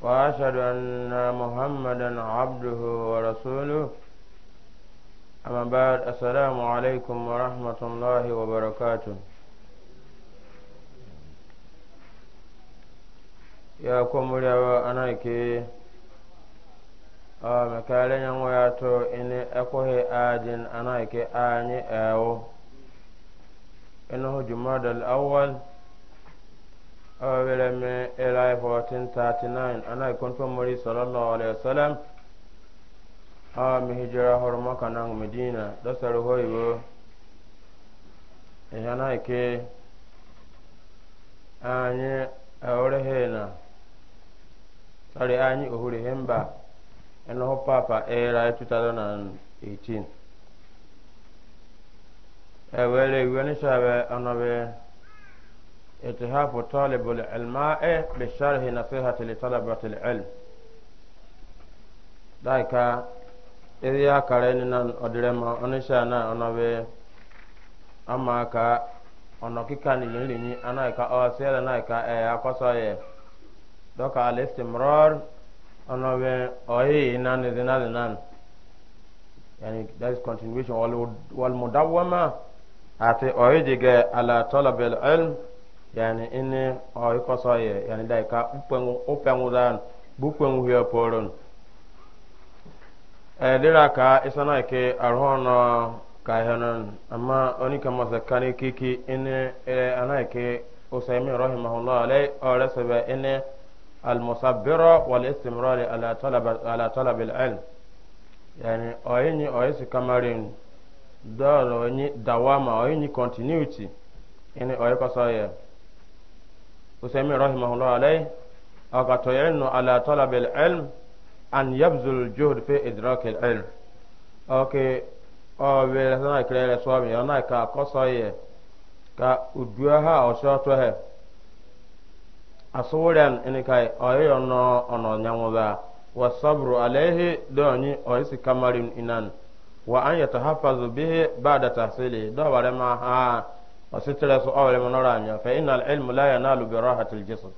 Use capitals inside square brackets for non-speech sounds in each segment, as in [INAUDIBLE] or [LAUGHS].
وأشهد أن محمدا عبده ورسوله أما بعد السلام عليكم ورحمة الله وبركاته يا كم يا أنا كي آه، مكالين نعم، وياتو إني أكوه آجن أنا كي آني أو إنه جماد الأول awere me era 1439 ana ikonto mori sallallahu alaihi wasallam a mi hijira horma kana medina da saru hoibo ehana e ke anye awore e hena sare anyi ohure hemba eno papa era 2018 ewere iwe ni shabe إتهاف طالب العلماء بشرح نصيحة لطلبة العلم ذلك إذ يا كارين أدرما أنشانا أنبي أما كا ọ̀nà kíkà nìyí nìyí anáìka ọ̀sẹ̀ ẹ̀ náìka ẹ̀ akọ́sọ̀ yẹ dọ́kà alẹ́sì mọ́rọ́r ọ̀nà bẹ ọ̀yẹ́ yìí náà nìyí náà nìyí náà yẹni that is continuation wàlmùdáwọ́mà àti ọ̀yẹ́ jìgẹ̀ alàtọ́lọ̀bẹ̀lẹ̀ ẹ̀lmù. yani ini o ikoso ye yani dai ka upengu upengu dan bukwengu hiyo poron e eh, dira ka isana ke ka hanan amma oni kama zakani kiki ini e eh, ana ke usaymin rahimahullah alai o rasabe ini المصبرة والاستمرار ala طلب ala طلب العلم yani oyisi kamarin dawama continuity ini usaymin rahimahullah alayhi aka toyerinu ala talab ilm an yabzul juhd fi idrak ilm ok o wele sana kirere suwami yana ka koso ye ka uduwa ha otu to he asuwuren ini kai oyoyo no ono nyanwuda wa sabru alayhi donyi oisi kamarin inan wa an yatahafazu bihi ha wasitira su awale manora anya fa ina ilmu la yanalu bi rahatil jism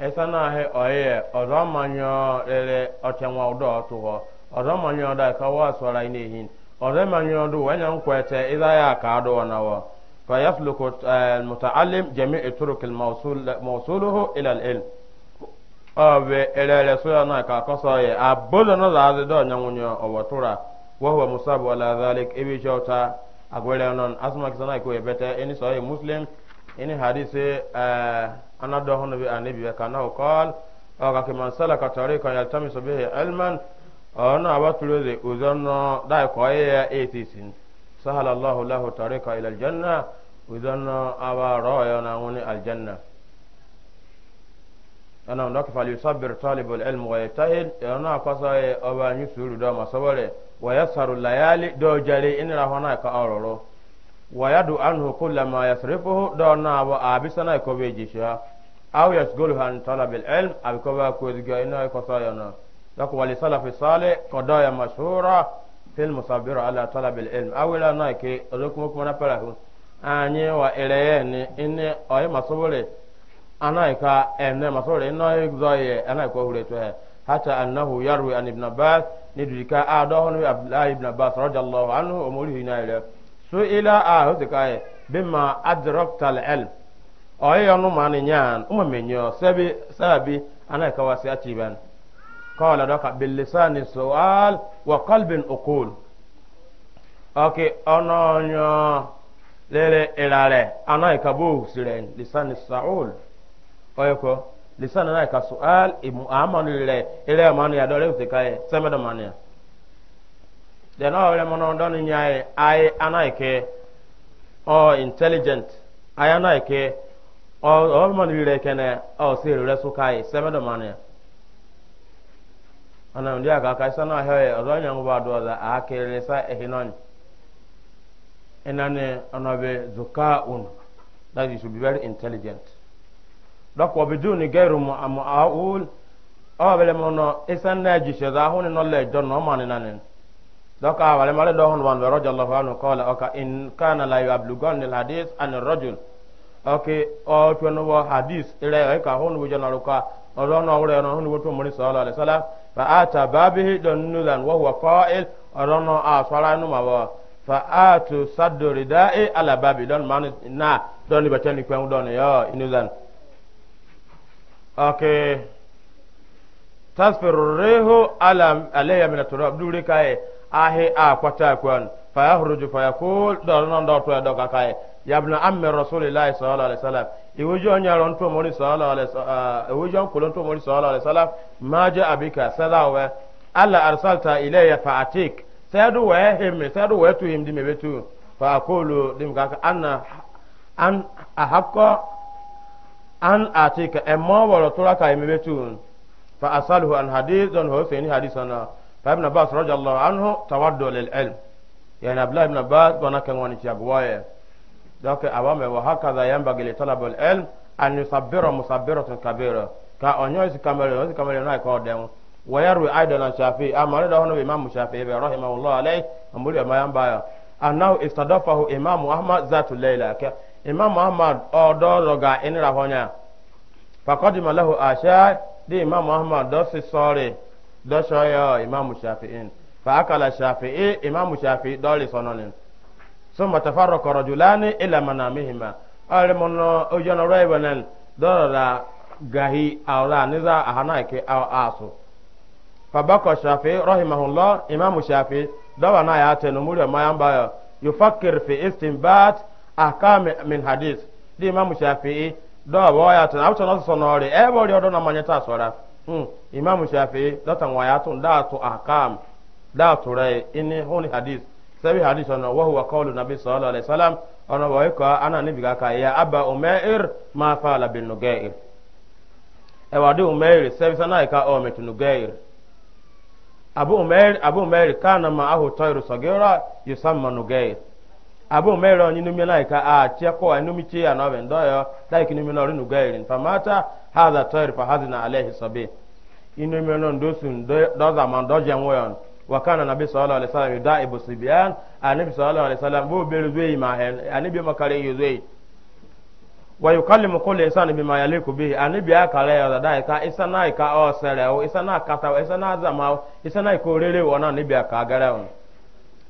esa na he oye ozo manyo lele ochenwa udo tuho ozo manyo da ka wa swara ine hin ozo manyo do wanya nkwete ida ya ka do na wo fa yasluku al mutaallim jami'i turuk al mawsul mawsuluhu ila al ilm awe elele so na ka koso ye abodo no za do nyanwunyo owotura wa huwa musabu ala dhalik ibi jota agwele non asma kisana iko ko eni so sahih muslim eni ini hadisi anado hono bi anabi be kana o qal o ka man salaka tariqan yaltamisu bihi ilman ona abatuloze uzonno dai ko ye etisin sahala allah lahu tariqa ila aljanna uzonno aba royo na ngoni aljanna ana ndo ka fali sabir talibul ilm wa yatahid ona ko sa e oba nyusuru do masabare ويسهر الليالي دو جري إن رهنا كأورورو ويدعو عنه كل ما يصرفه دونا وآبسنا كوبيجيشا أو يشغله عن طلب العلم أو كوبا كوزيجا إنا كوسايانا لك ولسلف الصالح قضايا مشهورة في المصبر على طلب العلم أو لا نايكي أذكمك من أفره أني وإليين إني أي مصبولي أنا إكا أمني مصبولي إنا يكزاي أنا يكوهولي توهي حتى أنه يروي عن ابن عباس neduri ka a dɔhɔnu abdullahi ibn abbas radiyallahu anhu omori hina yɛrɛ so ila a hosi ka yɛ bima adrakta al ɔyɛ yɔnu maa ni nyaan uma mɛ nyɔ sɛbi sɛbi ana ka wasi ati ban kɔɔla dɔ ka bilisani su'al wa qalbin uqul ɔke ɔnɔnyɔ lere irare ana ka bo sirɛn lisani sa'ul ɔyɛ ko lisana na ka sual imu amanu ile ile amanu ya dole usikaye sema do mania de no ole oh, mono don nyae ai anaike o oh, intelligent ai anaike o oh, o manu ile kene o se ile sukaye sema da mania ana ndi aka ka sana he o do nyangu ba do za akere sa ehinon enane onobe zukaun that you should be very intelligent dɔk wa biduni gairu mu'awul awa bele mono isan na ji shada huni no le don no mani nanin dɔk a wale male dohun wan be rajallahu anhu qala oka in kana la yablugan al hadith an rajul oke o tuno wa hadith ire ka hunu wujan aluka ọlọ́nà ọ̀rẹ́ ẹ̀rọ ọ̀hún wọ́n tó mọ̀rí sọ́ọ́lọ́ àlẹ́sọ́lá fa ata bábíhì dọ̀nù lan wọ́n wà fọ́ọ́l ọ̀rọ̀nà àṣọ́ra inú màwọ́ fa atu sadori dá ẹ́ alábàbí dọ̀nù mánu náà dọ̀nù ìbẹ̀tẹ́ ní pẹ́ńdọ̀nù yọ inú lan ake tasfiru rehu ala alayya min turab dure kai ahe a kwata kwan fa yahruju fa yaqul darnan da to da kai ya ibn ammi rasulillahi sallallahu alaihi wasallam iwujo nya ron to mori sallallahu alaihi wasallam ah, iwujo kulon to mori sallallahu alaihi wasallam ma ja abika salawa alla arsalta ilayya fa atik sadu wa him sadu wa tu him di tu fa aqulu dim kaka anna an ahaqqa an atika emma wala turaka imebetun e fa asaluhu an hadithun hu sayni hadithana fa ibn abbas radiyallahu anhu tawaddu lil ilm yani abdullah ibn abbas bana kan wani chagwaye donc awame wa hakaza yambagi li talabul ilm an yusabbira musabbiratun kabira ka onyo isi kamere isi kamere na ko dem wa yarwi aidan an shafi amara da hono imam shafi be rahimahullah alayhi amuri ma yamba annahu istadafahu imam ahmad zatu layla ka imam muhammad ọdọọrọ oh, ga enira honya fakọdima lahu asha di imam muhammad dọsi sọrị dọsọyọ imam shafi'in fa'akala shafi'i imam shafi'i dọri sọnọlin sọmọ tafarọ kọrọ julani ila mana mihima ọrẹ mọnà ojọna rọ ìwẹnẹn dọrọ la gahi aula niza ahana ike aw asu fabakọ shafi'i rahimahullah imam shafi'i dọba na ya tẹnu múlẹ mayan bayo yufakir fi istinbat akam min hadis di imam shafi'i do bo ya to abu tono so no re e bo ri odo na manyeta asora hmm imam shafi'i do tan wa ya to da to da to re ini honi hadis sabi hadis ono wa huwa qawlu nabi sallallahu alaihi wasallam wa ka ana ni biga ka ya abba umair ma fala bin nugair e wa di umair sabi sana ka o nugair abu umair abu umair kana abu mero ni numi lai ka a ah, tia ko a numi tia no ben do yo dai ki numi no rinu gairin fa mata hadha tayr fa hadina alaihi sabi inu mi no ndo sun do za man do jan woyon wa kana nabi sallallahu alaihi wasallam yudaibu sibyan anabi sallallahu alaihi wasallam bo be zuyi ma hen anabi makare yuzuyi wa yukallimu kulli insani bima yaliku bihi anabi akale ya dai ka isana ka o sere o isana kata o isana zama o isana ko rere wona anabi aka garawo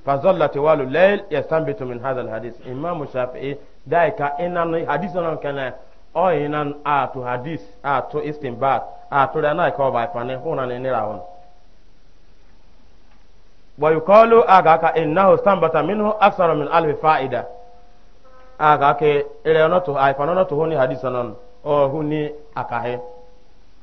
فظل طوال الليل يستنبت من هذا الحديث إمام الشافعي ذلك إن حديثنا كان أو إن آتو حديث آتو استنباط آتو لنا يكوى بايفاني هنا نيراون ويقال أغاك إنه استنبت منه أكثر من ألف فائدة أغاك إليونتو أيفانونتو هوني حديثنا أو هوني أكاهي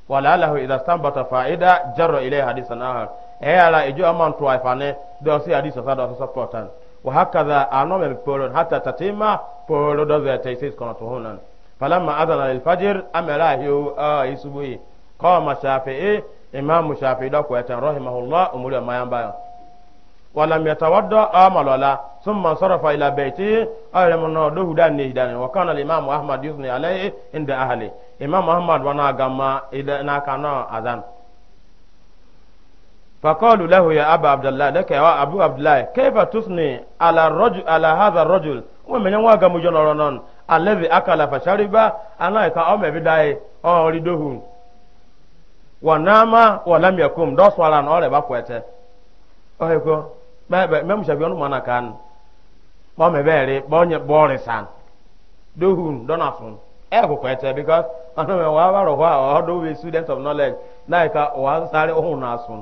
ولعله إذا استنبت فائدة جر إليه حديثنا آخر eyala ejo aman to ifane do si adi so sa do so portan wa hakaza anome polo hatta tatima polo do zete sis kono to honan falamma adana lil fajr amala hiu a isubuhi qama shafi'i imam shafi'i do ko etan rahimahullah umuri mayamba ولم يتوضا عمل ولا ثم صرف الى بيته اهل من دوه دان نيدان وكان الامام احمد يثني عليه عند اهله امام احمد وانا غما اذا نا كان اذان فقالوا له يا أبا عبد الله لك يا أبو عبد الله كيف تثني على الرجل على هذا الرجل ومن واقع مجنون الذي أكل فشرب أنا كأم بداي أو ونام ولم يقم دوس ولا نور بقوته أهيكو ما ما مشابيون ما ما مبالي بوني دوهون دونافون because a wi of knowledge náà yìí ká sáré náà sùn.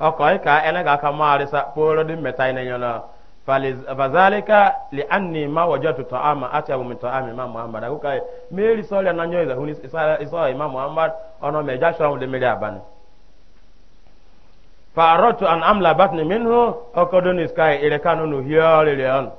أقول كا أنا كا كما أرسا بولو دي متاين ينا فذلك لأني ما وجدت طعام أتعب من طعام إمام محمد أقول كا ميري سولي نانيو إذا هوني إسا إمام محمد أنا ميجا شرام دي ميري أباني فأردت أن أملا بطني منه أقدوني سكاي إلي كانوا نهيالي لأن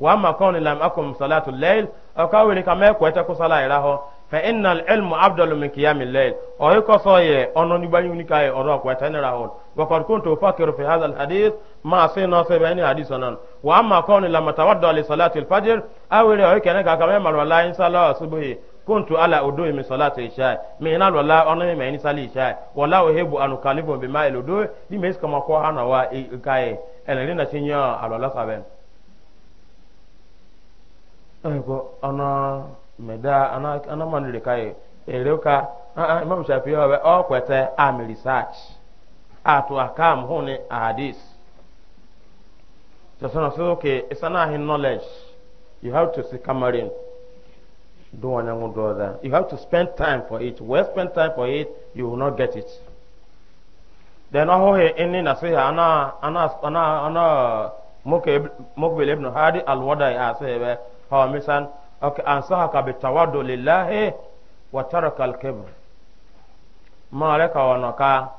وأما كوني لم أكن صلاة الليل أقول كما كويتكو صلاة إلهو فإن العلم أفضل من قيام الليل أو يكو صوي أنو نبانيو نكاي أروا كويتاني راهو وقد كنت أفكر في هذا الحديث ما سينا سبعين حديثنا وأما كوني لما تودع لصلاة الفجر أو رأيك أنك كما مر والله إن صلى صبحي كنت على أدوي من صلاة العشاء من أن والله أنا ما إني صلي العشاء ولا أحب أن أكلف بما الأدوي دي ميس كما قوة أنا وإكاي أنا لنا شنيا على الله سبعين أنا مدا أنا أنا ما نلقاي إلوكا Imam Shafi'i ọ̀kwẹ̀tẹ̀ àmì research atu akam hune ahadis so sana so okay it's an ahin knowledge you have to see kamarin do one and do other you have to spend time for it well spend time for it you will not get it then aho he inni nasiha ana ana ana ana mukbil ibn hadi alwadai asebe ah, eh, hawa misan okay ansahaka bitawaddu lillahi wa taraka alkibr ma alaka wa naka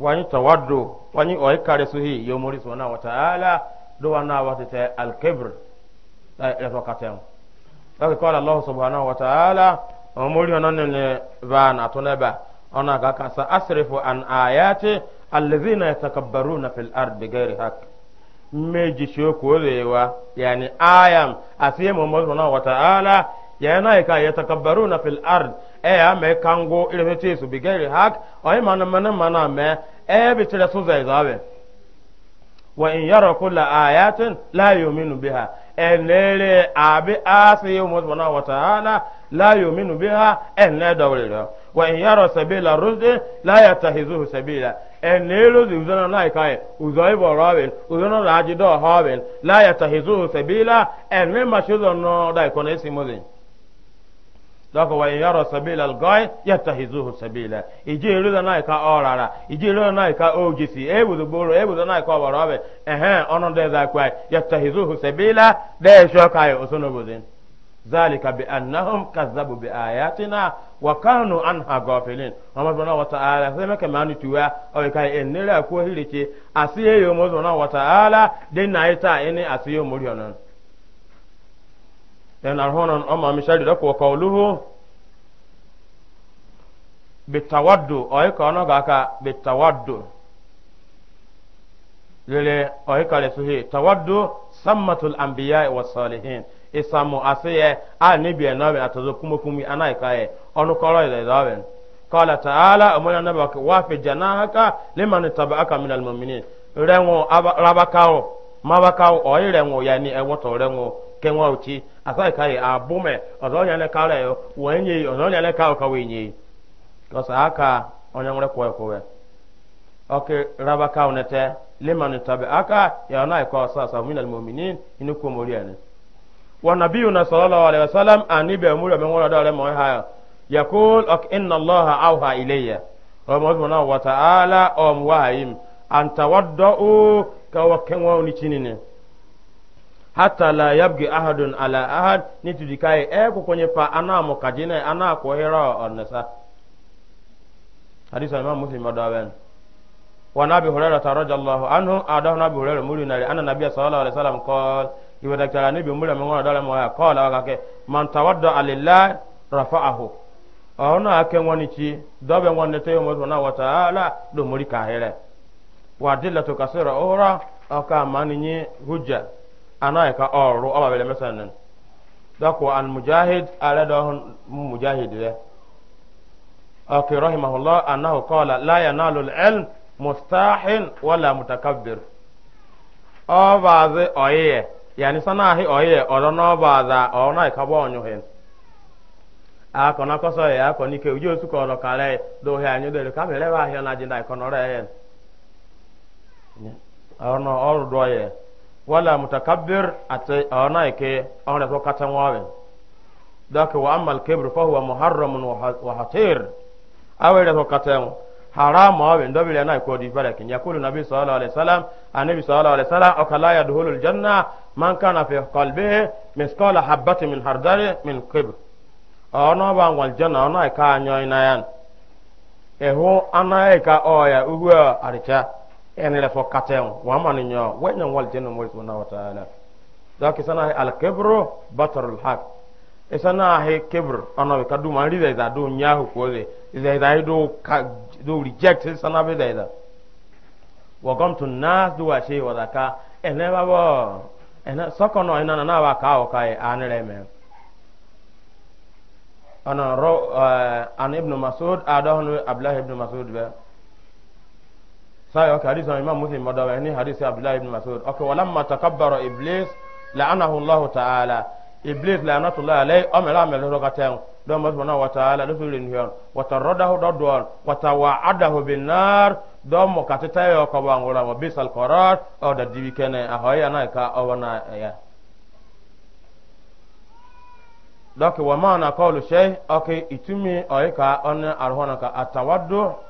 wani tawaddo wani oyi kare su hi yomori sona wa ta'ala do wana wa ta al-kibr da rafa katem daga kala Allah subhanahu wa ta'ala o mori onan ne van atone ba ona ga ka sa asrifu an ayati alladhina yatakabbaruna fil ard bi ghairi haqq meji ko lewa yani ayam asiye asiyemu omori sona wa ta'ala yana ka yatakabbaruna fil ard e ya me kango ile ne tesu bigeri hak o yi mana mana mana me e bi tire su zai zabe wa in yara kula ayatin la yuminu biha en lele abi asi yu mutbana wa ta'ala la yuminu biha en le dawrira wa in yara sabila rusdi la yatahizuhu sabila en lele zi uzana na kai uzoi borobin uzana raji do hobin la yatahizuhu sabila en me mashuzo no dai konesi muzin dɔkɔ wa yɔrɔ sabila gɔɛ yata hizuhu sabila ije eroda naa ka ɔrara ije eroda naa ka ojesi ebudu gboro ebudu naa ka ɔbɔrɔ bɛ ɛhɛn ɔnu dɛ zaa kwa yata hizuhu sabila dɛ esɔ ka yi osono bozin zalika bi annahum kazzabu bi ayatina wa kanu anha gafilin amma subhanahu wa ta'ala sai maka manu tuwa o kai en nira ko hirice asiye yo mo subhanahu wa ta'ala den na ita ene asiye mo rionon then arhonon ọmọ mi ṣe dọkọ ọkọ oluhu bitawadu ọyịka ọnọ bitawadu lele ọyịka lesuhi tawadu sammatul anbiya wa isamu asiye a nibi enobe atozo kumokumi anaika ye ọnụkọrọ ilezobe kọla ta'ala ọmọdé anábà wáfi haka liman tabaaka minal muminin rẹwọn rabakawo mabakawo ọyị rẹwọn ya ni ẹwọtọ rẹwọn kenwa uchi asai kai abume ozonya le kare yo wenye ka ka wenye kosa aka onye nwere kwa kwa oke raba ka unete liman aka ya na ko sasa minal mu'minin inu ko moriane wa nabiyuna sallallahu alaihi wasallam anibe mura be ngora dole mo ha ok inna allaha awha ilayya wa wa ta'ala um ka wa kenwa ni hatta la yabgi ahadun ala ahad ni tudi kai e eh, ko konye pa ana mo kajine ana ko hera onasa hadith imam muslim madawan wa nabi hurairah radhiyallahu anhu adahu nabi hurairah mulinari anna nabiy sallallahu alaihi wasallam qala iwa daktara nabi mulira mo ngona dala mo ya qala wakake man tawadda alillah rafa'ahu ona ake woni chi dobe wonne te mo na wa ta'ala do muri kahire wa dillatu kasira ora aka maninye hujja ana ka ọrụ ọba bele mesanin dako al mujahid ala dahun mujahid le okay rahimahullah annahu qala la yanalu al ilm mustahin wala mutakabbir ọba ze oye yani sana hi oye ọrọ na na ka bo onyo akọ na kọsọ ya akọ ni ke ujo su ko ọrọ kare do he anyo de ka bele wa hi na jinda ko no re ọrọ ọrụ do ye wala mutakabbir ate ona ike ona to katan wawe dake wa amal kibr fa huwa muharram wa hatir awere to katan haram wawe ndobile na ko dibara kin yakulu nabi sallallahu alaihi wasallam anabi sallallahu alaihi wasallam akala yadkhulul janna man kana fi qalbihi misqala habati min hardari min kibr ona ba wal janna ona ka anyo ina yan ehu ana ka oya uwa aricha ene le fo katen wa man nyo wa nyo wal jannu mo subhanahu wa ta'ala da ke sana al kibru batarul haq e sana he kibr ana ka du man rida da do nyahu ko le ida ida do ka do reject sana be da ida wa gamtu nas do wa shay wa daka ene ba bo ene sokono ina na wa ka o kai e anere me ana ro eh, an ibn mas'ud adahnu abdullah ibn mas'ud ba sayo ka hadisi imam muslim madawa ni hadisi abdullah ibn mas'ud okay walamma takabbara iblis la'anahu allah ta'ala iblis la'anatullah alay amala amala ro katen do mo subhanahu wa ta'ala do firin hiyon eh, wa taradahu dadwan wa tawa'adahu bin nar do mo katata yo ko bangula wa bisal qarar o da diwi kene ahoya na ka owana ya donc wa ma'ana qawlu shay okay itumi oyka on arhona ka atawaddu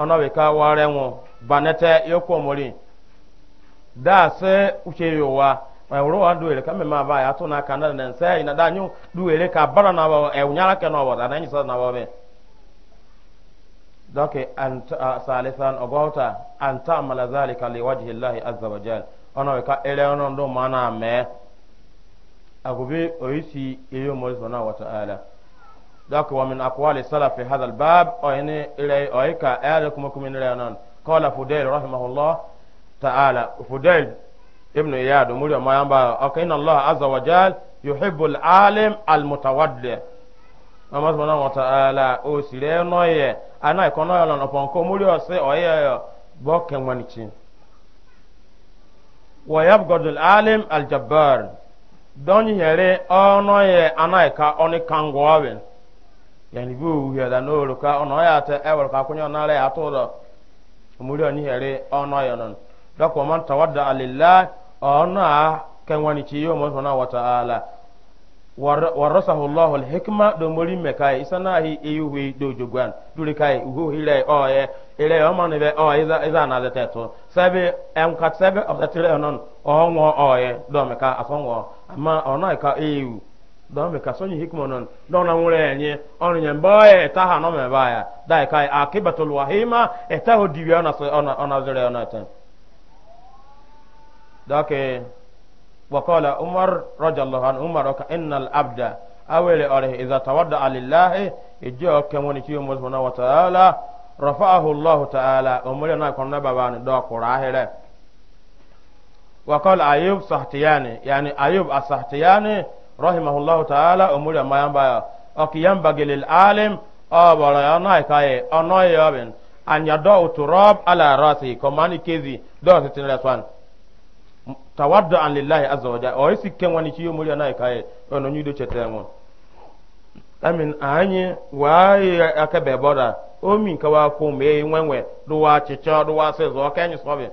ọnọ bɛ ka wɔɔrɛ ŋɔ banɛtɛ yɛ kɔmɔri daa daase uche yɛ wa ɛwuro wa do yɛrɛ kame ma ba yɛ ato na kan na nɛnsɛ yina daa nyu do yɛrɛ ka bara na ba ɛwɔ nyala kɛ na ɔwɔ da na nyisa na ba bɛ dɔke salisan ɔgɔta anta malazali kali wajihi lahi azabajal ɔnɔ bɛ ka ɛrɛ ɔnɔ do ma na mɛ agobe oyisi eyo mɔri sɔnna wata ala. دوك ومن أقوال السلف في هذا الباب أين إلي أيكا آلكم من إلينا قال فديل رحمه الله تعالى فديل ابن إياد مريم ما ينبع إن الله عز وجل يحب العالم المتودع mama subhanahu wa ta'ala o sire no ye ana ikono yo no pon ko muri o se o ye yo bo ken wani chi wa yabgadu al alim don yere ono ye ana ka oni kango awen yani bi wuhi da na ru ka ono ya ta e ka kunyo na re ato do muri oni here ono yo non do ko man tawadda alillah ono a kan wani ci yo mo sona wa ta'ala warasahu allah al do muri me kai isana hi e yuhi do jogwan duri kai ugo hire o ye ire o man be o iza iza na zete to sabe em ka sabe tire non o ngo o ye do me ama ono don be kasonyi hikma non don na ngure enye onu nye mbaye ta ha no me baya dai kai akibatul wahima etaho diwi ona ona ona zere ona tan dake wa qala umar radiyallahu anhu umar ka innal abda awele ore iza tawadda lillahi ijo kemoni ki umar subhanahu wa ta'ala rafa'ahu allah ta'ala umar na kon na baba ni do qura hele wa qala ayub sahtiyani yani ayub as rahimahullahu ta'ala umuri mayamba ya okiyam bagilil alim oboro ya onai kai onoi yobin anya do uturab ala rasi komani kezi do sitin reswan tawaddu an lillahi azza wa jalla o isi ken wani ci umuri onai kai ono nyudo chetemo amin anyi wa akabe boda o min kawa ko me wenwe do wa chicho do wa sezo kenyi sobe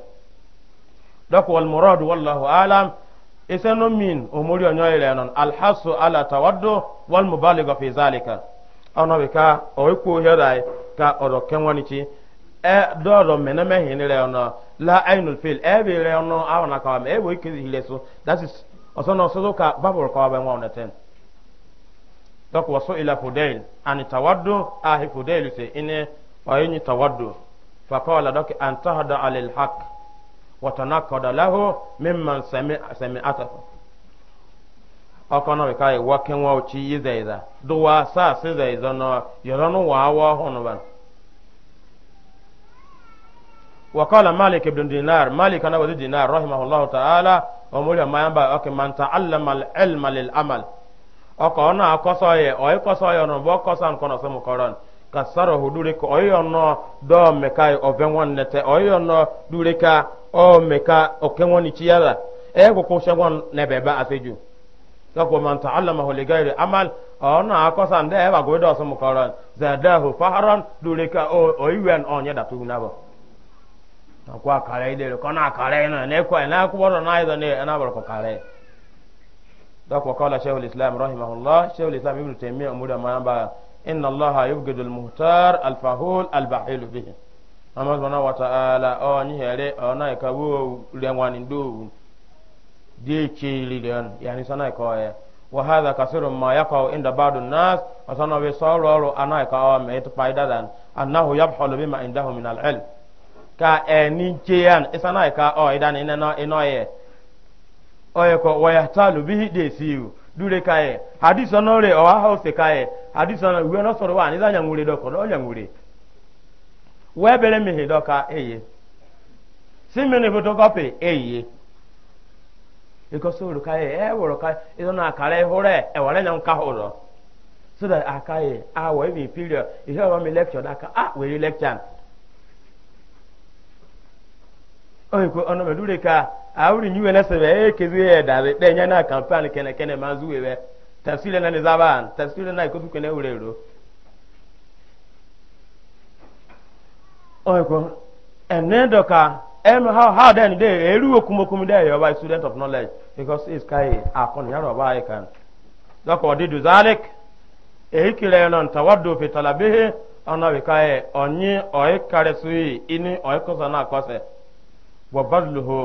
dok wal murad wallahu alam isenu min omori onyo ire non alhasu ala tawaddu wal mubaligha fi zalika ono be ka o ku herai ka oro kenwani chi e doro meneme hinire ono la ainul fil e be re ono awon ka me e bo ikiri hile so that is also no so ka babur ka ba won ten dok waso ila fudail an tawaddu ahi fudail se ine o yini tawaddu fa qala dok an alil haqq وتنقد له ممن سمع سمعته ọkọnọ bi kai wọkin wọ ọchi yi zaiza duwa sa si zaiza nọ yọrọ nu wa awọ hụnụ ban wakọla malik ibn dinar malik ana wadi dinar rahimahullahu ta'ala omuli o mayan ba ọkị man ta allama ilma lil amal ọkọ ọ na akọsọ yẹ ọyị kọsọ yọ nọ bọ kọsọ nkọnọ sọmụ kọrọn ka o meka o kenwoni ciyala e ko ko shagon ne be ba aseju ka ko man ta'allamahu li ghairi amal ona akosa nde e ba go do so mu koran zadahu fahran dulika o o iwen onye da tu na ba ko akara ile ko na akara ina ne ko na ko woro na ido ne na ba ko kare da ko kala shaykhul islam rahimahullah shaykhul islam ibnu taymiyyah umura ma ba inna allaha yubghidul muhtar al fahul al ama na wata ala ɔ oh, ni hɛrɛ oh, ɔ na yi ka wo lɛwani do de kyeeli lɛn yanni wa kasiru ma ya oh, ka inda naas na bi sɔɔrɔɔrɔ ana yi ka ɔ mɛ dan anahu ya bi ma inda hu min alɛl ka na yi ka ɔ idan ina na ina yɛ kɔ wɔyɛ de dure ka yɛ hadisa nɔre ɔwa hawse ka yɛ wa ani dɔ webere mihi dọka eye simini fotokopi eye ikosi uru e ka ye e wuru ka izo na akara ihure ewere nya nka ụlọ so that aka ye a wee mi period ihe ọwa mi lecture daka a were lecture oyiko ọnụ medure ka awuri nyiwe e na sebe e kezi ye dare denye na kampan kene kene manzu wewe tafsire na nizaban tafsire na ikosi kwene wure ero oiko ene doka em how how then dey eru okumokum dey your by student of knowledge because is kai akon yaro ba ikan doko odi du zalik e kire non tawaddu fi talabihi ana bi kai onyi oi kare sui ini oi kosa na kose wa badluhu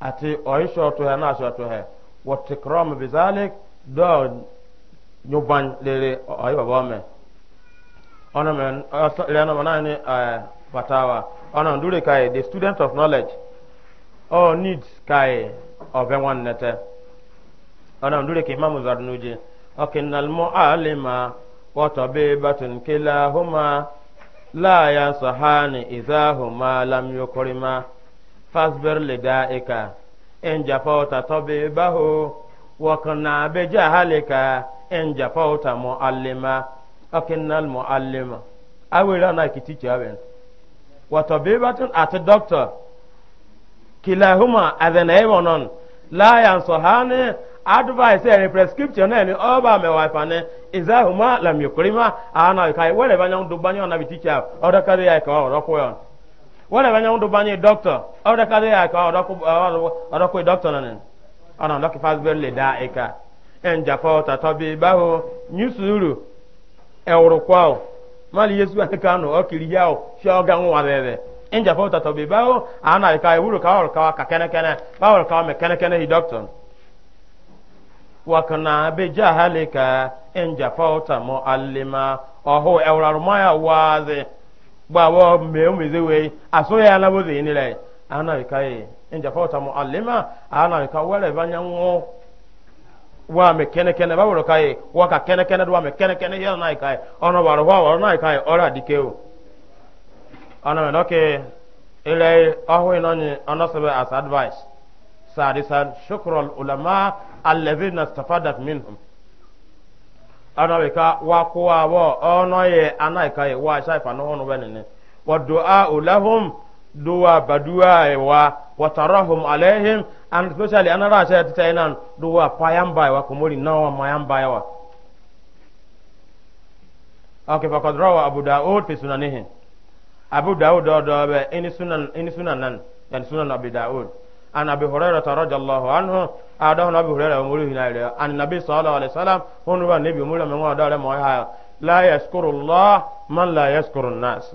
ati oi shoto ya na shoto he wa tikram bi zalik do nyuban lele oi baba me ona men lele na ni eh watawa ona oh, ndure kai the student of knowledge all oh, needs kai of one nete ona oh, ndure ke imamu zarnuje okinnal mu'allima wa tabibatun kilahuma la yansahani idahuma lam yukrima fasbir lidaika in jafauta tabibahu wa kana bijahalika in jafauta mu'allima okinnal mu'allima awira na kitichi awere. watabibatun ati doctor kilahuma adana non lion so hane advice ere prescription ere oba me wife ne izahuma lam yukrima ana kai wale banya ndu banya na biticha oda kare ya ka oda ko yon wale banya ndu banya doctor oda kare ya ka oda ko oda ko doctor nan ana ndo ki fast bell le da eka en jafa ta tobi baho nyusuru ewru kwao mali yesu ane kano okiri yao shoga nwa bebe inja fo tato be bawo ana ka e wuro ka wuro ka ka kene kene bawo ka me kene kene hi doctor wa kana be jahalika inja fo ta mo alima oho ewraru maya waze gbawo me umeze we aso ya na boze ni le ana ka e inja fo ta mo alima ana e ka wale banya ngo wa me kene kene ba woro kai wa ka kene kene wa me kene kene yel nai kai ono wa ro nai kai ora dikeu ana me noke ile ahu inani ana sabe as advice sadisan shukru al ulama alladhina istafadat minhum ana we ka wa ko wa ono ye anai kai wa shaifa no hono wa du'a lahum duwa baduwa wa watarahum alaihim and especially another side ta inan duwa payamba wa kumuri nawa mayamba wa okay faqad rawa abu daud fi sunanihi abu daud do do be ini sunan ini sunan nan dan sunan abu daud an abi hurairah radhiyallahu anhu adahu nabi hurairah umuri hinaire an nabi sallallahu alaihi wasallam hunu ba nabi umuri me ngwa dare mo ha la yashkurullah man la yashkurun nas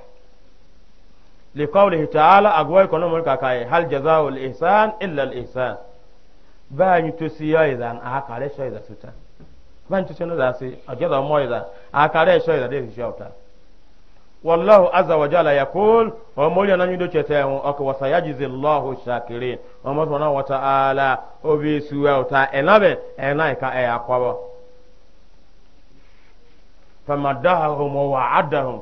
لقوله تعالى أقوي كنا ملكا كاي هل جزاء الإحسان إلا الإحسان بان تسيا إذا أكاري شو إذا سوتا بان تسيا إذا سي أجزاء ما إذا أكاري شو إذا دير شوتا والله عز وجل يقول ومولي أنا يدو تتهم أك وسيجزي الله الشاكرين وما سبحانه وتعالى أبي سوا وتا إنابه إنايكا إيا قبا فمدهم ووعدهم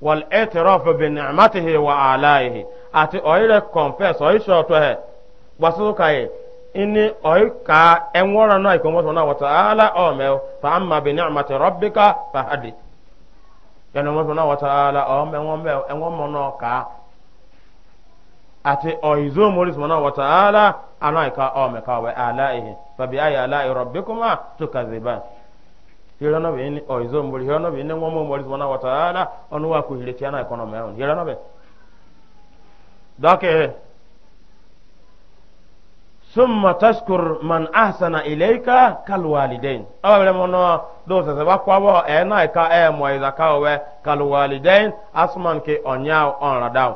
wal etiraf bi ni'matihi wa alaihi ati oyire confess oyi shoto he gbasu kai ini oyi ka enwora na ikomo tona wa ta'ala o me fa amma bi ni'mati rabbika fa hadi yana mo tona wa ta'ala o me won me enwo mo no ka ati oyizo wa ta'ala anaika o me fa bi ayi alai rabbikuma hirana be ni oizo oh, mbori hirana be ni ngomo mbori subhanahu wa ta'ala onu wa kuhire tiana economy on hirana be dake summa tashkur man ahsana ilayka kal walidain awa bele mono do se ba kwa bo e eh, na ka e eh, mo iza ka we kal walidain asman ke onyaw on radaw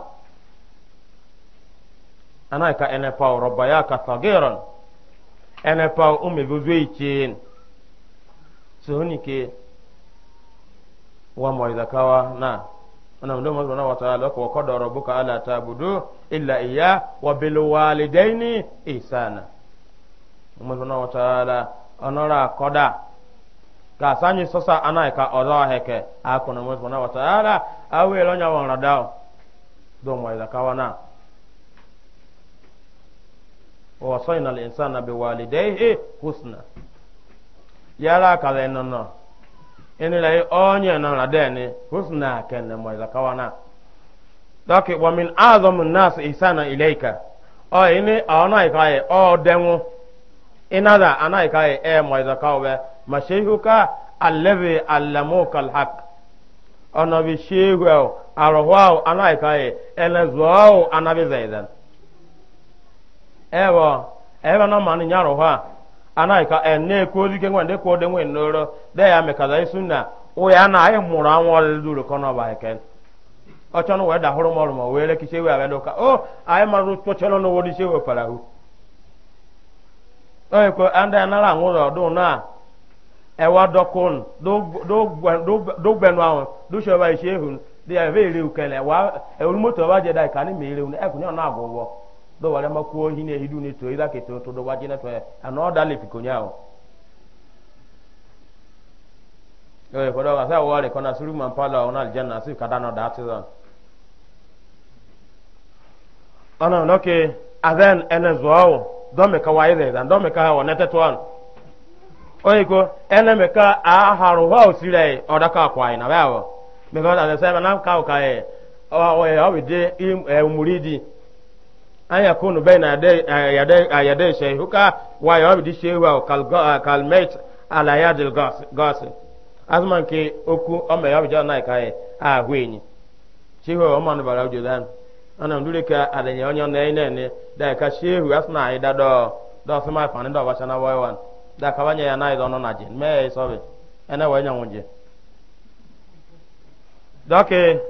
ana ka ene pa robaya ka sagiran ene pa ume gozwe ichin soni ke wa moidakawa na ana ndo mo na wata ala ko ko doro buka ala tabudu illa iya wa bil walidaini ihsana mo na wata ala onora koda ka sanyi sosa ana ka oro heke akono mo na wata ala awe lo nya won radao do moidakawa na wa wasayna al insana bi walidayhi husna yara kala nono ene la onye no la deni husna kana mo la kawana doki wa min azam nas ihsana ilayka o ene ona ikaye o denwo inada ana ikaye e mo la kawe mashihuka allazi allamuka alhaq ona bi shehu arwa ana ikaye ele zuwa ana bi zaidan ewa ewa na mani nyaro ha anaghịka ene kozi ike nwa ndị kwuo dị nwe n'oro de ya mekaza isu na ụya na anyị mụrụ anwụ ọlụlụ uru kọ n'ọba eke ọchọ na wee dahụrụ m ọrụ ma wee lekiche wee abịa dụka o anyị marụ tụchara n'ụwo dị chewe parahu onye kwe ndị anara anwụ ụlọ dụ na ewa dọkụn dọgbenu ahụ dụchọba ishe ehu dị ya ebe ire ukele ewa ewu moto ọba jeda ka anyị ma ire unu ekwunye ọ na-agwụ ụgwọ do wale makuo hine hidu ni to ida ke to to do wajina to ano dale pikonyao yo ko do ga sa wale kona suru man pala ona aljanna su kada no da tizo ana noke azen ene zuao do me ka waide dan do me ka wa nete to an oyi ko ene me ka a haru wa osire odaka kwai na bawo because as i say na ka ka e o e o bi de e, umuridi an yakunu bayna eh, yaday eh, shayhuka wa yabdi kal eh, oku o me yabdi na kai e, a hwenyi shayhu o man bara ka adanya onyo na ine ne da ka shayhu asna ai da do do sama fani do bashana waywan ka ya na na me e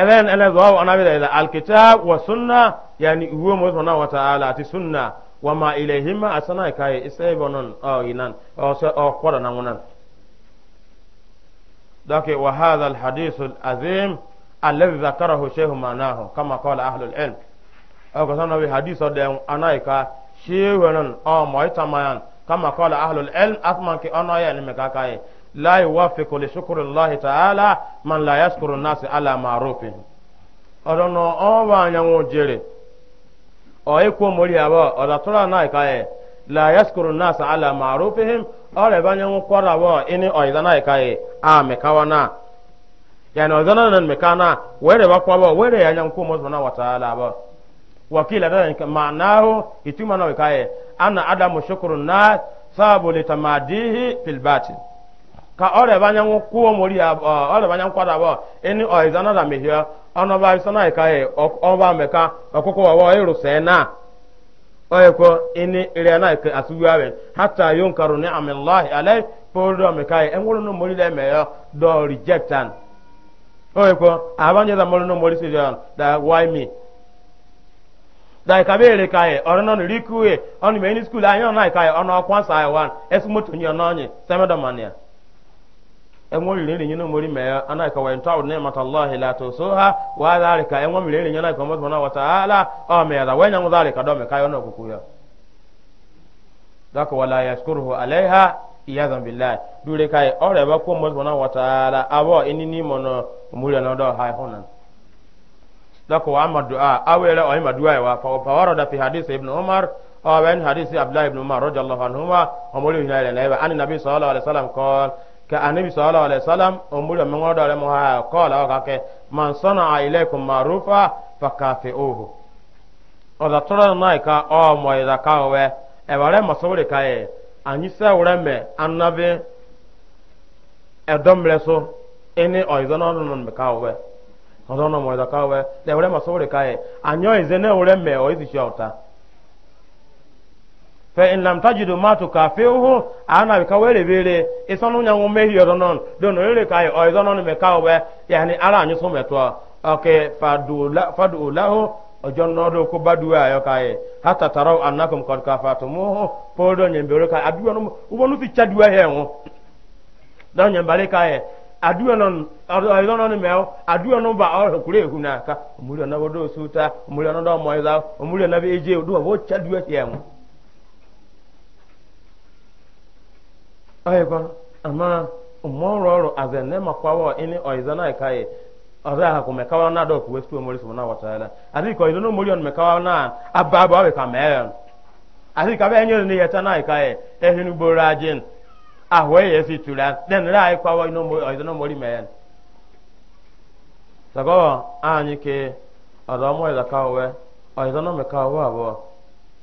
ɛbɛn ɛnɛ zɔɔ ɔna bi dɛlɛ alkitab wa sunna yani uwe mo sɔnna wa taala ati sunna wa ma ilahima asana ka ye isɛyi bɔ nɔn ɔ yinan ɔ sɛ ɔ kɔdɔ azim alladhi zakarahu shehu manahu kama qala ahlu alilm ɔ ko sɔnna bi hadisu dɛn ana yi ka shehu nɔn ɔ mɔyi tamayan kama qala ahlu alilm la yuwaffiqu li shukri llahi ta'ala man la yashkuru nasi ala ma'rufin odono owa anyanwo jere o ikwo mori abo odatura na ikaye la yashkuru nasi ala ma'rufihim ore banyanwo kwara bo ini oida na ikaye a mekawana yani ozana nan mekana were bakwa bo were yanyanwo mo subhanahu wa ta'ala bo wakila da ma'anahu ituma na ikaye ana adamu shukru nas sabu litamadihi fil ka ọrịa banya kwuo mori ọrịa banya nkwada abụọ ịnị ọịza nada mehie ọnọba isa na ịka ọba meka ọkụkọ ọwa ịrụsa na ọyekwo ịnị ịrịa na ịka asụgbu awe hata yon karu ni amilahi alai e, e mori ya ya da why me e, ọ n'ime ni skul anyị nọ na ịka ọnụ ọkwa nsa enwori lere nyina mori meya ana ka wa intaw ni'mat allah la tusuha wa dhalika enwa mi lere nyina ka mo subhanahu wa ta'ala o me ya wa nyangu dhalika do me kayo no kukuya dako wala yashkuruhu alaiha iyadan billahi dure kai ore ba ko mo subhanahu wa ta'ala abo inini mono muri na do hay honan dako wa amma du'a awere o ima du'a wa fa warada fi hadith ibn umar أو عن حديث عبد الله بن عمر رضي الله عنهما هم يقولون أن النبي صلى الله عليه وسلم قال ka anabi sallallahu alaihi wasallam mo ha kake man sana marufa fakafiuhu o da tora na ka o mo ida ka we e bare mo sori ka e anyi me anabi e so ene o izo no no me ka we o do no mo ida ka we de wure mo sori ka e anyo me o fe in lam tajidu ma ana ka were bere isonu nyanwu mehi yoronon do no rere kai o izonon me ka we yani ara anyu so meto okay fadula fadulahu ojo ko ayo kai hatta taraw annakum qad podo kai no ubo no fi he do kai non non me no ba o kure ehu na ka omuri na bodo suta omuri no do mo iza na be eje oduwa wo chadua he ayekon ama umoro oro azenne makwawo ini oizana ikaye ọzọ aha kò mẹkawa náà dọ̀ kò wẹ́sítì omori sọ̀rọ̀ náà wọ̀tá ẹ̀la àti ìkọ̀ ìdúnú omori ọ̀nà mẹkawa náà abáàbọ̀ ọ̀bẹ̀ kà mẹ́rin ka ìkà bẹ́ẹ̀ nyẹ́rin ní yẹta náà ìka yẹ ẹ̀hìn gbòòrò ajé àwọ̀ ẹ̀yẹ sì tura dẹ́n rẹ̀ àìkọ́wọ́ ìdúnú omori mẹ́rin.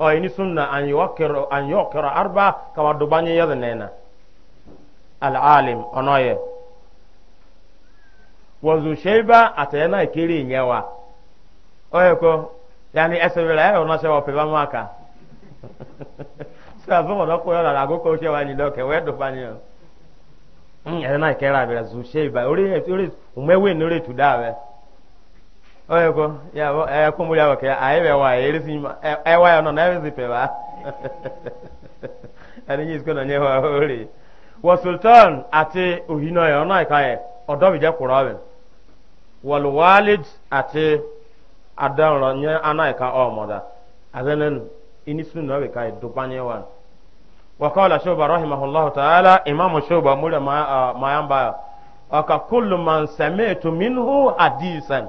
o ini sunna an yuwakkiro an yuwakkiro arba kama dubanye yadda nena al alim onoye wazu sheba atayana ikiri nyewa oye ko yani esebira ya ona wa peba maka sọ azụmọ dọkụ ya lara agụkọ oche wa nyile oke wee dụfanye ikera abịara zu sheba ori ori umewe n'ore tudawe oyego yabo ayakumbuli abo ke ayebe wa erisi ewa yono na ezipe ba ani nyi isko na nye wa ori wa sultan ati ohino yo na ikaye odo bi je kurawen wal walid ati adan ro nye anaika omoda azenen ini sunu na we kai dupanye wa wa qala shuba rahimahullah ta'ala imamu shuba mura ma mayamba aka kullu man sami'tu minhu hadisan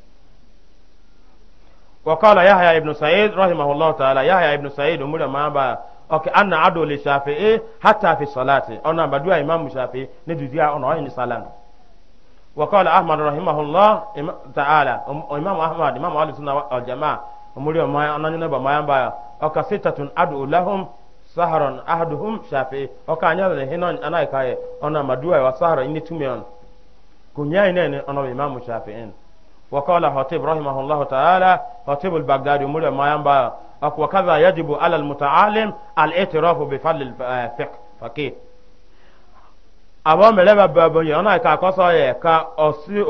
وقال يحيى ابن سعيد رحمه الله تعالى يحيى ابن سعيد أمور ما با أوكي أنا عدو للشافعي حتى في الصلاة أنا بدوا إمام الشافعي ندوزيا أنا وين صلاة وقال أحمد رحمه الله تعالى إمام أحمد إمام أهل السنة والجماعة أمور ما أنا نبى ما ينبا أوكي ستة عدو لهم saharon ahaduhum shafi oka anya le hinon anai kai ona maduwa wa sahara ini tumion kunyai nene وقال خطيب رحمه الله تعالى خطيب البغدادي مولى ما ينبا وكذا يجب على المتعلم الاعتراف بفضل الفقه فكيف abo meleba babo yi ona ka koso ye ka osi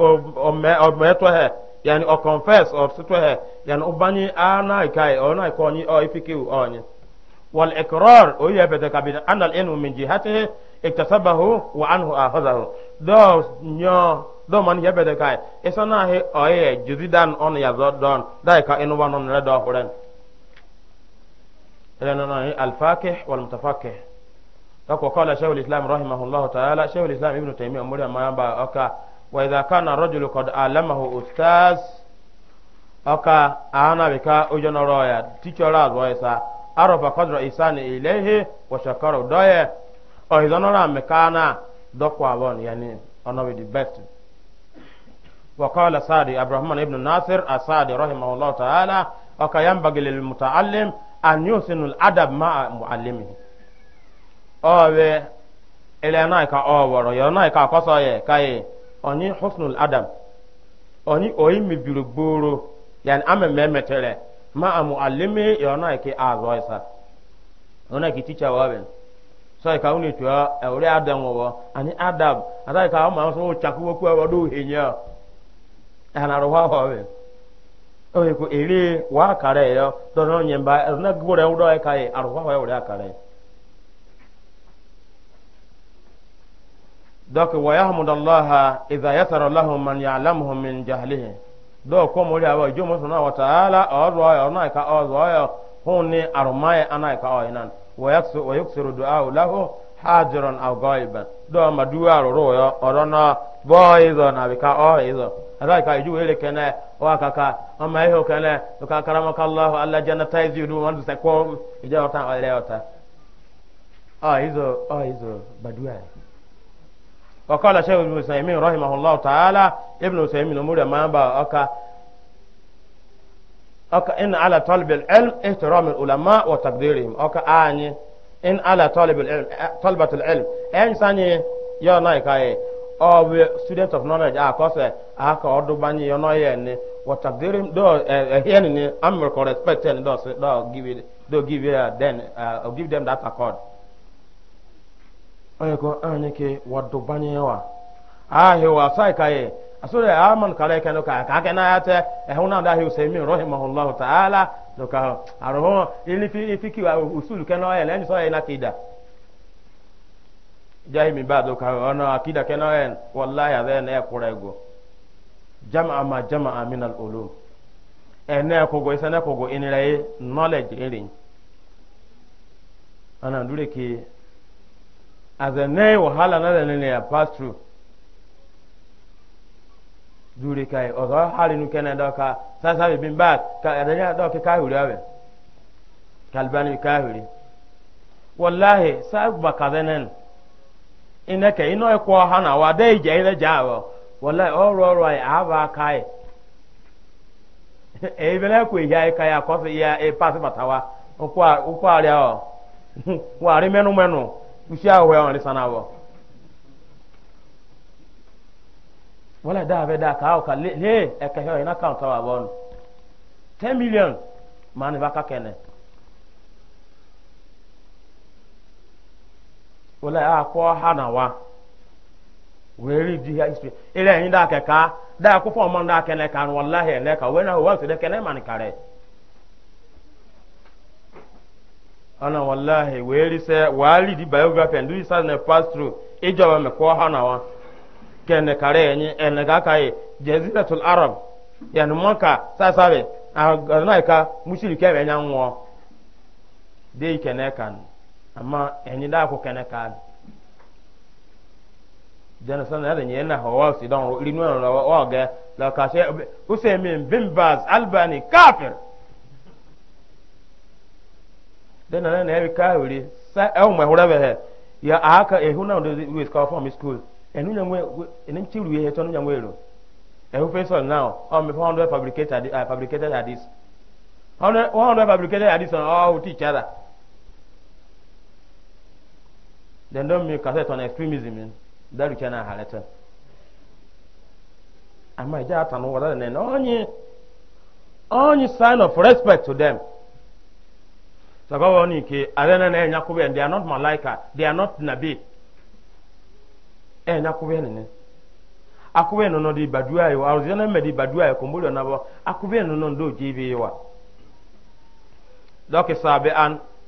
ometo he yani o confess o sito he yani ubani ana kai ona ko ni o ifiki onye wal ikrar o ye bede ka bi an al inu min jihatihi iktasabahu wa anhu akhadahu do nyo do man e, ya bede kai isana he oye juzidan on ya zodon dai ka inu wanon le do horen lana na al fakih wal mutafakkih tako qala shaykh al islam rahimahullah ta'ala shaykh al islam ibn taymiyyah muri ma ba aka wa idha kana rajulu qad alamahu ustaz aka ana bika ujonoro ya teacher azwaisa arafa qadra isani ilayhi wa shakara doye o hizanora mekana dokwa bon yani ono be the best وقال سعدي عبد الرحمن بن ناصر السعدي رحمه الله تعالى وكا ينبغي للمتعلم أن يحسن الأدب مع معلمه أوه إلى نايكا أوه ينايكا قصايا كاي أني حسن الأدب أني أويم بيربورو يعني أما ممتلة مع معلمه ينايكي أزويسا تيتشا وابن ka adam wo ani adam adai ka ma so ana roha hobe oye ko ere wa kare yo dono nyemba e na gbore udo e kai e, aroha wa e ure kare dok wa yahmudallaha idha yasara lahu man ya'lamuhu min jahlihi do ko mo ri awo jo mo sona wa taala oro yo na ka oro yo huni arumaye ana ka o inan wa yaksu wa yuksiru du'a lahu hajiran aw ghaiban do ma du'a ro yo oro na bo izo na bi ka o izo ada ka ju wele kene o kaka amma ihe o kene to ka karamaka allah alla jannatize you do want to ko ija ota o le ota ah hizo ah hizo badua وقال شيخ ابن سيمين رحمه الله تعالى ابن سيمين أمور ما أنبأ أكا أكا إن على طالب العلم احترام العلماء وتقديرهم أكا آني إن على طالب العلم طلبة العلم إن ساني يا نايكاي ọbụ oh, student of knowledge a kọsẹ a ka ọdụbanye dụbanye ya n'ọya ene wọtagdiri dọ ehie nini amịrịkọ respect ene dọ dọ give dọ give ya uh, then uh, give them that accord. onye oh, ko anyị ah, ke wadụbanye ya wa ahị wa sai ka ye asụrụ ya aman ah, kala ike nụ ka ka aka na ya te ehun na adahị usemi rahimahullahu ta'ala nụ ka arụhụ ah, ilifi ifikiwa usulu ke ya na enyi sọ ya na kida. jahi mi baado ka ono akida ke keno en wallahi aden e kurego jama'a ma jama'a min al ulum ene ko go isana ko go inire knowledge irin ana ndure ki azane wahala na ne ne ya pass through dure kai ozo hali nu kene do ka sasa bi ba ka adanya do ka huri awe kalbani ka huri wallahi sa ba ka denen ineke ino ekwo ha na wa de ije ile awo wala oru-oru ai aba kai e bele ku ihe ai kai akoso ya e pass batawa okwa okwa ari [LAUGHS] o wa ari menu menu ushi awe on risana wo wala da be da ka o ka le e ka he ina count wa bon 10 million mani baka ka kene wala a ko hana wa weri di ya ispe ile yin da ka da ko fo man da kan wallahi ne ka wena wa to de ke man kare ana wallahi weri se wali di biography and this has pass through ijo me ko hana wa ke ne kare arab maka na ka mushirike de amma eni da ko kene ka na sana na hawa si don ri no na ebe ga la bin albani kafir dena e e na na bi ka sa e o ya aka e na do we ka from school enu nya we enu chi ru ye to nya we ro e hu face now o me found fabricated uh, fabricated hadith 100 fabricated hadith on all teach other then don make cassette on extremism eh? that you can halata and my dad and what then only oh, only oh, sign of respect to them so go on ke arena na yakube and they are not malaika they are not nabi eh yakube ne akube no no di badua yo aruzena me di badua yo kumbulio nabo akube no no ndo jibi yo doke sabe an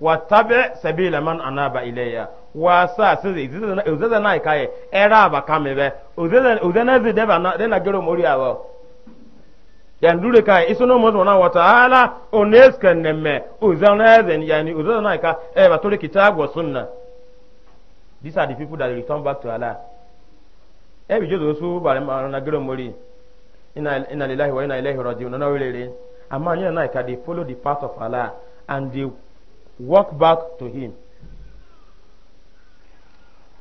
watabe sabila man anaba ileya wasa sizi uzeza na ikaye era aba kamebe uzeza uzena zi deba na dena gero mori awo yandure kai isono mo na wa taala oneska nemme uzena zen yani uzeza na ika e tole kitabu sunna these are the people that return back to allah bare ma na gero mori ina ina lillahi wa ina ilaihi rajiun na wele re na ika they follow the path of allah and walk back to him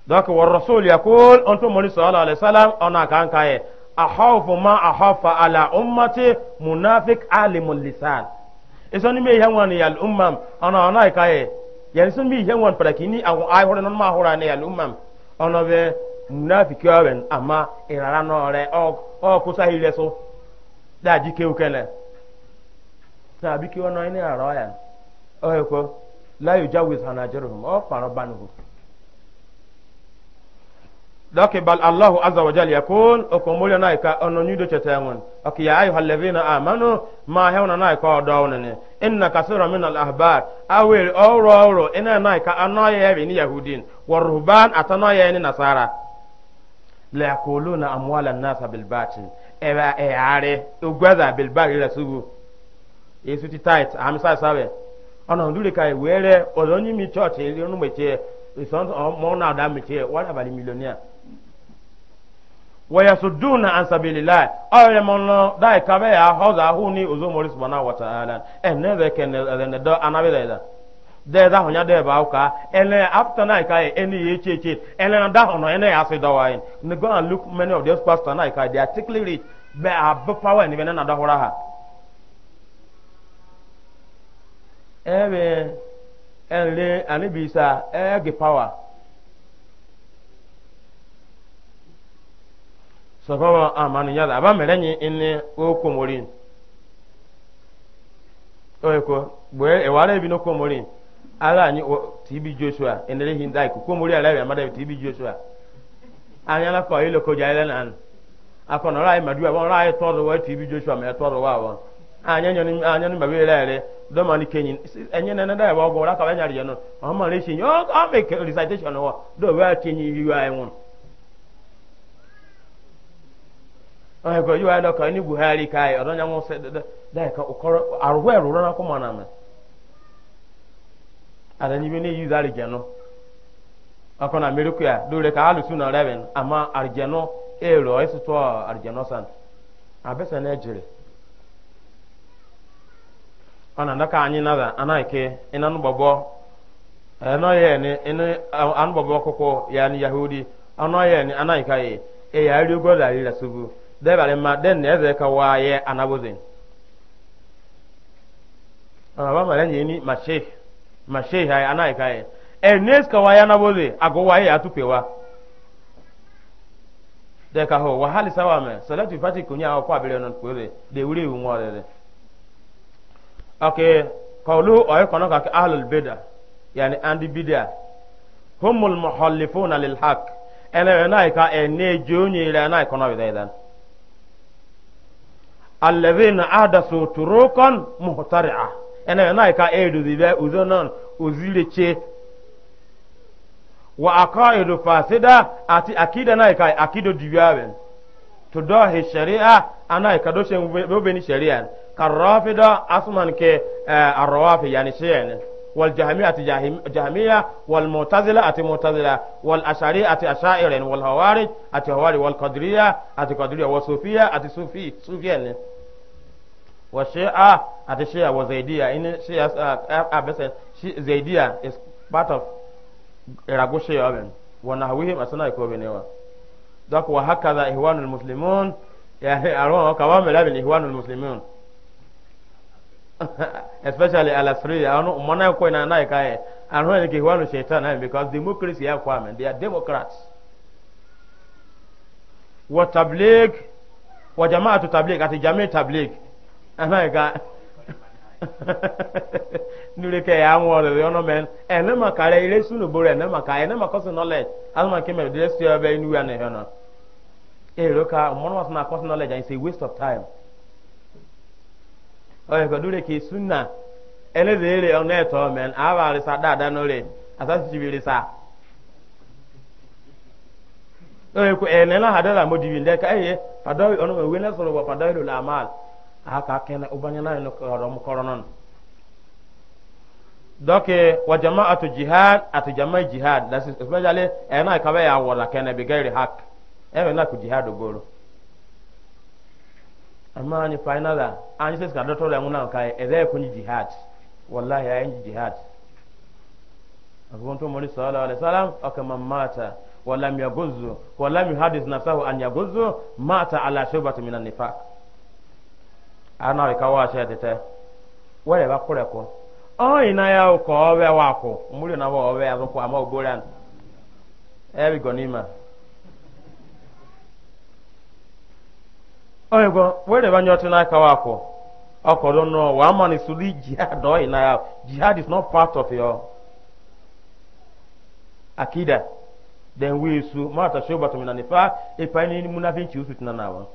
donc wa rasul yaqul antum muni sallallahu alaihi wasallam ona kan kaye ahawfu ma ahafa ala ummati munafiq alimul lisan isoni me yawan yal ummam ona ana kaye yan sun bi yawan parakini awu ay hore non ma hora ne yal ummam ona be munafiki awen ama irara no re o o kusa hile so da jike ukele ta ki wono ina ro o e ko la yujawiz hanajiruhum o kparo banuhu doki bal allahu azza wa jal yakul oko mulya na ka ono nyido chetengun oki ya ayuha allazina amanu ma hewna nay ka odawnene inna kasira min al ahbar awro awro ina ka anoye ni yahudin wa ruhban atanoye ni nasara la yakuluna amwala nasa bil ewa yesu ti ana ndure kai were odonyi church ili onu meche isan mo na da meche wala bali millionaire wa yasudduna an sabilillah awle mono dai kabe ya hoza huni uzo mori subhanahu wa ta'ala enne be ken enne do anabe da de da honya de ba uka e na kai enne ya che che enne na da hono enne ya asị dọwa look many of those na kai they are ticklish be a power ni be na da ebe enre anibisa ege power sọfọwọ amanu yada aba mere nyi ene okomori oyeko gbee ewara ebi n'okomori ala anyị tibi joshua enere hi ndị akụ komori ala ebi amada tibi joshua anya na kọ iloko ja ile na akọ na ọrụ anyị maduwa ọrụ anyị tọrọ wa tibi joshua ma ya tọrọ wa awọ anya nyọ ni mbabe ere ere dɔmani kenyin ɛnyɛ nɛnɛ dɛ wɔ gɔ wala kaba nyari yɛnu ɔma le si yɔ ɔmi ke recitation wɔ dɔw bɛ kenyi yiwa yɛ ŋun ɔyɛ kɔ yiwa yɛ dɔ kɔ ni buhari ka yɛ ɔdɔ nyɛ sɛ dɛ dɛ kɔrɔ aruhu na kɔ mɔna mɛ bi ne yi na ka alu suna na bɛn ama arijɛnu e rɔ esu san ana ndaka anyị nada ana ike ina nu babo eno ye ni ina an babo koko ya ni yahudi ano ye ni ana ika ye e ya ri go la ri la subu de bare ma den ne ze ka wa ye anabozin ana ba mara ni ma sheik, ma sheik ay ana ika ye e nes ka wa ya anabozi ago wa ye atupewa de ka ho wa hali sawa me salatu fati kunya akwa bere non kwere de wuri wu ngorere ok kawlu oye kono kake ahlul bida yani andi bida humul muhallifuna lil haq ene we nay ka ene joni ila nay kono we dan alladhina ahdathu turuqan muhtari'a ene we nay ka edu dibe uzonon uzileche wa aqaidu fasida ati akida nay ka e akido diyawen to do he sharia anay ka do shen be ni sharia كالرافضة أصلا ك الروافض يعني شيئا والجهمية جهمية والمعتزلة أتي معتزلة والأشعرية أتي أشاعر والهوارج أتي هوارج والقدرية أتي قدرية والصوفية أتي صوفي صوفيا والشيعة أتي شيعة وزيدية إن شيعة أبس زيدية is part of إرغو شيعة ونحوهم أسنا يكوبينيوا دوك وهكذا إخوان المسلمون يعني أروان كوامل إخوان المسلمون [LAUGHS] especially alasiri I mɔna kɔ ina na ka I anu yɛ ke wanu shaitan na because democracy yɛ kɔ amɛ they are democrats What tablig wa jamaatu tablig ati jami tablig [LAUGHS] ana ka [LAUGHS] nure ke ya ŋɔ lɛ yɔnɔ mɛ ɛnɛ ma ka lɛ ire sunu bo rɛ ɛnɛ ma ka ɛnɛ ma kɔsi knowledge asoma kemɛ de ɛsɛ bɛ inu ya na yɔnɔ ero ka mɔna ma sɔn na kɔsi knowledge it's a waste of time oye ko dure ki sunna ene zere on e to men aba ri sa da da no re asasi ti bi sa oye ko eh, eh, ene eh, la hada la modi bi ndeka eye fadawi ono we na soro ba fadawi lo amal aka kena ubanya na no ko mo koronon doke wa jama'atu jihad atu jamai jihad that is especially ena ka ba ya wala kena bi gairi hak na ku jihad ogoro amma ni final an sai suka dato muna kai e zai kunyi jihad wallahi ayin jihad abubuwan to mori sallallahu alaihi wasallam aka man mata walam yaguzzu walam yuhadis nafsahu an yaguzzu mata ala shubati minan nifaq ana ka wa sha tete wale ba kure ko o oh, ina ya ko owe wa ko muri na wa owe ya ko ama ogoran e eh, bi gonima oyego were banye otu n'aka wa akwụ ọkọrọ n'ụwa amanị sụrụ jihad [LAUGHS] na jihad is not part of your akida den wee su mata shi obatu mina nifa ipa ni muna vinci usu tina nawa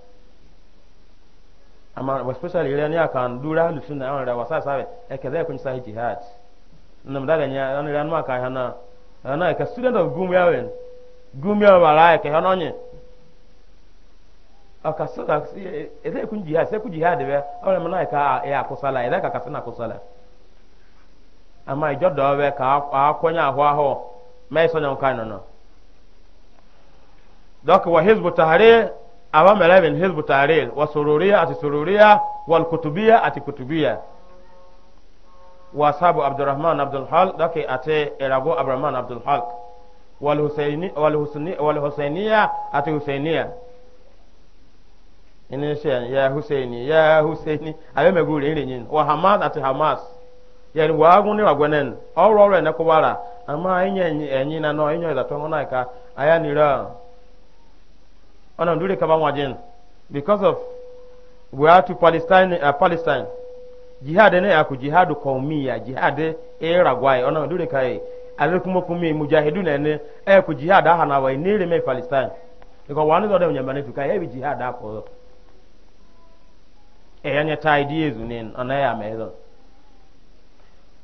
ama especially ile ni aka ndura ahlu sunna yawan rawa sa sabe e kaza kun jihad nam daga nya an ran ma ana student of gumyawen gumyawa la ka hana aka sada ede kun jihad se ku jihad be awon mo e e na ka e akusala ede ka kasana kusala ama ijo do be ka akonya aho aho me e so nyon kan no dok wa hizbu tahrir aba melebin hizbu tahrir wa sururiya ati sururiya wal kutubiya ati kutubiya wa sabu abdurrahman abdul hal dok ate erago abdurrahman abdul hal ati husainiya ina shi ya husaini ya husaini abe me gure ire nyin wa hamas ati hamas yani wa agun ni wagwenen oro oro ne ko ama enye enyi eh, na no enyo da to na aya ni ra ona ndure ka ba wajin because of we are to palestine uh, palestine jihad ne aku jihad qaumiya jihad e ragwai ona ndure kai ale kuma kuma na ne e ku jihad e. eh, ha na wai ni re me palestine because one of them nyamane to kai e jihad ha eyanye eh, taidi ezunin anaya mezon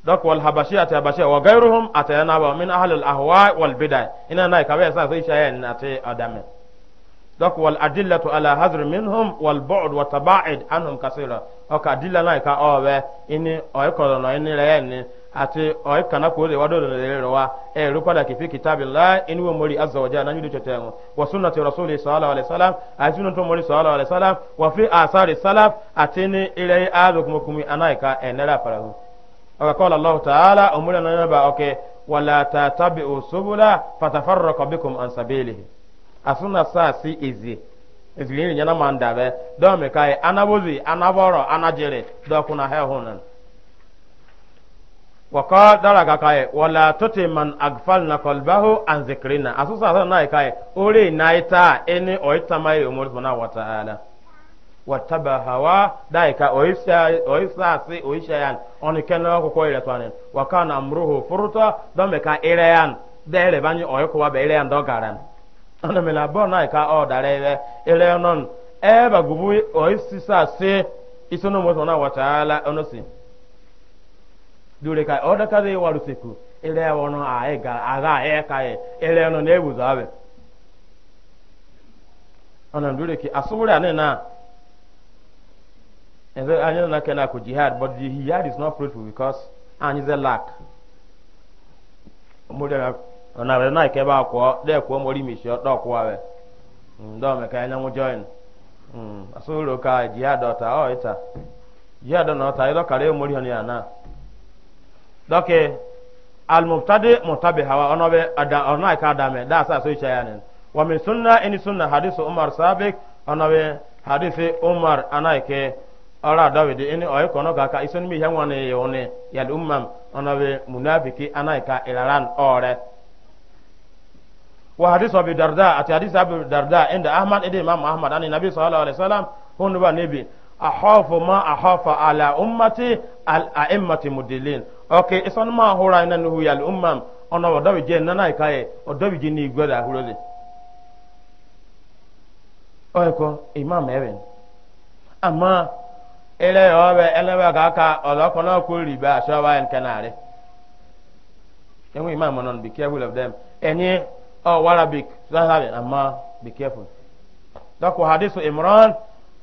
dok wal habashia ta habashia wa gairuhum atayana ba min ahli al ahwa wal bidai ina nai kabe sa sai shaye na te adame dok wal adillatu ala hazr minhum wal bu'd wa tabaid anhum kaseera o adilla nai ka owe ini o ko no ini re ni ati oy kana ko de wado de rewa e ru pada ki fi kitabillah in wa mori azza wa jalla nyu de wa fi asari salaf atini ilai azu kuma kumi anaika enera farahu aka qala allah ta'ala umura na ba okay wala tatabi'u subula fatafarraqa bikum an sabilihi asuna sa si izi izi ni nyana mandabe do me kai anabozi anaboro anajere do kuna hehunan وقال دلغا كاي ولا تطي من اغفلنا قلبه عن ذكرنا اسوسا سنا كاي اوري نايتا اني اويتا ماي امور سبحانه وتعالى wataba hawa daika oisa oisa si oisa yan oni kenna ko ko ile twanen wa kana amruhu furta dome ka ile yan na ka dure ka oda ka de waru seku ele wono a e ga aga e ka e ele no ne buzo abe ana dure ki asubure ane na eze anya na kana ku jihad but the jihad is not fruitful because anyi ze lack omuri na ona re na ke ba ko de ko omuri mi sho do ko abe ndo mm, me ka e nyanwu join mm ka jihad ota o ita jihad no ta ido e kare omuri oni na. dɔke almubtadi mutabi hawa ɔnɔ bɛ ada ɔnɔ ayi k'a damɛ daa saa so caya ne wa min sunna ini sunna hadisi umar sabik ɔnɔ bɛ hadisi umar ana yi kɛ ɔra dɔbi di ini ɔyi kɔnɔ k'a ka isoni mi yɛn wɔni yali umam ɔnɔ bɛ munafiki ana yi ka ilaran ɔɔrɛ wa hadisi abi darda ati hadisi abi darda inda ahmad idi imam ahmad ani nabi sallallahu alaihi wasallam hundu ba nebi ahofu ma ahofa ala ummati al a'immati mudilin ok ison ma hura ina nuhu yal ummam ona wa dawi jen nana ikaye o dawi jen ni gwada hura de o ko oh, imam even amma ele o be ele be ga ka olo ko na ko riba so wa en kanare enwe imam non be careful of them enye o oh, warabik zahabe amma be careful dako hadisu imran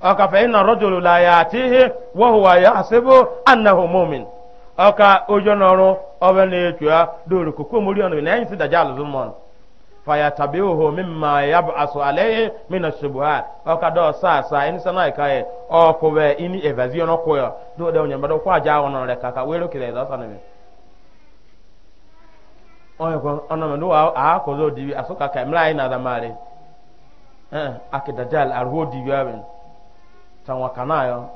ọka fẹ̀yìn rọ́jòlù láyà àti ihe wọ́hùwà yà àṣẹ́bó ànàhù ọka ojú ọ̀nọ́rún ọbẹ̀ na ya dòrò kókó omori ọ̀nà na ń dàjà àlùzùmọ̀n fàyà tàbí òhò mi mà yà bọ̀ àṣọ alẹ́ nà ha ọka dọ̀ sàṣà ẹni sẹ́nà yẹ ọkọ̀ ọ̀nà kọ̀ yọ àjà ọ̀nà rẹ̀ kàkà kìlẹ̀ ẹ̀dọ́ mi. ọ̀nà mi wà á kọ́ dìbì kàkà ẹ̀mìlá nà ẹ̀ akidajal dìbì sanwa kanayo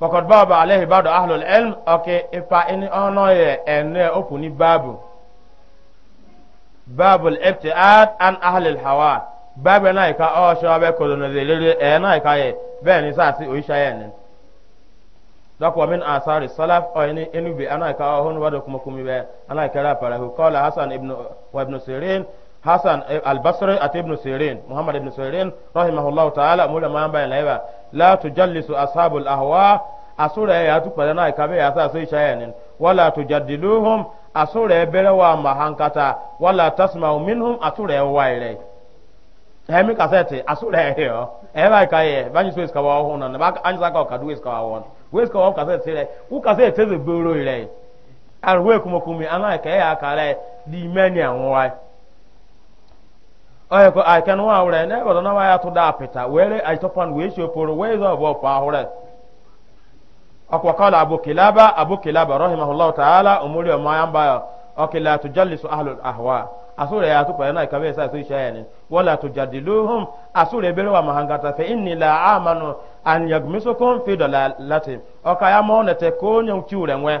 fakod baba alehi bado ahlul ilm oke ifa ini ono ye ene ni babu babu ibtiad an ahlil hawa babu na ika o sho be ko no lele e na ika ye be ni sa si oisha ye ni dako min asari salaf o ini inu bi ana ika o hono wado kuma kumi be ana ika ra para hu qala hasan ibn wa ibn sirin hasan eh, albasri at ibn sirin muhammad ibn sirin rahimahullahu ta'ala mula ma bayan laiba la tujallisu ashabul ahwa asura ya tu padana ka be ya sa sai shayanin wala tujaddiluhum asura ya berewa mahankata wala tasma'u minhum asura ya waire hemi kasete asura ya yo e ba ka ye ba ni so iska wa hona na ba an za ka ka du iska wa won we iska wa kasete sire u kasete teze boro ire arwe kuma kumi ana ka ya ka re di meni anwa oye ko ai kan wa wure ne bodo na waya to da pita were ai to pan we so poro we zo bo pa hure akwa kala abu kilaba abu kilaba rahimahullahu ta'ala umuri ma yamba okila tujallisu ahlul ahwa asure ya tupa na ikabe sa so shayani wala tujadiluhum asure bere wa mahangata fa inni la amanu an yagmisukum fi dalalatin okaya mo ne te ko nyu chiure nwe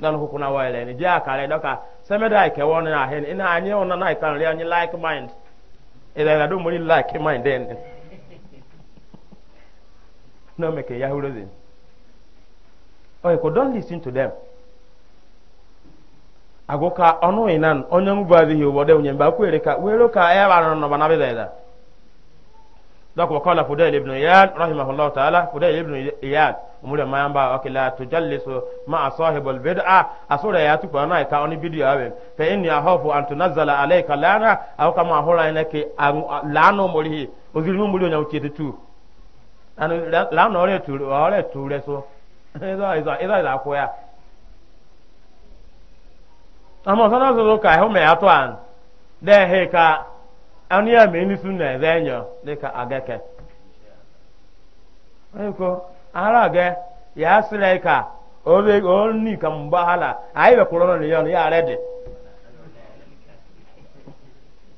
dan hukuna wayle ni ja kale doka semeda ke won na hen ina anyi on na kan ri anyi like mind ila la do muri like mind den [LAUGHS] no meke ya hulozin oy ko don't listen to them agoka onu inan onye ngwa bi yo wode onye ba ku ere ka wero ka ya ba no no ba na bi da donc wa qala fudayl ibn iyad rahimahullahu ta'ala fudayl ibn iyad umule mayamba akila tujallisu ma sahibi albid'a asura ya tu kwana ka oni bidiyo awe fa inni akhafu an tunazzala alayka lana aw kama hola inaki lano murihi ozirinu muri onya uchete tu anu lano ore tu ore tu reso eza [LAUGHS] eza eza eza akoya amma sana zo ka ho me atwan de he ka anụ ya ma emifu na ebe enyo dịka ageke eko ara aga ya asịrị ka onni ka mgbaghala anyị wekwụrụ nọ na ya ya ara dị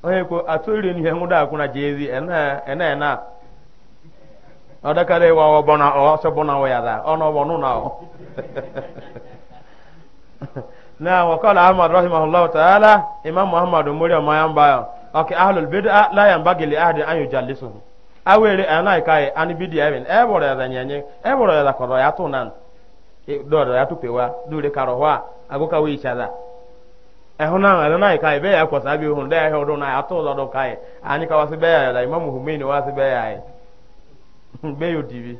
onye ko atụ iri n'ihe nwụda akwụ na jezi ene ena ọ dakara ịwa ọgbọ na ọsọ bụ na ọ ya da ọnụ ọgbọ nụ na ọ na wakọla ahmad rahimahullah ta'ala imam muhammad muri ọmọ ya mba ok ahlul bid'a la yanbaghi li ahadin an yujallisuhu awere anai kai ani bid'a even eboro ya nyenye eboro ya koro ya tunan e, doro ya tupewa dure karo wa agoka we ichada ehuna anai kai be ya kwasa bi hun da ya hodo na ya tulo dụ kai anyị ka wasi be ya ya da imam humaini wasi be ya e. [LAUGHS] be yo odibi.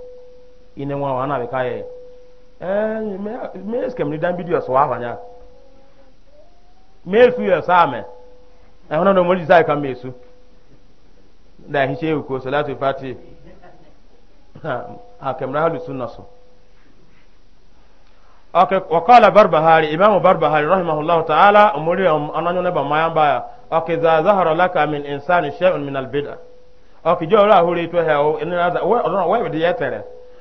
ine nwa wana be kaye eh me me skem ni dan bidio so afanya me su ya same eh, e hono no moli sai kam mesu da hi shehu ko salatu fati ha kamra halu sunna so ake wakala barbahari imamu barbahari rahimahullahu ta'ala umuri um, ananyo ne ba mayamba ya ake za zahara laka min insani shay'un min albid'a ake jo la hore to ha o ina za we we de yetere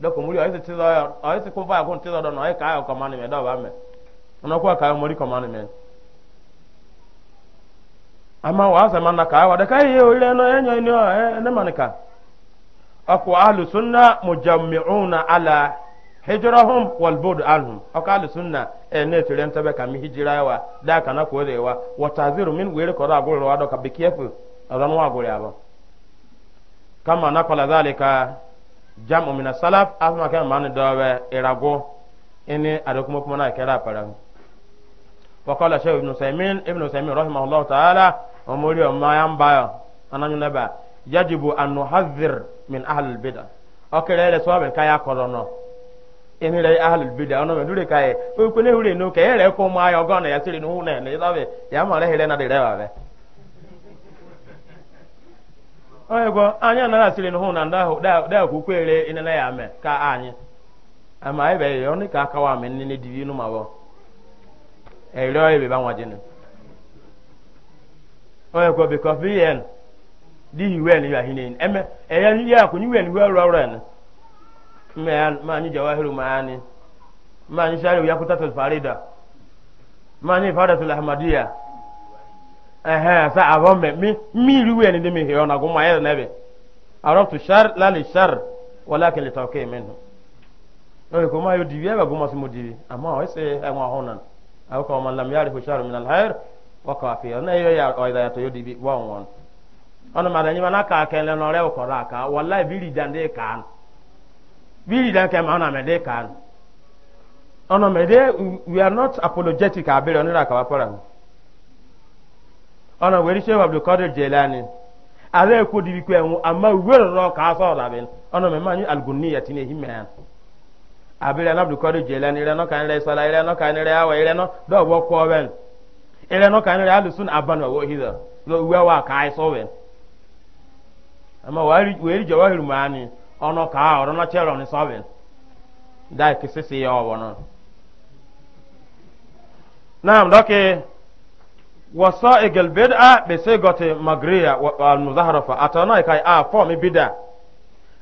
dɔkɔ muri ɔyɛ ti zɔyɔ ɔyɛ ti kufa kun ti zɔdɔ n'ɔyɛ mɛ dɔw b'a mɛ ɔnɔkɔ kaa mori muri kɔmani mɛ ama wa asɛm ana kaa wa de kaa yɛ oyire no ɛnyɛ ni ɔ ne ma ni ka ɔkɔ ahlu na ala hijrahum wal bu'd ɔkɔ ahlu ɛ ne tere ka mi hijira wa kana ko de wa wa min wele kɔrɔ wa dɔ ka bi kama jam mina salaf asma kan man dawe irago ini ada kuma kuma na kera param wa qala shaykh ibn saimin ibn saimin rahimahullah ta'ala umuri ma yan baya anan ne ba yajibu an nuhadhir min ahli bid'ah okere le so be kaya korono ini le ahli bid'ah ono dure kai o ko ne hure no ke re ko ma ya ogo ya sire no na ne ya ya ma re hele na de re ba be oyego anyị anaghị asịrị na hụ na ndị ahụ dakwukwere ịnene ya ame ka anyị ama anyị bịa ịrịọ ka akawa amị nne dịrị inu ma bụ ịrịọ ebe banwa jini oyego bikọ ya dị iwe ni ya hine eme eya ni ya kunyi wen we ro ọrụ ni me ya ma ni jawahiru ma anyị ma anyị shari ya kutatul farida ma ni fadatul ya. ehe sa abo me mi de mi he ona goma ya nebe goma sumo diwi ama o se e wa honan aw ko man lam yarifu shar min al khair wa kafi ya o to yo diwi wa won ona ma da mana ka kele no re ko ra ka wallahi biri dande kan biri dan ke ma ona me de apologetic ọnà wẹ̀rí sẹ́wọ̀n abdulkadir jelani ààrẹ èkó dibi kú ẹ̀hún àmà wẹ́rẹ̀ rọ kàásọ̀ ọ̀làbẹ̀ ọ̀nà mẹ́mà ní algunni yàtí ní ehimẹ̀ ya tinye náà abdulkadir jelani irẹ náà kàn rẹ sọlá irẹ náà kàn rẹ awọ irẹ náà dọ̀wọ́ kọ́ wẹ́n irẹ náà kàn rẹ sun abanu ọwọ́ hídà wẹ́ wà káyé sọ wẹ́n àmà wẹ́rí jọwọ́ hìrùmọ́ni ọ̀nà kàá ọ̀rọ̀ naam Wọsọ ịgelibere ah bese gote magharịa ọ ọ muzakha kai atọ na ị ka aa pọọ mịpị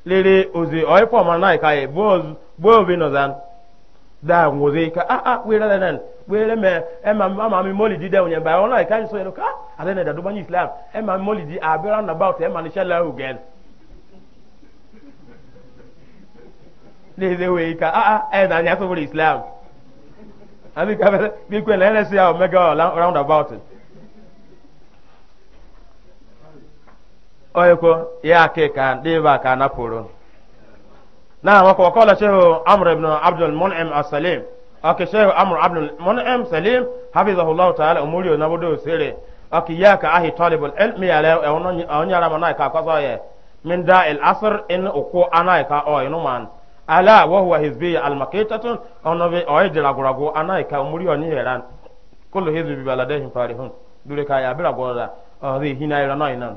liri ozị, ọ na ị ka bwozu bwo vi nọ za, daa ka ah ah wi lelee na nn, wi lelee na nn. E ma ma ọ mịrịmọlidi de ọ na ọ baa so na ọ ka ị nọ ná ị ka nọ ná ị ka sọ na ị ka sọ na ị dọọkara na ị dọọkara dọọkara ị na dọọkara ị mụ na ị mụ mọlidi abụọ na ị mụ islam. E ma mụ abụọ abụọ abụọ na ị mụ islam. N oyeko ya ke ka deba ka na poro na wa ko kala shehu amr ibn abdul mun'im as-salim shehu amr abdul mun'im salim hafizahu allah ta'ala umuri na bodo sere ake ya ka ahi talibul ilm ya la onyara mana ka kwazo ye min da'il asr in uku ana ka o inu man ala wa huwa hizbi al-maqitatun onobe oyedira gurago ana ka umuri oni heran kullu hizbi baladehim farihun dure ka ya bira gorda o ri hinaira no inan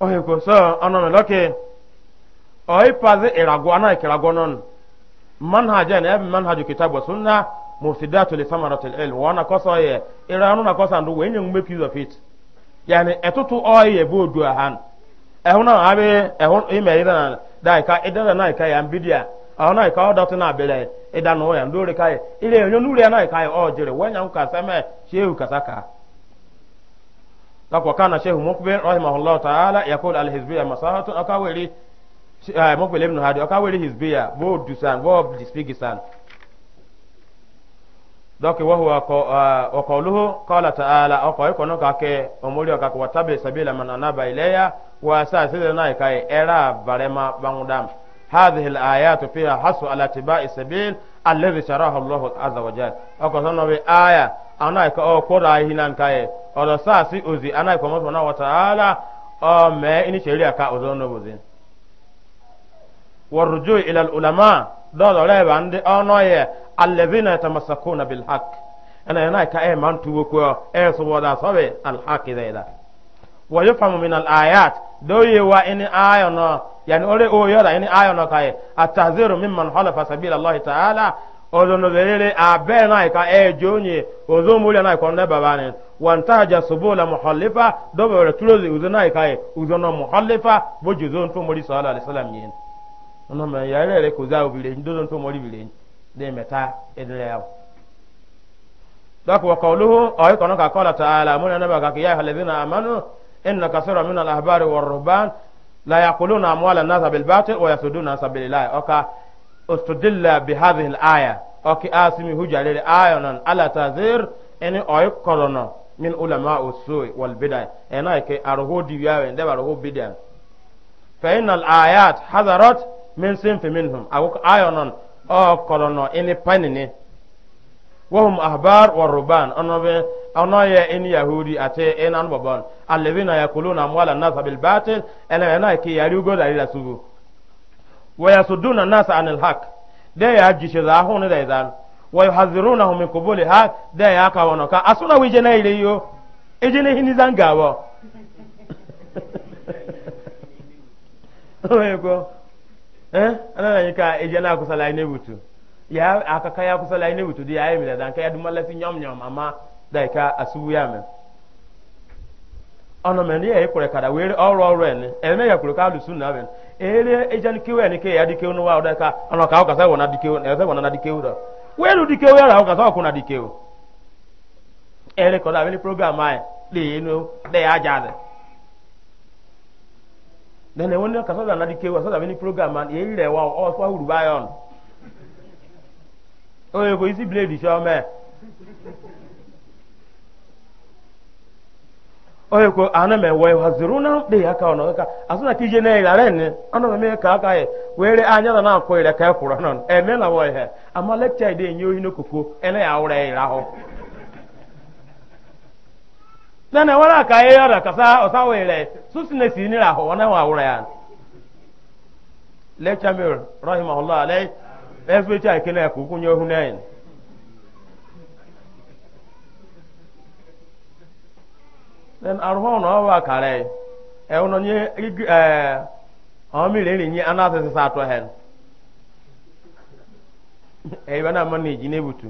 oye ko so ono me loke oyi pazi irago ana ikirago non na yabi manhaju kitabu wa sunna mufsidatu li na ye iranu na kosa ndu wenye ngumbe of it yani etutu oyi ye bo du ha ehuna abi ehun ime na da ka na ka ya mbidia ona ka odo na bele na no ya ndure kai ile onyo nure na ka o jere wenya لك وكان شيخ مقبل رحمه الله تعالى يقول الحزبية مساحة أكاولي مقبل ابن هادي أكاولي حزبية بو دوسان بو دسبيجسان wa huwa eh, wa qawluhu qala ta'ala o ko ko ka ke omuri ka sabila man anaba ilaya wa sa sile na era barema bangudam hadhihi alayat fiha hasu ala tibai sabil alladhi sharaha Allah azza wa jalla o bi aya ana ka o kora hinan kae odo sasi ozi ana ka mo na wa taala o me ini sheria ka ozo no bozi warju ila al ulama do do le bande ono ye alladhina yatamassakuna bil haqq ana yana ka e man tuwo ko e so wada sobe al haqq zaida wa yafhamu min al ayat do ye wa ini ayono yani ore o yara ini ayono kae atahziru mimman halafa sabila allah taala ozonozelele abe nai ka eje onye ozo muri nai kon baba ne wanta ja subula muhallifa do be re tulozi uzo nai kai e, uzo no muhallifa bo juzo nto muri sallallahu alaihi wasallam yin ono me ya re re ko za obire ndo nto muri bire de meta edre ya dak wa qawluhu ay kono ka qala ta'ala mun anaba ka ya halazina amanu inna kasura min al ahbari war ruhban la yaquluna amwala an-nas bil batil wa yasudduna an sabilillah oka استدل بهذه الآية أوكي آسمي آه، هو هجا للآية على تذير أني أي كورونا من علماء السوء والبدع أنا كي أرهو ديوان دي أرهو بدع فإن الآيات حذرت من سنف منهم أوك آية أو كورونا إني بانيني وهم أحبار والربان أنا بي أنا يا إن يهودي أتي إن أنبابان الذين يأكلون أموال الناس بالباطل أنا أنا كي يلوغو دليل سوء ويصدون الناس عن الحق ده يا جيش زاهون ده يزال ويحذرونه من قبول الحق ده يا كاونوكا أسونا ويجينا إليو إجينا هني زنغاو ويقول eh ana na nyika eje na akusala ine butu ya akaka ya akusala ine butu di ayi mira dan ka ya dumala ama ya me na kada ya kure ka ere ejan kiwe ni ke ya dikeu no wa ka ana ka ka wona dikeu e sai wona na dikeu da welu dikeu ya ka sai kuna dikeu ere ko da veli program ai le no de ya ja de nene wona ka sai na dikeu sai da veli program an e ire wa o so huru ba yon o ko e isi blade show me oye ko ana me we haziruna de ya ka ono ka na ki je ne gare ne ana me ka ka e were anya na ko ire ka kuro nọ e me na wo ihe ama lekcha de nyo hino koko ene ya awụra ya ho na na wara ka e ọsa ka na wa ure ya lecture me rahimahullah alai esbe cha na ne then arụhụ na ọwa kara ẹwọn nye ẹ ọmọ mi rere nye ana asese sa atọ hẹn ẹyẹ bẹ na ama na eji na ebutu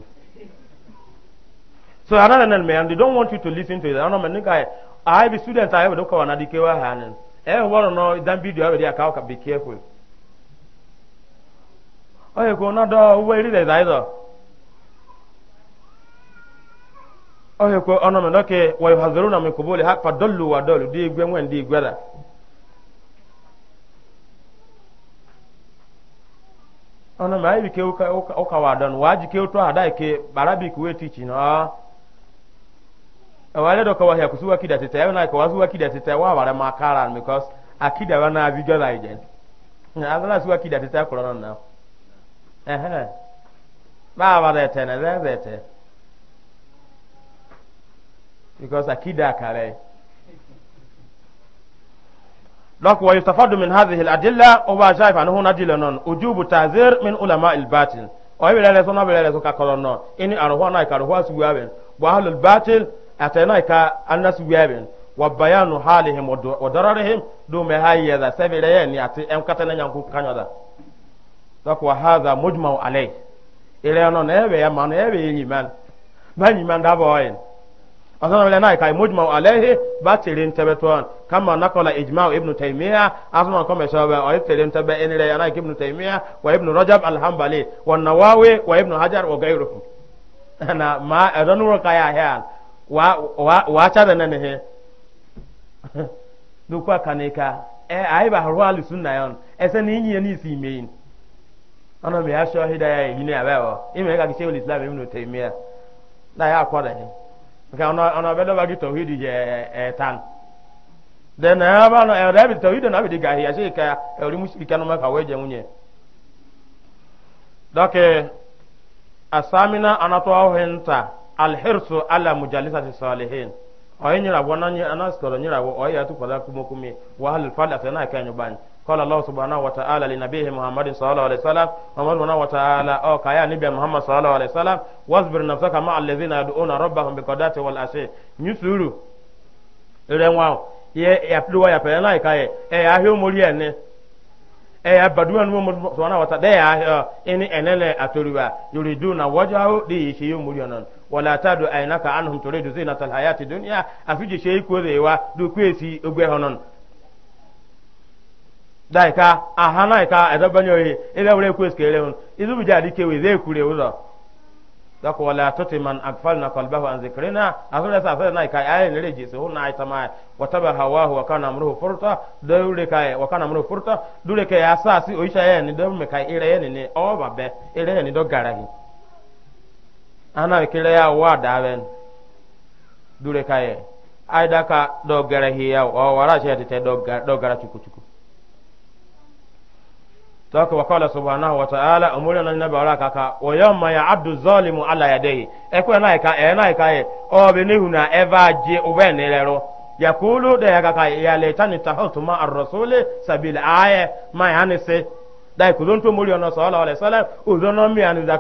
so another nan mẹ they don't want you to listen to it anọ mẹ nika ayi bi students ayi bi do kọwa na di kewa ha ni ẹ wọrọ nọ dan bidio ayi bi di aka ọ ka be careful ọ yẹ kó ọ na dọ wọ eriri oye ko ono me doke wa yuhadhiruna min qubuli hak fa dallu wa dallu di gwe ngwen di gwada ono ma ibi ke uka uka wa don waji ke to hada ke barabi ku weti chino awale doka wa ya kusuwa kida tete yana ko wasuwa kida tete wa bare makara because akida wa na bi jola ijen azala suwa kida tete ko ron na ehe ba bare tene zete because akida kare لك ويستفاد من هذه الأدلة وما شايف أنه ندل نون وجوب تعذير من علماء الباطل ويبلا لسنا بلا لسنا كقولنا إن أروحنا كأروح سبيابين وأهل الباطل أتينا كأن سبيابين وبيان حالهم وضررهم دوم هاي إذا سبيلا يعني أتي أم كتنا ينكو كنيدا لك وهذا مجمع عليه إلى أن نبي يمان نبي يمان من يمان دابوين أصلا ولا ناي كاي مجمع عليه باتلين تبتوان كما نقل إجماع ابن تيمية أصلا كما شابه ويبتلين تبع إن لا ينايك ابن تيمية وابن رجب الحنبلي والنواوي وابن حجر وغيرهم أنا ما أظن ركايا هيان wa wa wa ta da nan he dukwa kaneka e ai ba haru alu sunna yon e se ni yin ni si meyin ana me ya shahida ya yin ya ba wa ime ka ki shaykhul islam ibn taymiya da ya kwada ni nke ọnụ ọbịa dọba gị tọhidi je etan de na ya ba no e da bi tọhidi na bi diga hi ase ka e ori mushrika no ma fa weje nwunye doke asamina anato ahenta alhirsu ala mujalisati salihin oyin nyira wona nyira anasoro nyira wo oyi atu kwada kumokumi wa halil fadla tana ka nyubani قال الله سبحانه وتعالى لنبيه محمد صلى الله عليه وسلم محمد سبحانه وتعالى او كايا نبي محمد صلى الله عليه وسلم واصبر نفسك مع الذين يدعون ربهم بالغداة والعشي نسولو رنواو ye yapluwa ya pele na ikaye e ya hio mori ene e ya baduwa nu mo so na wata de ya hio ini enele atoriwa yuridu na wajahu de yi hio mori onan wala tadu ainaka anhum turidu zinata alhayati dunya afiji shei kuwewa du kwesi ogwe honon daika ahana ka edabanyoyi ile wure ku eskele un izu bi jadi ke weze kure uzo dako wala tati man agfalna qalbahu an zikrina azura sa fa naika ayi ne reji so na ita ma wataba hawahu wa kana amruhu furta dure kai wa kana amruhu furta dure kai asasi oisha ye ni dum kai ire ye ni o babe ire ye ni do garahi ana kire ya wa daven dure kai aida ka do garahi ya o wara che te do gara chukuchuku saka wa qala subhanahu wa ta'ala umuri na nabi araka ka wa yawma ya'addu zalimu ala yadayhi e ko na ka e na ka e o be ni huna eva je o ni lero yakulu de ya ka ya laitani tahawtu ma ar-rasul sabil aya ma yani se da ku to muri na sallallahu alaihi wasallam o mi ani da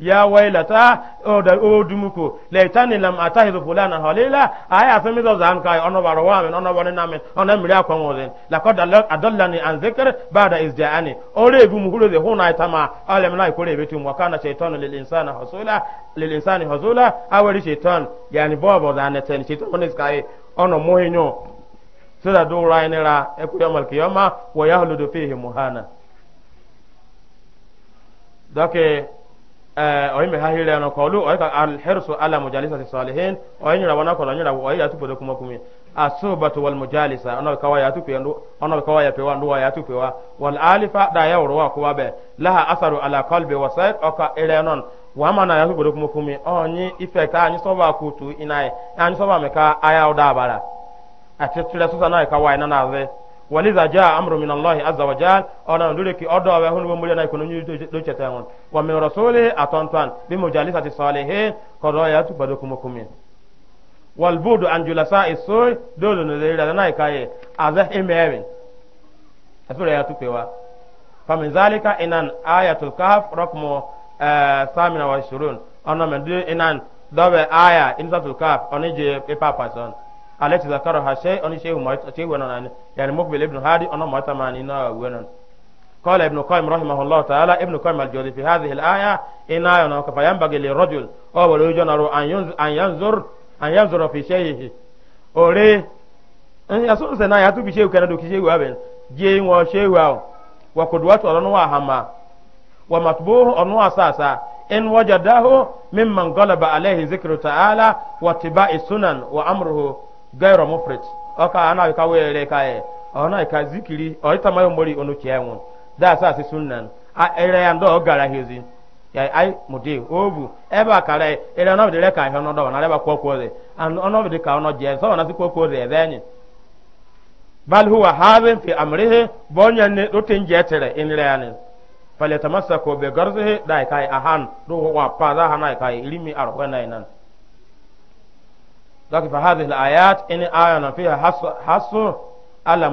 ya wailata o da o dumuko laitani lam atahidu fulana halila aya fe mi do zan ono baro wa men ono bone namen ono mi akwa ngode la qad adallani an zikr ba'da izja'ani o re gu muhulo de huna itama ale na nai kore betu wa kana shaytanu lil insana hasula lil insani hasula awari shaytan yani bobo da ne ten shaytan ne skai ono mohinyo sira do rainera ekuyamal kiyama wa yahludu fihi muhana dake Eh, oyimbe hahire no kolu oyka al hirsu ala mujalisati salihin oyinyira wana kola nyira oyira tupodo kuma kumi asubatu wal mujalisa ono kawa ya tupe ndo ono kawa ya pewa ndo ya tupe wa wal alifa da ya urwa kuwa be laha asaru ala qalbi wasaid oka ile non wa mana ya tupodo kuma kumi onyi ife ka anyi soba kutu inai anyi soba meka aya odabara atitire susa na kawa ina na ze waliza jaa amru min allahi azza wa jal ona ndure ki odo wa hunu mo na ikono nyu do cheta ngon wa min rasuli atantan bi mujalisati salihin qada ya tu badu kuma kumin wal budu an julasa isoy dolo no leira na ikaye azah imewe asura ya tu pewa fa min zalika inan ayatul kahf rakmu samina eh, wa shurun ona men inan dawe aya in kahf onije pe papa son التي ذكرها شيء أن شيء ما شيء ونان يعني مقبل ابن هادي أنا ما تمانينا ونان قال ابن قايم رحمه الله تعالى ابن قايم الجوزي في هذه الآية إن آية فينبغي للرجل أو وليجنر أن ينظر أن ينظر في شيءه أولي أن يصور سنا يأتي بشيء كان دوك شيء وابن جين وشيء واو وقدوات أنواع هما ومطبوع أنواع ساسا إن وجده ممن غلب عليه ذكر تعالى واتباع السنن وأمره gairo mufrit oka ana ka wele ka e ona ka zikiri o ita mayo mori onu chienwu da sa si sunnan a ere ya ndo gara hizi ya ai mudi obu ebe akara ere ona bidere ka hono do na reba kwa kwa de an ona bidere ka ono je so na si kwa kwa de ebenyi bal huwa hadin fi amrihi bonya ne do tenje e tere inire e ya fale tamasako be garzihi dai kai ahan do wa pa da hanai kai ilimi arwana inan لكن فهذه الآيات إن آية فيها حصر على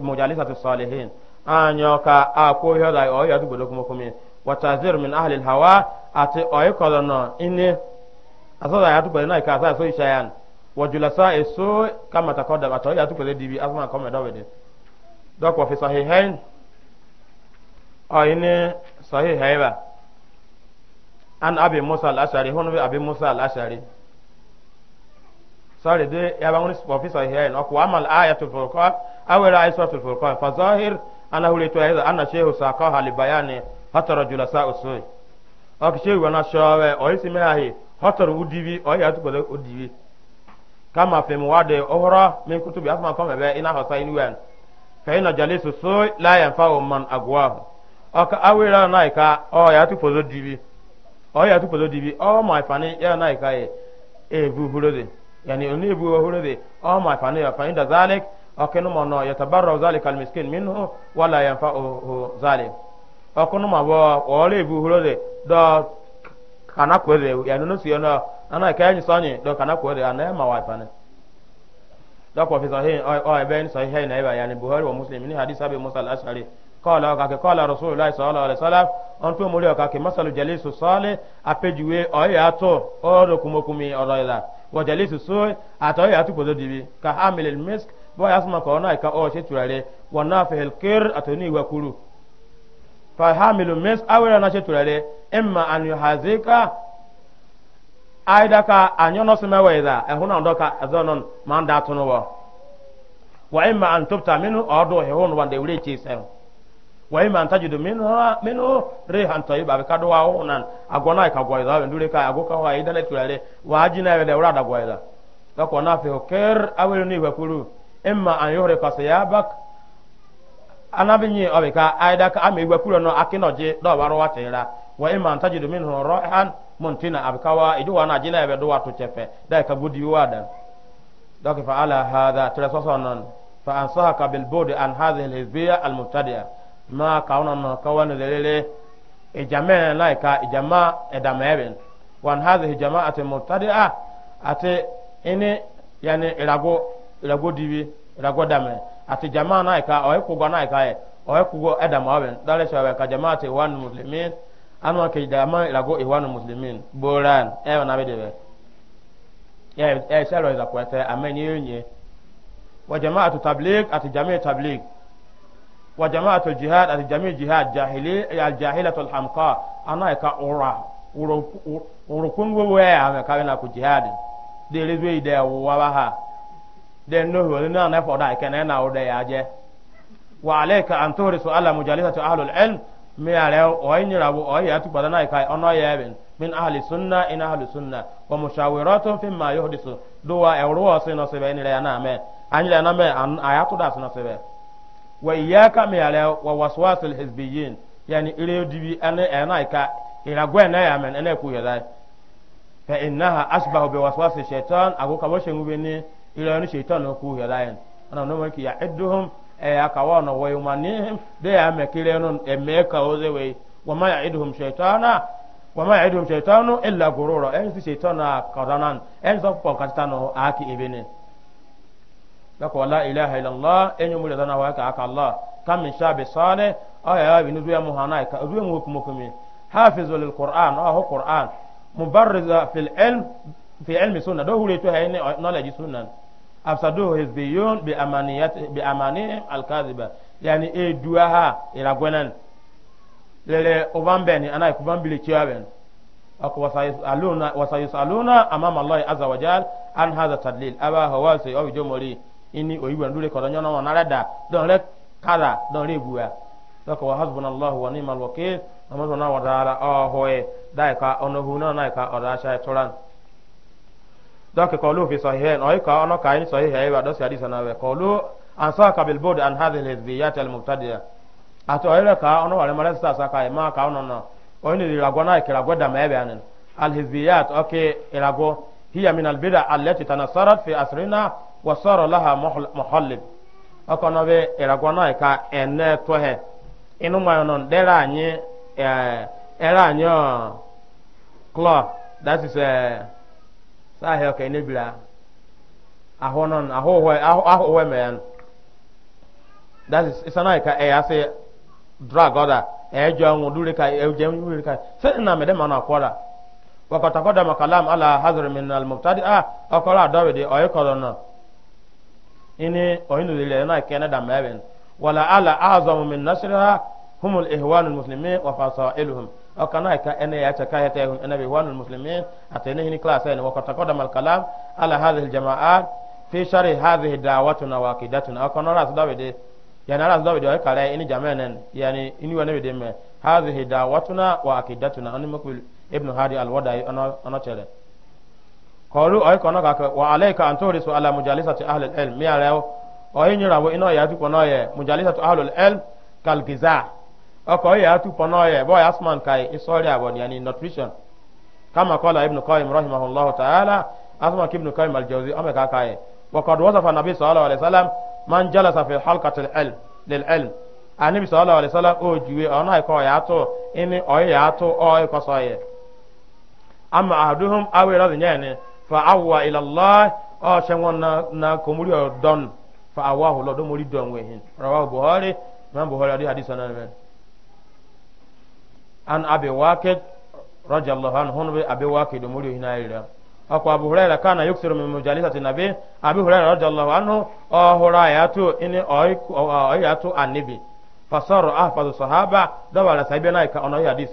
مجالسة الصالحين أن يوكا أكو يودا أو يدو بلوكم كمين وتعذير من أهل الهواء أتي أي كلنا إن أصلا يدو بلنا كاسا سوي شيئا وجلساء السوء كما تقدم أتي يدو بلنا دي أسمع كم يدو بدي دوك وفي صحيحين أو إن صحيح هيبا أن أبي موسى الأشعري هون أبي موسى الأشعري sorry de ya bangun professor here no ko amal ayatul furqan ayatul furqan fa zahir ana to ayda anna shehu saqa hal bayani hatta ak shehu isi me ahi hatta udivi o oh, ya to udivi kama fe muwade ohra min kutubi asma kama be ina hasain wen fa ina jalisu so la yanfa'u man agwahu aka awira naika o ya o ya to pozo o my fani ya naika e yani oni ah, ibu wa hurede o ma fa ne fa inda zalik o kenu mo no yatabarra zalika almiskin minhu wala yanfa'u zalik o kunu ma bo o le ibu hurede do kana kwere yani no siyo no ana ka yin sonye do kana kwere ana ma wa fa ne do ko fi sahih o e ben sahih na iba yani buhari wa muslim ni hadith abi musa al-ashari qala ka ke la rasulullah sallallahu alaihi wasallam on to mo le ka ke masalu jalisu salih apejuwe o ya to o do kumokumi o wajalisu so ato ya tu kodo dibi ka hamil misk bo ya suma ko na ka o she turare wa nafihil kir atoni wa kuru fa hamilu misk awira na she turare imma an yuhazika aida ka anyono sima weza e huna ndoka azonon manda tunuwa wa imma an tubta minu odo he hunu wande wure chi sen wa ima antajidu minha minhu rihan tayyiba be kadwa unan agona ka gwaida be ndure ka agoka wa idale tulale wa ajina be de urada gwaida ka ko na fe hoker awelu ni wakuru imma an yuhri qasiyabak anabinyi obe ka aida ka ame wakuru no akinoje do baro wa tira wa ima antajidu minhu rihan muntina abkawa iduwa na ajina be do wa tuchefe dai ka gudi wada دوك فعلى هذا تلسوسون فأنصحك بالبعد عن هذه الحزبية المبتدئة ma kauna no kawan lelele ijama laika ijama edameben wan hadhihi jama'atu mubtadi'a ate ini yani irago irago diwi irago dame ati jama naika oy kugo naika e oy kugo edamaben dale shawe ka jama'ati wan muslimin anwa ke jama irago iwan muslimin boran e na bedebe ya e shalo za kwete amenye yenye wa jama'atu tabligh ati jami'a tabligh wa jama'atu jihad àti jami jihad jahili aljahilatu alhamqa ana ka ora urukun wo we ame ka na ku jihad de rezo ide wa ba ha de no ho na na fo da ke na na o de ya je wa alayka an tuhrisu ala mujalisati ahlul ilm mi are o yinyira bo o ya tu bada na ka ono ya ben min ahli sunna in ahli sunna wa mushawiratun fi ma yuhdisu do wa ewro wa sino sebe ni re na me anyi na me ayatu da sino sebe wa iyaka mi wa waswasul hizbiyyin yani ire dibi na ana ka ira gwen na ya men ana ku yada fa innaha asbahu bi waswasi shaytan ago ka boshe ngube ni ira ni shaytan ku yada yan ana no ki ya idduhum e akawa no wa ya me kire no e me oze lako la ilaha illallah enyo mu dana wa ka Allah kam min shabi sale aya ya binu ya muhana ka ruwe mu kuma kuma hafizul lil qur'an ah qur'an mubarriza fil ilm fi ilmi sunna do hure to hayne knowledge sunna afsadu hizbiyun bi amaniyat bi amani al kadhiba yani e duaha ila gwenan lele obambeni ana kubambile chiaben وسيسألون أمام الله عز وجل عن هذا التدليل أبا هواسي أو جمهوري ini oyiwa ndure kɔrɔ nyɔnɔ wɔn nare da dɔn re kala dɔn re bua dɔkɔ wa hasbuna allah wa ni'mal wakil amma zona wa taala ɔhɔɛ dai ka ɔnɔ huna nai ka ɔda sha toran dɔkɔ kɔlu fi sahihain ɔyi ka ɔnɔ ka yin sahihain wa dɔ si hadisa na wɛ kɔlu ansa kabil bod an hadhihi lizbiyat al mubtadi'a ato ɔyi ka ɔnɔ wa remare sa sa ka e ma ka ɔnɔ na ɔyi ni rago nai kira go da ma e anin al ɔke irago e hiya min al bid'a allati tanassarat fi asrina wasɔrɔ laha mɔhɔlib ɔkɔnɔ bɛ ɛrɛgɔnɔ ka ene tɔhɛ inu ŋmayɔnɔ anyi ɛɛ ɛrɛ anyi ɔɔ that is ɛɛ sahɛ ɔkɛ ne ahu ahɔnɔn ahohɔɛ ahohɔɛ mɛyɛn that is isana yi ka ɛyɛ ase drug ɔda ɛyɛ jɔ ka e, ka na mɛ dɛ ma na kɔ la wakɔtakɔ kalam ala hazard min na mubtadi ah ɔkɔlɔ adɔbi di ɔyɛ ini oyinu lile na kene da meben wala ala azam min nasriha hum al ihwan al muslimin wa fasailuhum o kana ka ene ya ta kaya ta ene bi ihwan al muslimin atene hini class ene wa kataqadam al kalam ala hadhihi al jama'at fi sharh hadhihi da'watuna wa aqidatuna o kana ras dawide yani ras dawide o kala ini jama'en yani ini wa ne me hadhihi da'watuna wa aqidatuna an mukbil ibn hadi al ana ana chere kọlu ọyị kọnọ ka kọ wa alaika an tori su ala mujalisatu ahlul ilm mi ara ọyị nyira wo ina ya tupo noye mujalisatu ahlul ilm kal giza ọkọ ya tupo noye boy asman kai isori abon yani nutrition kama qala ibn qayyim rahimahullah ta'ala asma ibn qayyim al-jawzi amma ka kai wa qad wasafa nabi sallallahu alaihi wasallam man jalasa fi halqati al-ilm lil ilm anabi sallallahu alaihi wasallam o juwe ona ko ya fa awa ila allah o se won na na komuri o don fa awa ho lo do mori don we hin rawa buhari man buhari adi hadith sanan men an abi waqid radiyallahu anhu bi abi waqid mori hin ayira ako abu hurairah kana yuksiru min mujalisati nabi abi hurairah radiyallahu anhu o hurayatu ini oy oyatu annabi fasaru ahfadu sahaba dawala sahibi na ka ono hadith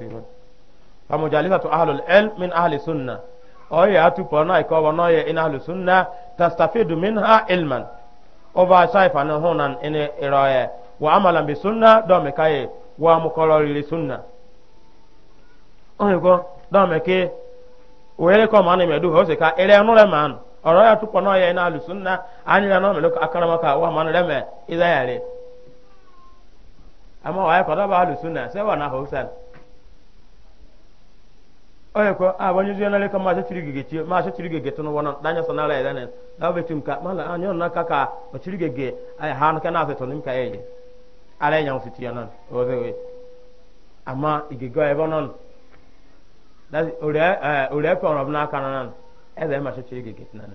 fa mujalisatu ahlul ilm min ahli sunnah oye atupo na ikoba na oye ina ahlu sunna tastafidu minha ilman oba shaifa na na hunan ina iroye wa amalan bi sunna do me kaye wa mukololili sunna oye go do me ke wele ko mani me du hose ka ele anure man oro ya tupo na oye ina ahlu sunna ani na no me lo akarama ka wa man reme ida yare amma wa ya ko da ba ahlu sunna sai wa na hosan oye ko a ah, banyu zuwa le kama ta tirige gece ma ta tirige gece no wannan sanara ya dane da be tim ka mala an ah, yon na kaka ba tirige ge ai han ka na feto ka ala o we amma ige e bonon da ore eh ore ko na kana nan e da ma ta tirige gece nan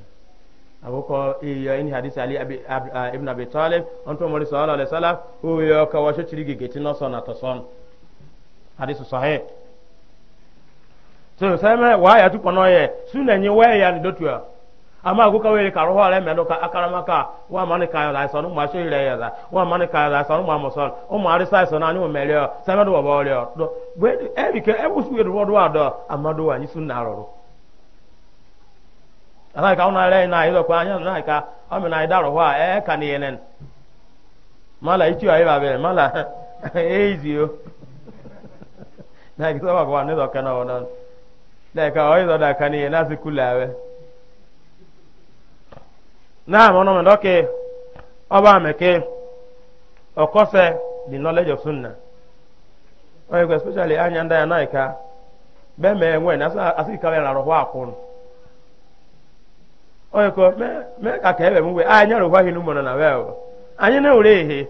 in hadisi ali ah, ibn abi talib sallallahu alaihi wasallam o yo ka wa ta sona son hadisi sahih so sɛmɛ waa ya kɔnɔ yɛ suna nye wɛɛ ya ni do tuya ama ko ka wele karo hɔrɛ mɛ do ka ka wa ma ni kaayɔ la mu wa ma ni kaayɔ la sɔnu mu amusɔn o mu arisa sɔnu o mɛlɛ yɔ sɛmɛ do wa bɔ yɔ do bɛ ɛbi ama ni ka ɔna na ka ɔmi na rɔ hɔ ɛɛ ka ni mala ayi [LAUGHS] e, [LAUGHS] ba bɛ mala eyi zi na yi daka oizo daka ni nasi kulawe nọ ono mendo ke oba meke okose di knowledge of sunna oye kọ especially anya nda ya ka be me enwe na asa asi ka bela roho akun oye me me ka ka ebe mu anya roho hinu mo na wewo anyị na ure ehe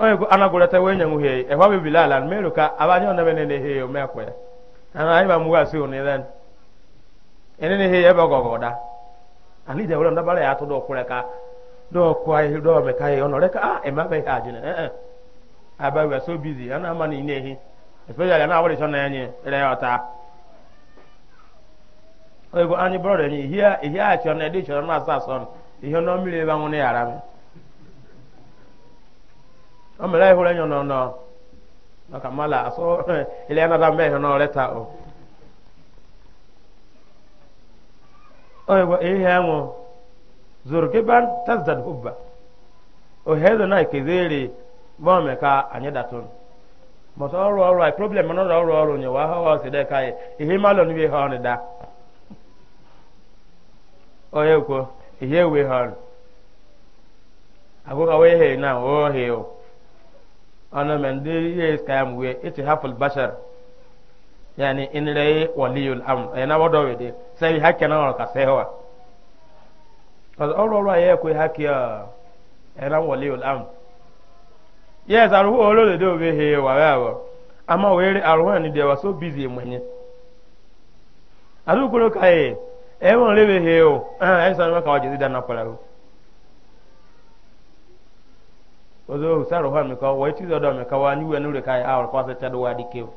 onye anagwụrata wee nye nwuhe ehwa bibila ala meru ka abanye onebe na ehe ya omekwe ana anyị mamughe asị onelen enehe ya ebe ọgọgọ da ani je wala ndabara ya to do kure ka do kwa ihe do me kai ono reka ah e ma be ha jine eh eh aba we so busy ana ma ni nehi especially na awore chona yenye ele yota oyibo anyị brọda enyi ihe a chọrọ na ede chọrọ na asa asọ ihe ọnụ mmiri ebe anwụ yara amala ihura nyo nono naka mala aso [LAUGHS] ile na dambe no leta o oy wa ihe mo zurgiban tazdad hubba o hezo na kezere bo me ka anye datun but ọrụ ọrụ ai problem no ọrụ ọrụ nyo wa ha se de kai ihe malo ni we ha ni da oye ko ihe we ha agoga we he na o he o ana men de ye skam we ite haful bashar yani in rai waliyul amr yana wado we de sai hakke na ka sai hawa kaza oro ro aye ko hakke ya era waliyul am yes aru oro le de obe he wa wa wa ama were aru ni de wa so busy mwenye aru kuro kai e won le be he o eh en san ma ka wa dan na pala ozo usaro hwa mika wa iti zodo mika wa niwe nure kai awal kwa se chadu wa dikeu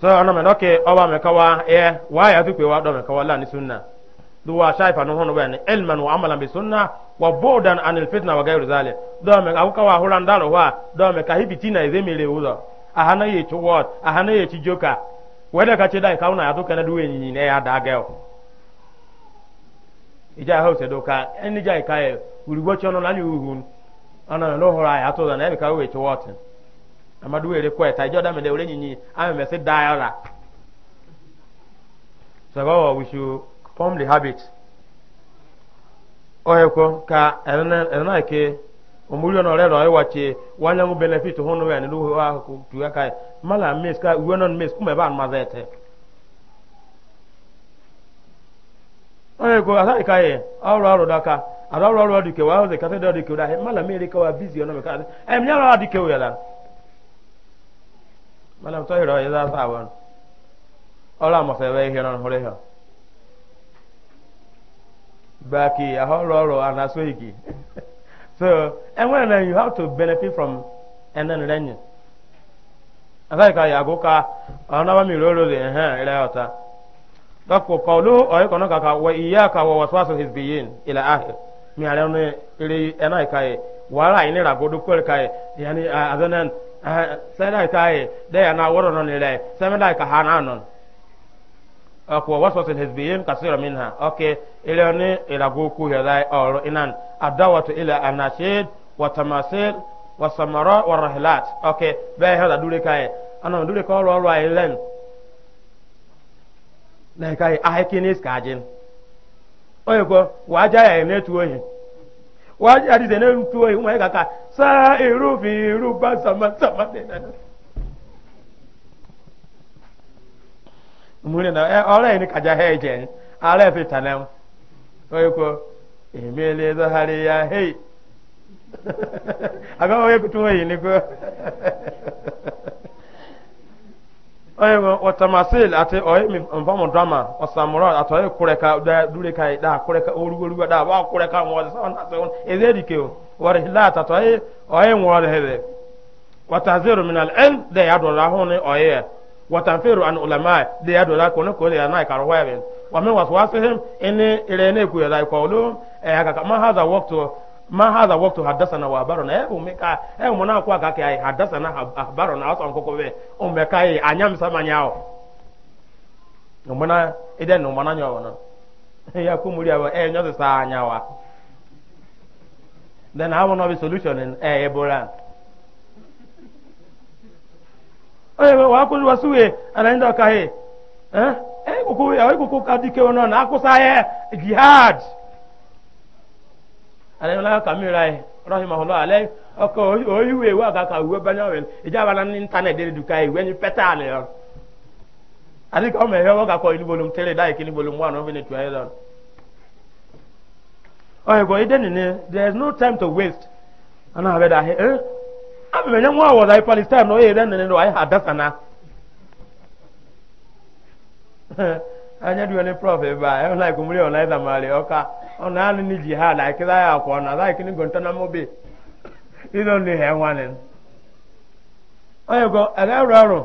so ana me noke oba mika wa e wa ya tupe wa do mika wa la ni sunna duwa shaifa no hono bene ilman wa amalan bi sunna wa bodan anil fitna wa gairu zalik do me ka wa huran dalo wa do me ka hibitina izemile uzo ahana ye chuwot ahana ye chijoka weda ka chedai kauna ya tukana duwe nyinyi ne ya dageo ija hausa eni enija ikaye urigbo chono na nyuhun ana no hora ya to da na bika we to watin amadu ere ko eta joda me de ore nyinyi ame me se diara so go we should form the habit oyeko ka ena ke omuri ona ore ro ewache wanya mu benefit hunu ya ni luhu ahu tu ya kai mala miss ka we non miss kuma ba mazete oyeko asa ikaye awro awro daka arɔrɔ rɔ dike wa ɔzɛ kase dɔ dike o da hɛ mala mi erika wa bizi ɔnɔ mi ka ɛm nyɛ rɔ dike o yɛ la mala tɔ hirɔ yɛ zaa saa wɔn ɔlɔ amɔsɛ bɛ hirɔ hore hɔ baaki ahɔ rɔrɔ ana so yiki so ɛwɛn na you have to benefit from ɛnɛn rɛnyi asai ka yago ka ɔnaba mi roro de ɛhɛn rɛ ɔta dɔkɔ kɔlu ɔyɛ kɔnɔ kaka wa iyaka wa wasuwasu hisbiyin ila ahir mi are no ere ena kai wara ini rago du kwel kai yani azanan sada kai da yana woro no nile sama da ka hana no akwa waswas hizbiyin kasira minha okay ile ni irago ku ya dai oro inan adawatu ila anashid wa tamasil wa samara wa rahlat okay bai hada dure kai ana dure ko ro ro ai len na kai ahikinis kajin oyeko waja ya enetu ohi waja adize netu ohi umwe kaka sa iru fi iru ba sama sama dena mure na ọrịa eh, [LAUGHS] ni kaja ha eje ara fi tanem onye emele zo hari ya hey aga oyeko tu ohi ni ko onye wɔtamasil ati ɔyɛ nfamu drama ɔsamurɔ ati ɔyɛ kureka da da kureka orugorugo da wa kureka ŋɔli sɔɔ na sɛwọn Ezi di kew wɔri hilat ati ɔyɛ ɔyɛ ŋɔli hɛbɛ wɔtaziru minal ɛn de ya dɔla hɔn ni ɔyɛ ulama de ya dɔla kɔni kɔli n'a ye kari la ma ka waqtu hadathana wa barona e eh, umeka e eh, na kwa kake ai hadathana habarona hasa nkoko we umeka ai anyam samanya ao umona ide no umona nyo wono [LAUGHS] ya kumuri awo e eh, nyo sa anyawa then how no be solution in e ebola oye [LAUGHS] wa ku wasuwe anaenda kahe eh e ya wono na akusa ye jihad anamla kamirai rahimahullah alay oko oh, oyiwe oh, wa ga ka uwe banya wel ijaba na internet de duka iwe ni petal yo oh. ali ka me hewa ga ko ni bolum tele dai kini bolum wa no bene tuwa don oye go iden ni there is no time to waste ana abe da he eh abi me nwa wa dai palestine eh, no [LAUGHS] anya dị duwele prof ebe a ehụ laik mmiri ọla ịza mari ọka ọ na anụ n'iji ha ala ikiri ya akwa na laik n'igwe ntọ na mobi ịnọ n'ihe nwanne onye go ala ọrụ ọrụ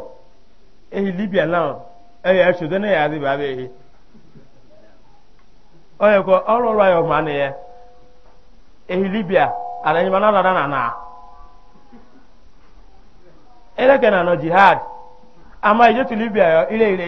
ehi libya na eya esodo na ya adịba abịa ehi onye go ọrụ ọrụ ya ọma na ya ehi libya ala enyima na ọdada na na eleke na nọ jihad ama ijetu libya ya ire ire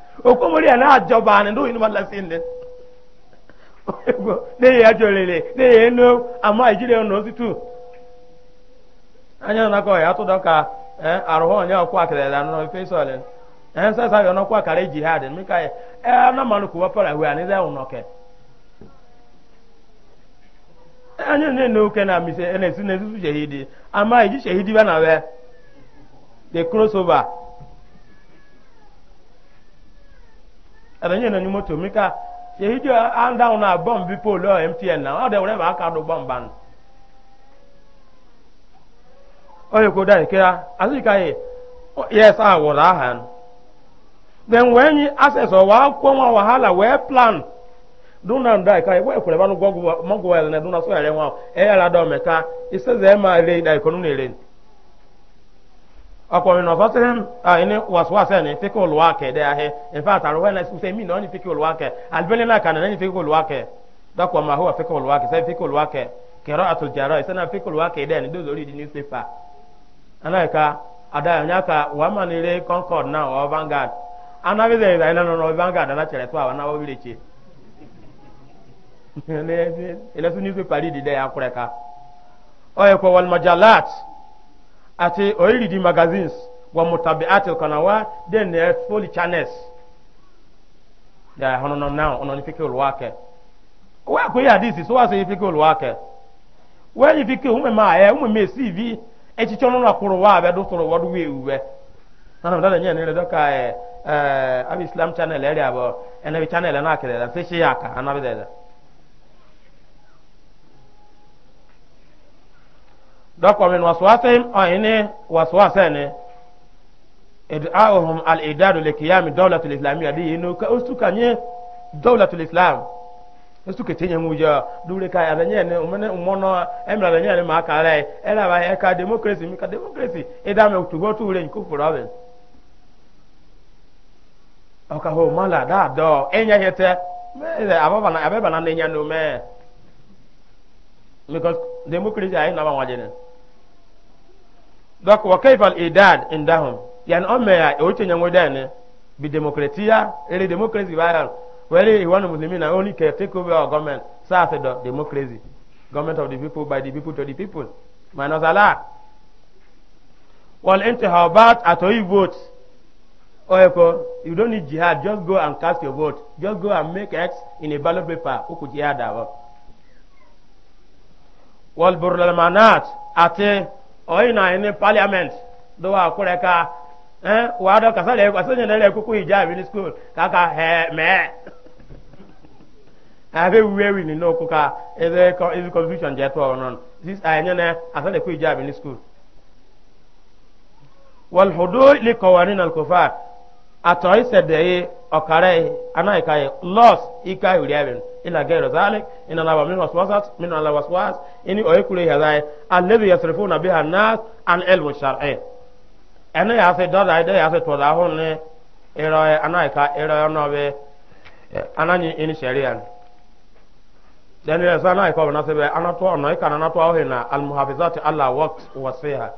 okomori ya na-ajọba ni ndo inuma lafi nle ne ya jolele ne ya eno ama ijiri ono otutu anya na ko ya ọkụ doka eh aruho onya okwa akirela no ifesole eh sasa yo akara kwa kare jihad mi kai eh na manu kuwa para we n'ihe ahụ unoke anya ne no oke na esi se esi su ne ama iji shehidi ba na we the crossover ɛbɛ nyɛ nani moto mi ka yehi jo an down na bi mtn na ɔdɛ wɛrɛ b'a ka do bɔm ban ɔyɛ ko da ka ye yɛ sa wɔra han then wɛn yi access ɔwa kɔn wa wahala wɛ plan do da yi ka ye wɛ kura ba no gɔgu na so ere ŋa ɛyɛ la dɔ mɛ ka e ma ere da ọkùnrin náà sọ́sẹ́ ẹni wàsíwàsẹ́ ni fíkì olùwàkẹ́ dẹ́ ahẹ́ nfa àtàrọ̀ wẹ́n lẹ́sí sẹ́ mí náà ní fíkì olùwàkẹ́ àlùbẹ́lẹ́ náà kàn ní fíkì olùwàkẹ́ dọ́kọ̀ ọmọ hùwà fíkì olùwàkẹ́ sẹ́ fíkì olùwàkẹ́ kẹrọ àtòjàrọ̀ ìsẹ́ náà fíkì olùwàkẹ́ dẹ́ ẹni dó lórí ìdí nísèpà anáyẹ̀ká adáyọ̀nyáka wàmánilé concord náà ọ̀ Vanguard anábìlẹ̀ ìlànà ọ̀ Vanguard alákyẹ̀rẹ̀ tó àwọn anáwó wílé tse ẹlẹ́sùn ati oyiri di magazines wa mutabi atil kanawa den ne foli channels ya hono no now ono ni fikir wake wa ko ya this so wa so fikir wake wa ni fikir umme ma e umme me cv e ti chono na kuro wa be do toro wodu we uwe Na mdada nye ne do ka eh abi islam channel area bo ene channel na akere la se shi aka ana be da dɔkɔ min wasuwasɛm ɔyini oh, wasuwasɛni idaahuhum al-idadu li kiyami dawlatul islamiyya di yinu ka ustu ka nye dawlatul islam ustu ke tenye muja dure ka ya nye ne umene umono emra be nye ne ma ka re era ba e ka democracy mi ka democracy e da me utugo tu re nku problem o ho mala da do enya hete me le ababa na ababa na nya no me because democracy ai na ba wajene dɔk wa kaifa idad indahum yani o meya e wuce nyango dane bi demokratiya ele democracy baran wele iwanu muslimina only can take over our government sa se do democracy government of the people by the people to the people mana sala wal intihabat atoy vote oyeko you don't need jihad just go and cast your vote just go and make x in a ballot paper uku jihad awo wal burlamanat ate oina ini parliament do wa kure ka eh wa do ka sale kwa sonya lele kuku hijabi ni school kaka he me abe eh, wewe ni no kuka ebe ko is confusion je to onon this anya na asale ku hijabi ni school wal hudur li qawanin al kufar Atọ isɛdɛ ye ɔkara ye ana yi ka ye lɔs i ka yuri abin ila gɛrɛ zaali ina laba min ala waswas ini oye kule yaza ye alebi yasirifu na biha nas an elmu shar'i ɛne yase dɔda ye de yase tɔda ahun ne irɔ ye ana yi ka irɔ ye nɔ be ana nyi ini sariya ni dɛni yɛ sɛ ana yi ka ɔbɛn nasɛbɛ ana tɔ ɔnɔ yi kana ana tɔ awo na almuhafizati ala wɔks wasiha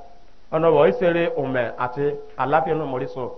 ɔnɔ bɔ isere umɛ ati alafiya no mori so.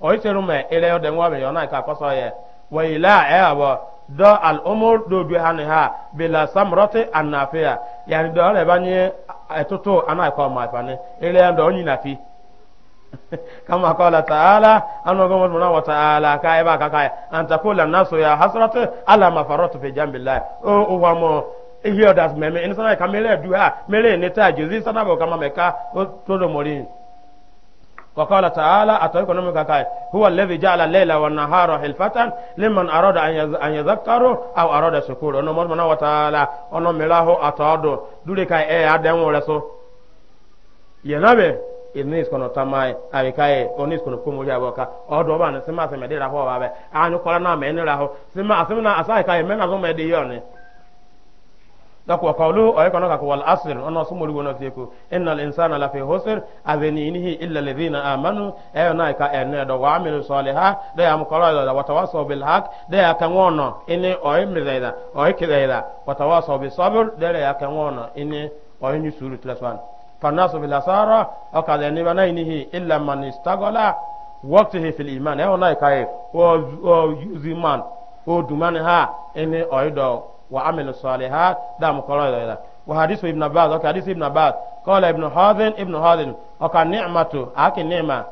oisere ma ire ode nwabe yo na ka koso ye wa ila e abo do al umur do ha bila samrati an nafiya yani do le etoto ana ko ma Ile ire ọdọ fi [LAUGHS] kama qala ta'ala an gomo mona wa ta'ala ka e ba ka ka an takula nasu ya ala ma faratu fi jambillah o o ihe ha kama وقال تعالى أتركوا نمك كاي هو الذي جعل الليل والنهار حلفة لمن أراد أن يذكر أو أراد شكور أنه مرمنا وتعالى أنه ملاه أتعدو دولي كاي إيه أدام ورسو ينبه inis kono tamai abe kae onis kono kumu ya boka odo ba ne sima se me de ra ho ba be anyu kola na me ni ra ho sima asima na asai kae me na zo me de yone donc wa qawlu o ko no ka wal asr ono sumuri wono te ko innal insana la fi husr aveni inhi illa alladhina amanu e na ka enne do wa amilu saliha de am qala da wa tawassaw bil haq de ya kan wono ini o imizaida o ikizaida wa tawassaw bis sabr de ya kan wono ini o ni suru tlaswan fanasu bil asara o ka de ni bana inhi illa man istagala waqtihi fil iman e ona ka e o yuzi man o dumani ha ini o do wa amilu salihat da mu koro da wa hadisu ibn abbas o hadisu ibn abbas qala ibn hazin ibn hazin o ka ni'matu aki ni'ma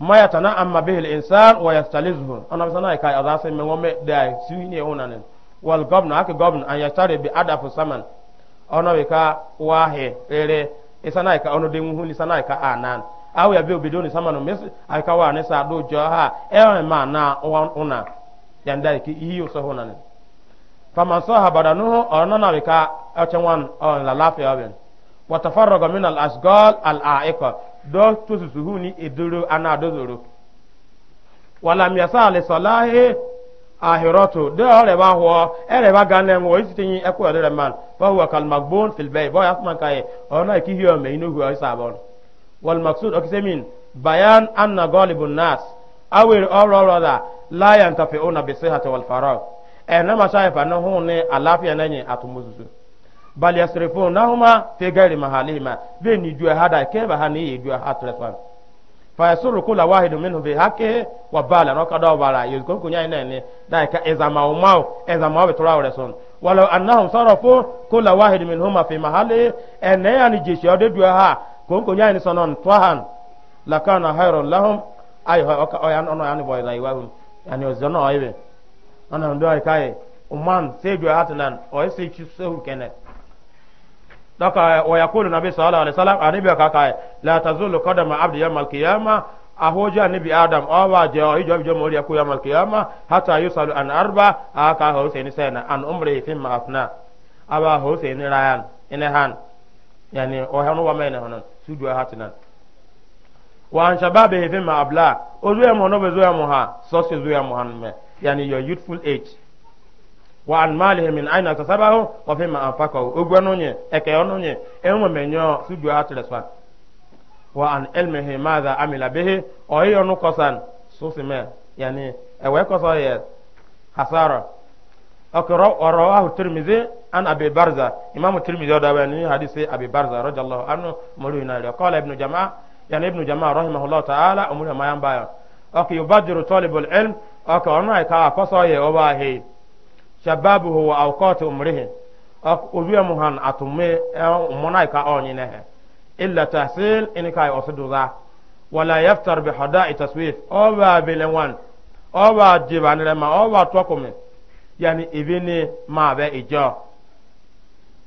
ma yatana amma bihi al insan wa yastalizuhu ana sana kai azasa me ngome da suine onanen wal gobna aki gobna an yastari bi adafu saman ona we ka wahe ere isana ka ono de muhu ni sana ka anan awo ya bi obidoni samanu mesi aka wa ne sa do jo ha e ma na una yanda ki iyo so honanen faman sahaba da nuhu orna na bika achen wan on la lafi aben wa tafarraga min al asgal al aika do tususuhuni iduru ana dozuru wala miyasa le salahi ahiratu do re ba ho ere ba ganem wo isitinyi eku ere man fa huwa kal magbun fil bay boy asman kai orna ki hiyo me inu huwa isabon wal maqsud bayan anna ghalibun nas awir awra awra la yantafi'una bi ɛna eh, ma sɔn ɛfa ne ho ne alaafia na nye atomo soso bali asrefo na homa mahali ma be ni jua hada ke ba ha ne ye jua ha trefa fa yasuru kula wahidu minhu bi hake wa bala no kada bala yuzko kunya ina ne da ka ezama umau ezama wa tora wa son walau annahum sarafu kula wahidu ma fi mahali ene ya ni jeshi ode jua ha ko kunya ni sonon twahan lakana khairul lahum ay ha oyan ono yani boy lai wa yani ozono aybe ana ndo ay kai umman sejo atnan o ese chi sehu kene daka wa yakulu nabi sallallahu alaihi wasallam anibi ka kai la tazulu qadama abdi yawm al-qiyama ahoja nabi adam o wa je o ijo ijo mori akuya yawm al-qiyama hatta yusalu an arba aka husaini sana an umri fi ma afna aba husaini rayan ina han yani o hanu wa mena hanan sujo atnan wa an shababihi fi ma abla o zuya mo no be zuya mo ha so se zuya mo han me yani your youthful age wa an malihi min aina kasabahu wa fi ma anfaqahu ogwanu nye eke onu nye enwe menyo sudu atreswa wa an ilmihi madha amila bihi o iyo nu kosan susime yani ewe kosa ye hasara akro rawahu tirmidhi an abi barza imam tirmidhi da wani hadisi abi barza radiyallahu anhu mulina li qala ibn jamaa yani ibn jamaa rahimahullah ta'ala umur ma yamba akiyubadiru talibul ilm aka ọ̀nà ka akọ́sọ yẹ ọba ahẹ́ shababu hù wà ọkọ̀tù mìíràn obi mu hàn àtùmí ọmọnà ka ọ̀nyìn nẹ̀hẹ̀ ilẹ̀ tẹ̀síl ẹni ka ọ̀sídùdá wàlà yẹftar bi xọdá ìtàswif ọba abilẹ̀ wọn ọba jìbànilẹ̀ ma ọba tọkùnmi yẹni ibi ni máa bẹ ìjọ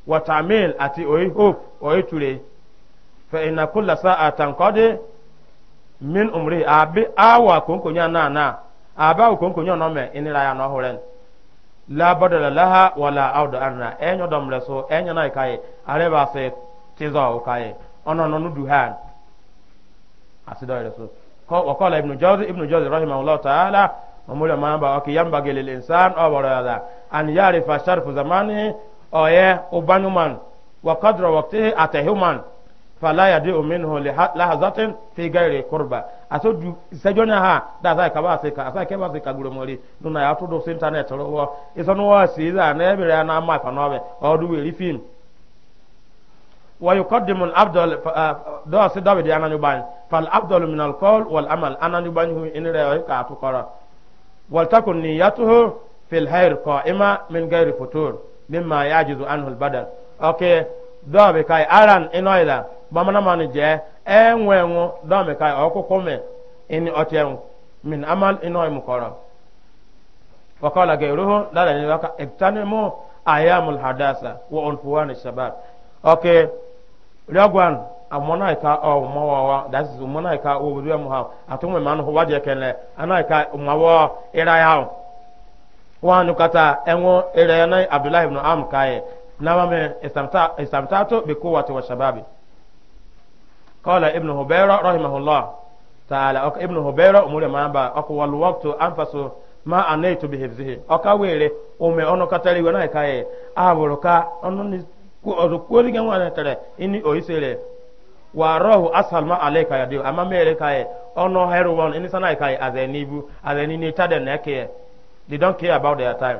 wàtàmíl àti oyi hope aba ukonko nyo nome inira ya no la badala laha wala auda arna enyo domre so enyo na kai areba se tizo ukai ono no nudu han asido ile so ko wa qala ibn jawzi ibn jawzi rahimahullah ta'ala mamula mamba okay yamba gelil insan o barada an yarifa sharfu zamani oye ubanuman wa qadra waqtihi fala ya de omen ho le lahazatin fi gairi kurba aso ju sejo na ha da sai ka ba sai ka sai ke ba sai ka gure mori nuna ya to do internet ro wo iso no wa si za na ebere na ma fa no be o du we film wa yuqaddimu al afdal do se da be ana nyu ban fal afdal min al qawl wal amal ana nyu ban hu in re ka to kora wal takun niyatuhu fil hayr qa'ima min gairi futur mimma yajizu anhu badal okay do kai aran inoila bamana mani je enwenwu dome kai me ini min amal ino dala ni waka ibtanimu ayamul hadasa wa unfuwani shabab okay lagwan amona ka o mawawa that is umona ka o wudu mu ha atuma man ho waje kenle ana ka mawa ira ya wa enwo ira na abdullah ibn am na mame istamta bi kọ́lá ibnu hubeirọ rahimahullah taala ọkọ ibnu hubeirọ omori ma ba ọkọ wàlúwọ́tò anfaso ma ana ètò bihe zihe ọkọ wéere ome ọnụ katara iwe náà káyẹ ahụrụ ka ọnụ ọdụ kwori gị nwaanyị tere ini oyisere warọhụ asal ma ala ikaya dio ama mere káyẹ ọnụ ọhịrụ wọn ini sana ikaya they don't care about their time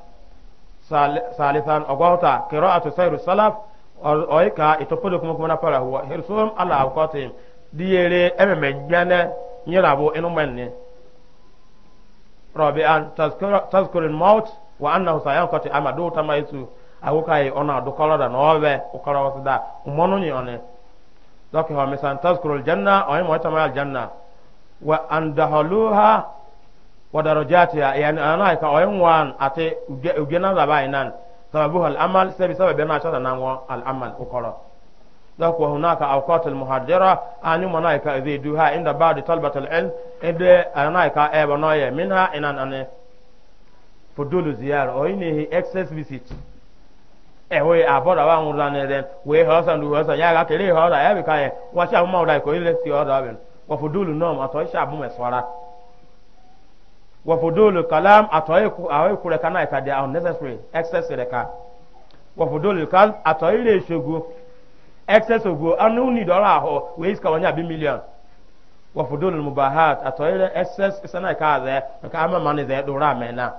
salisan ogwata qira'atu sayru salaf oika itopodo kuma kuma na para huwa hirsum ala awqatim diyere ememe jana nyirabo inumenne rabi'an an, al-maut wa annahu sayanqati amadu tamaisu awukai ona dukola da nowe ukara wasida umonu ni one doki ho misan tazkuru al-janna o imo tama al-janna wa andahaluha wadarajati yani ana ka oyen wan ate ugena la bai nan sababu al amal sabi sababu na chata nan wa al amal ukoro donc wa hunaka awqat al muhajjara ani malaika idhi duha inda ba'd talabat al ilm inde ana ka e bonoye minha inan ane fudulu ziyar oyin hi excess visit e we abora wa ngun lan den we hosan du hosan ya ga kele hora ya bi kan wa sha mu ma dai ko ile si hora ben wa fudulu nom ato sha bu meswara wa fudulu kalam atɔyi awɔyi kure kana ita unnecessary excess de ka wa fudulu kal atɔyi le sogo excess ogo anu ni dɔrɔ ahɔ wei sika wɔnyɛ abi million wa mubahat atɔyi le excess isana ka zɛ ka ama mani zɛ dora amena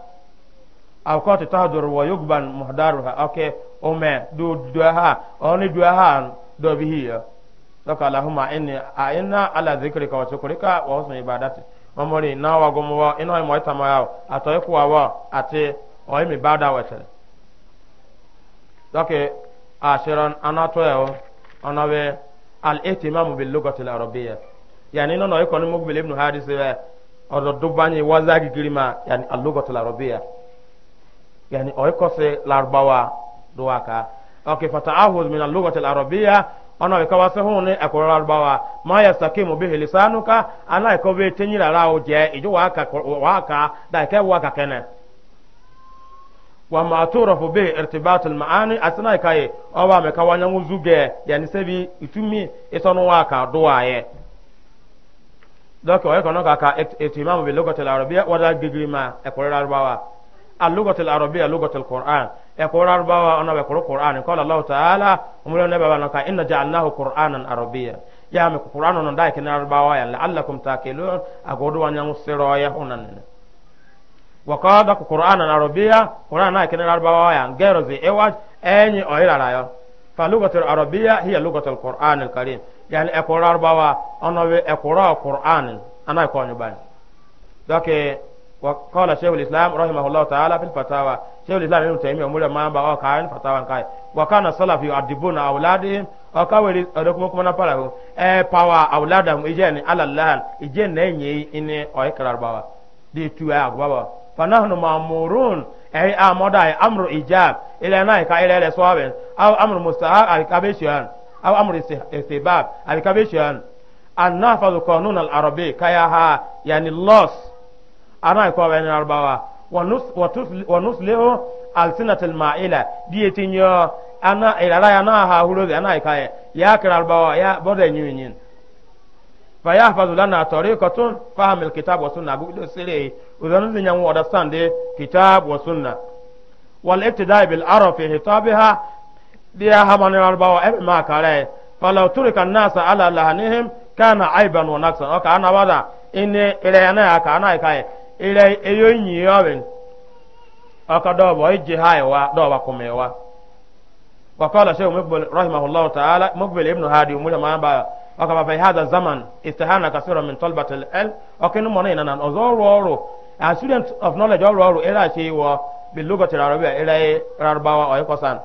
akɔ ti tɔha doro wɔ yoguban muhadaru ha ɔke ɔmɛ do do ha ɔni do ha dɔbi hi yɛ dɔkala huma ala zikiri ka wa sukuri ka wa ibadati mamori na wa gomo wa ino ay moita ma yawo ato ku wa wa ate o mi bada wetere doke ashiran anato yawo onawe al ihtimam bil lughati al arabiyya yani no no iko ni mugbele ibn hadis be odo dubani waza gigiri ma yani al lughati al arabiyya yani o iko se larbawa do aka fata fata'ahuz min al lughati al arabiyya ona ka wasa hu ne akorora bawa ma ya sake mu bihi lisanuka ana ka be tenyira rawo je ijo wa ka wa ka da ka wa ka kana wa ma turafu bihi irtibat al maani asna ka ye o wa me ka wanya nguzuge yani sebi itumi isono wa ka duwa ye donc o ye kono ka ka etimamu bi lokatel arabia wada gigima akorora اللغة العربية لغة القرآن القرآن بابا أنا بقول القرآن قال الله تعالى أمرنا نبأ نكا إن جعلناه قرآنا عربيا يا مك القرآن أنا دايك نربوا يعني لعلكم تأكلون أقولوا أن يمسروا يهونا وقال القرآن العربية قرآن دايك نربوا يعني غير ذي إواج أني أهل لا فلغة العربية هي لغة القرآن الكريم يعني القرآن بابا أنا بقول القرآن أنا يكون يبان ذاك وقال شيخ الاسلام رحمه الله تعالى في الفتاوى شيخ الاسلام ابن تيميه امور ما با او كان فتاوى كاي وكان السلف يعذبون اولادهم وكاوري ادكم كما نقالوا اي باوا اولادهم اجن على الله اجن ني ان او اكرار دي تو اغ فنحن مامورون اي امدا امر ايجاب الى نايكا الى الصواب او امر مستحق الكبشيان او امر استحباب الكبشيان ان نحفظ قانون العربي كياها يعني لوس ana ko wani arbawa wa nuslihu alsinatil ma'ila diye tinyo ana irara ya na ha huro ga na ikaye ya kira arbawa ya boda nyinyin fa ya hafazu lana tariqatun faham alkitab wa sunna bu do sire uzanu zinyan wa understand kitab wa sunna wal ibtida' bil arab fi hitabiha diya hamani arbawa e ma kare falau turika nasa ala lahanihim kana aiban wa naqsan o ka ana wada in ire ya na ka ana ikaye ire eyo nyi yawin aka dɔba ije ha iwa dɔba kuma iwa wakala shehu mubbil rahimahullahu ta'ala mubbil ibnu hadi umuri ma ba aka ba fi zaman istihana kasira min talbati al aka nu mona ina nan ozoro oro a student of knowledge oro oro ira she wa bil lugati arabia ira e, rarbawa o yakosan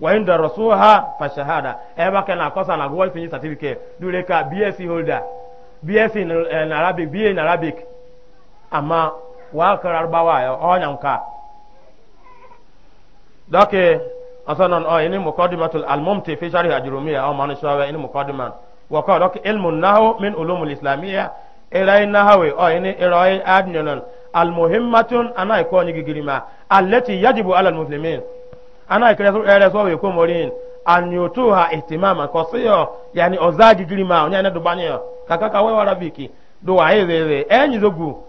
wa inda rasuha fa shahada e ba kana kosan na gold finish certificate dure ka bsc holder bsc eh, in arabic ba in arabic amma wa karar bawa ya onyan ka dake asanan o ini muqaddimatul almumti fi sharh ajrumiyya aw man shawa ini muqaddiman wa ka dake ilmu nahwu min ulumul islamiyya irai nahwi o ini irai adnan almuhimmatun ana ko ni gigirima allati yajibu ala almuslimin ana kire so ere so we ko morin an yutuha ihtimama ko siyo yani ozaji girima onya ne kaka kakaka we warabiki do wa ewe enyi zogu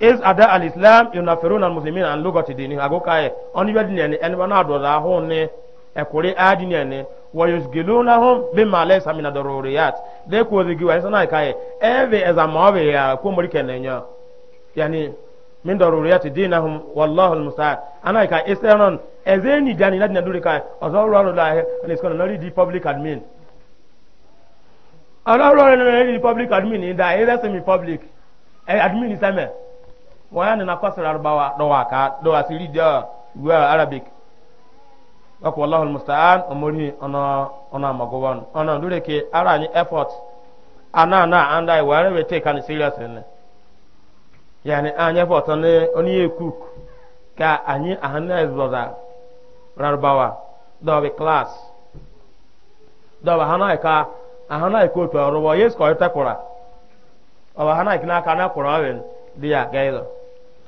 is ada al islam fero na muslimin an lugati dini ago kaye oni be dini en bana do la ho ne e kuri adini ne wa yusgilunahum bima laysa min ad-daruriyat de ko de giwa sana kaye eve eza mawe ya ko mori kenenya yani min daruriyat na wallahu al musta'an ana ka isanon dani na dina duri kaye ozoro ro la he public admin public admin wayani na kwasara rubawa dawa ka siri da wa arabic wa wallahu almusta'an umuri ona ona magowan ona dure ke ara ni effort ana na anda wa take an serious ne yani anya effort ne oni ekuk ka anyi ahana ezoda rarbawa class dawa ka ahana ko to yes ko kina kana dia gaido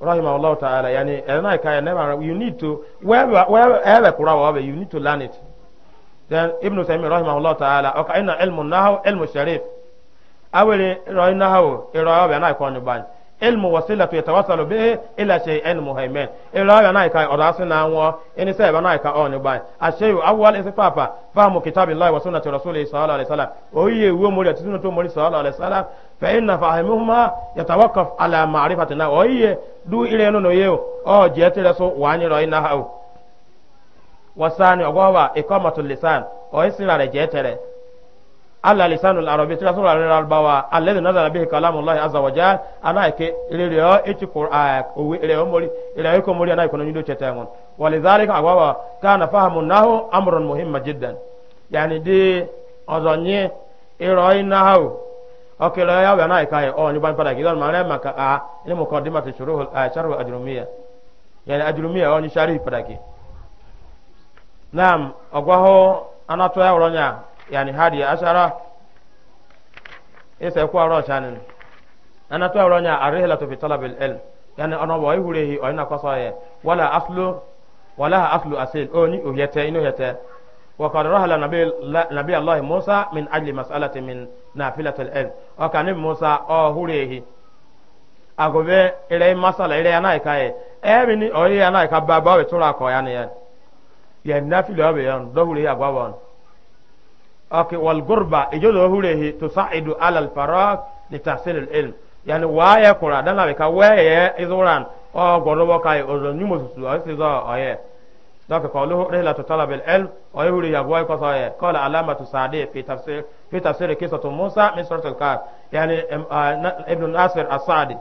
rahimahullah ta'ala yani ena ka ya never you need to wherever wherever kura wa you need to learn it then ibnu taymiyyah rahimahullah ta'ala aka ina ilmu nahw ilmu sharif awele roi nahw irawa be na ko ni ban ilmu wasilatu yatawassalu bihi ila shay'in muhimmin irawa na ka odasi na nwo ini se be na ka on ban ashayu awwal isi papa fahmu kitabillahi wa sunnati rasulihi sallallahu alaihi wasallam oyiye wo mo ri atinu to mo ri sallallahu alaihi wasallam فإن فهمهما يتوقف على معرفتنا وهي دو إلى نو يو أو جيت رسو واني روينا هاو وساني أقوى إقامة اللسان ويسير على جيت على لسان العربي رسول الله البوا الذي نزل به كلام الله عز وجل أنا إك إلى يو إتي قرآن إلى يوم مولي إلى يوم مولي أنا يكون يدو تتعون ولذلك أقوى كان فهم النهو أمر مهم جدا يعني دي أظني إلى نهو okelo ya wa nai kai o ni ban pada gidan mare maka a ni muqaddima ta shuruh al sharh ajrumiya yani ajrumiya o ni sharhi pada ki nam ogwaho anato ya woronya yani hadi ashara isa ku aro chanin anato ya woronya arrihlatu fi talab al ilm yani ono wa ihurehi o ina kwasaye wala aslu wala aslu asil o oh, ni uhiyata ino yata وقد رحل نبي الله موسى من أجل مسألة من na filatul ilm o ka ne musa o hurehi agobe ire masala ire yana ikaye ebi ni o yana ika baba we tura ko yana yan ya nafilu abi yan do hure ya gwabon ok wal gurba ijo do hurehi tusaidu ala al farag li tahsil al ilm yani waya kura dana be ka waye izuran o gorobo kai ozo nyumo susu o sizo oye donc قوله رحلة طلب العلم ويهوري يبوي قصايا قال علامة سعدي في تفسير في تفسير قصة موسى من سورة الكهف يعني ابن ناصر السعدي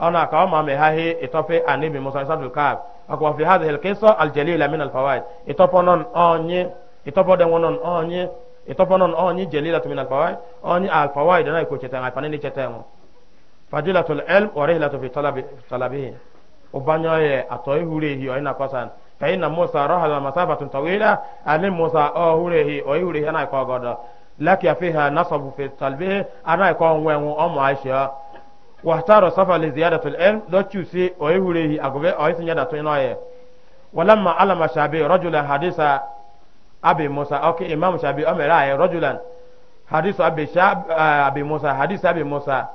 أنا كما ما هي إتوفي النبي موسى من سورة الكهف أكو في هذه القصة الجليلة من الفوائد إتوفنون أني إتوفنون أني إتوفنون أني جليلة من الفوائد أني الفوائد أنا يكون شتان أفنني شتان فضيلة العلم ورحلة في طلب طلبه وبنيا أتوي هوريه أين قصان فإن موسى رحل مسافة طويلة أن موسى أهوريه أيوريه أنا يكون lakia fiha nasabu fi salbihi ana ko wenwu o mo aisha wa taro safa li ziyadati al-ilm do chusi o ihurehi agobe o isinya da to noye walamma alama shabi rajula hadisa abi musa okay imam shabi amara ay rajulan hadisu abi shab abi musa hadisa abi musa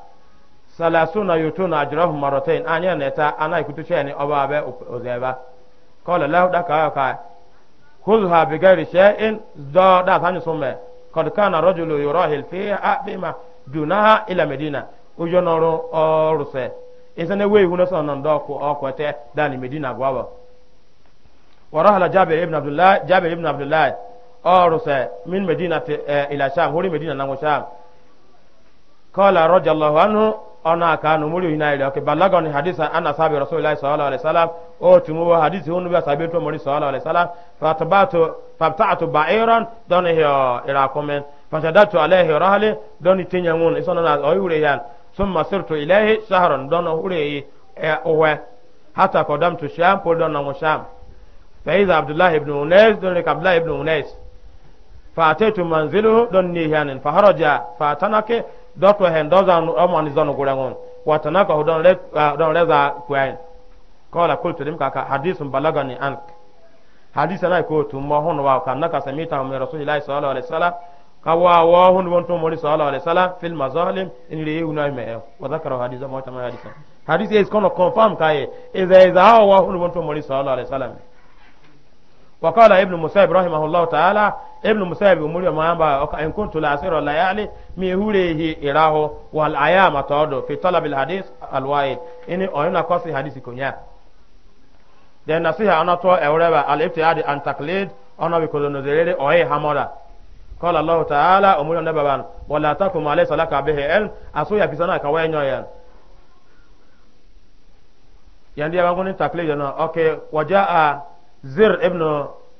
salasuna yutuna ajrahum marratayn anya neta ana ikutu sheni oba abe ozeba qala lahu daka ka khudha bi ghairi shay'in da da tani summe ha con arojolo rhl pakpima duna ilamedina oji nọrụ rụse ese na-ewe ihunoso nnd kwụ ọkwte dai medina gwa hl a jab bdn adll rụse min medina e eh, ilasham hụrụ i medina nanwụch kon arojlọhụnụ ona ka no muri ina ile ke balaga ni hadisa ana sabi rasulullah sallallahu alaihi wasallam o tumu wa hadisi hunu ba sabi to muri sallallahu alaihi wasallam fatabatu fabta'atu ba'iran doni hiyo ila komen fatadatu alaihi rahli doni tinyangun isona na oyure yan summa sirtu ilaihi shahran dono hure e owe hata qadamtu sham pol dono mo sham fa abdullah ibn unais doni ka ibn unais fa ataitu manziluhu doni yanin fa haraja fa dɔtɔ hɛn dɔzan ɔmɔni zɔn gura ŋɔn watana ka dɔn lɛ dɔn lɛ zaa kuɛn kɔɔla kol tɛrim ka ka hadis balaga ni an hadis na ko tun mɔ hɔn wa ka na ka sami ta mɛ rasul ilahi sallallahu alaihi wasallam ka wa wa hɔn wɔn tun mɔri sallallahu alaihi wasallam fil mazalim in ri yewu na mɛ wa zakara hadis mɔ tama hadis hadis is kono confirm ka ye iza iza wa hɔn wɔn tun mɔri sallallahu alaihi wasallam wa qala ibn musa ibrahim rahimahullahu ta'ala ibn musayib umuri ma ba o kan kuntu la asira layali mi hurehi iraho wal ayama todo fi talab al hadith al wahid ini oyna kosi hadisi kunya de nasiha anato ewreba al ibtiadi an taqlid ona bi kolono zerere oye hamora qala allah ta'ala umuri na baban wala takum alaysa laka bihi ilm asu ya bisana ka wayo yan yandi ya bangoni taqlid na okay wajaa zir ibn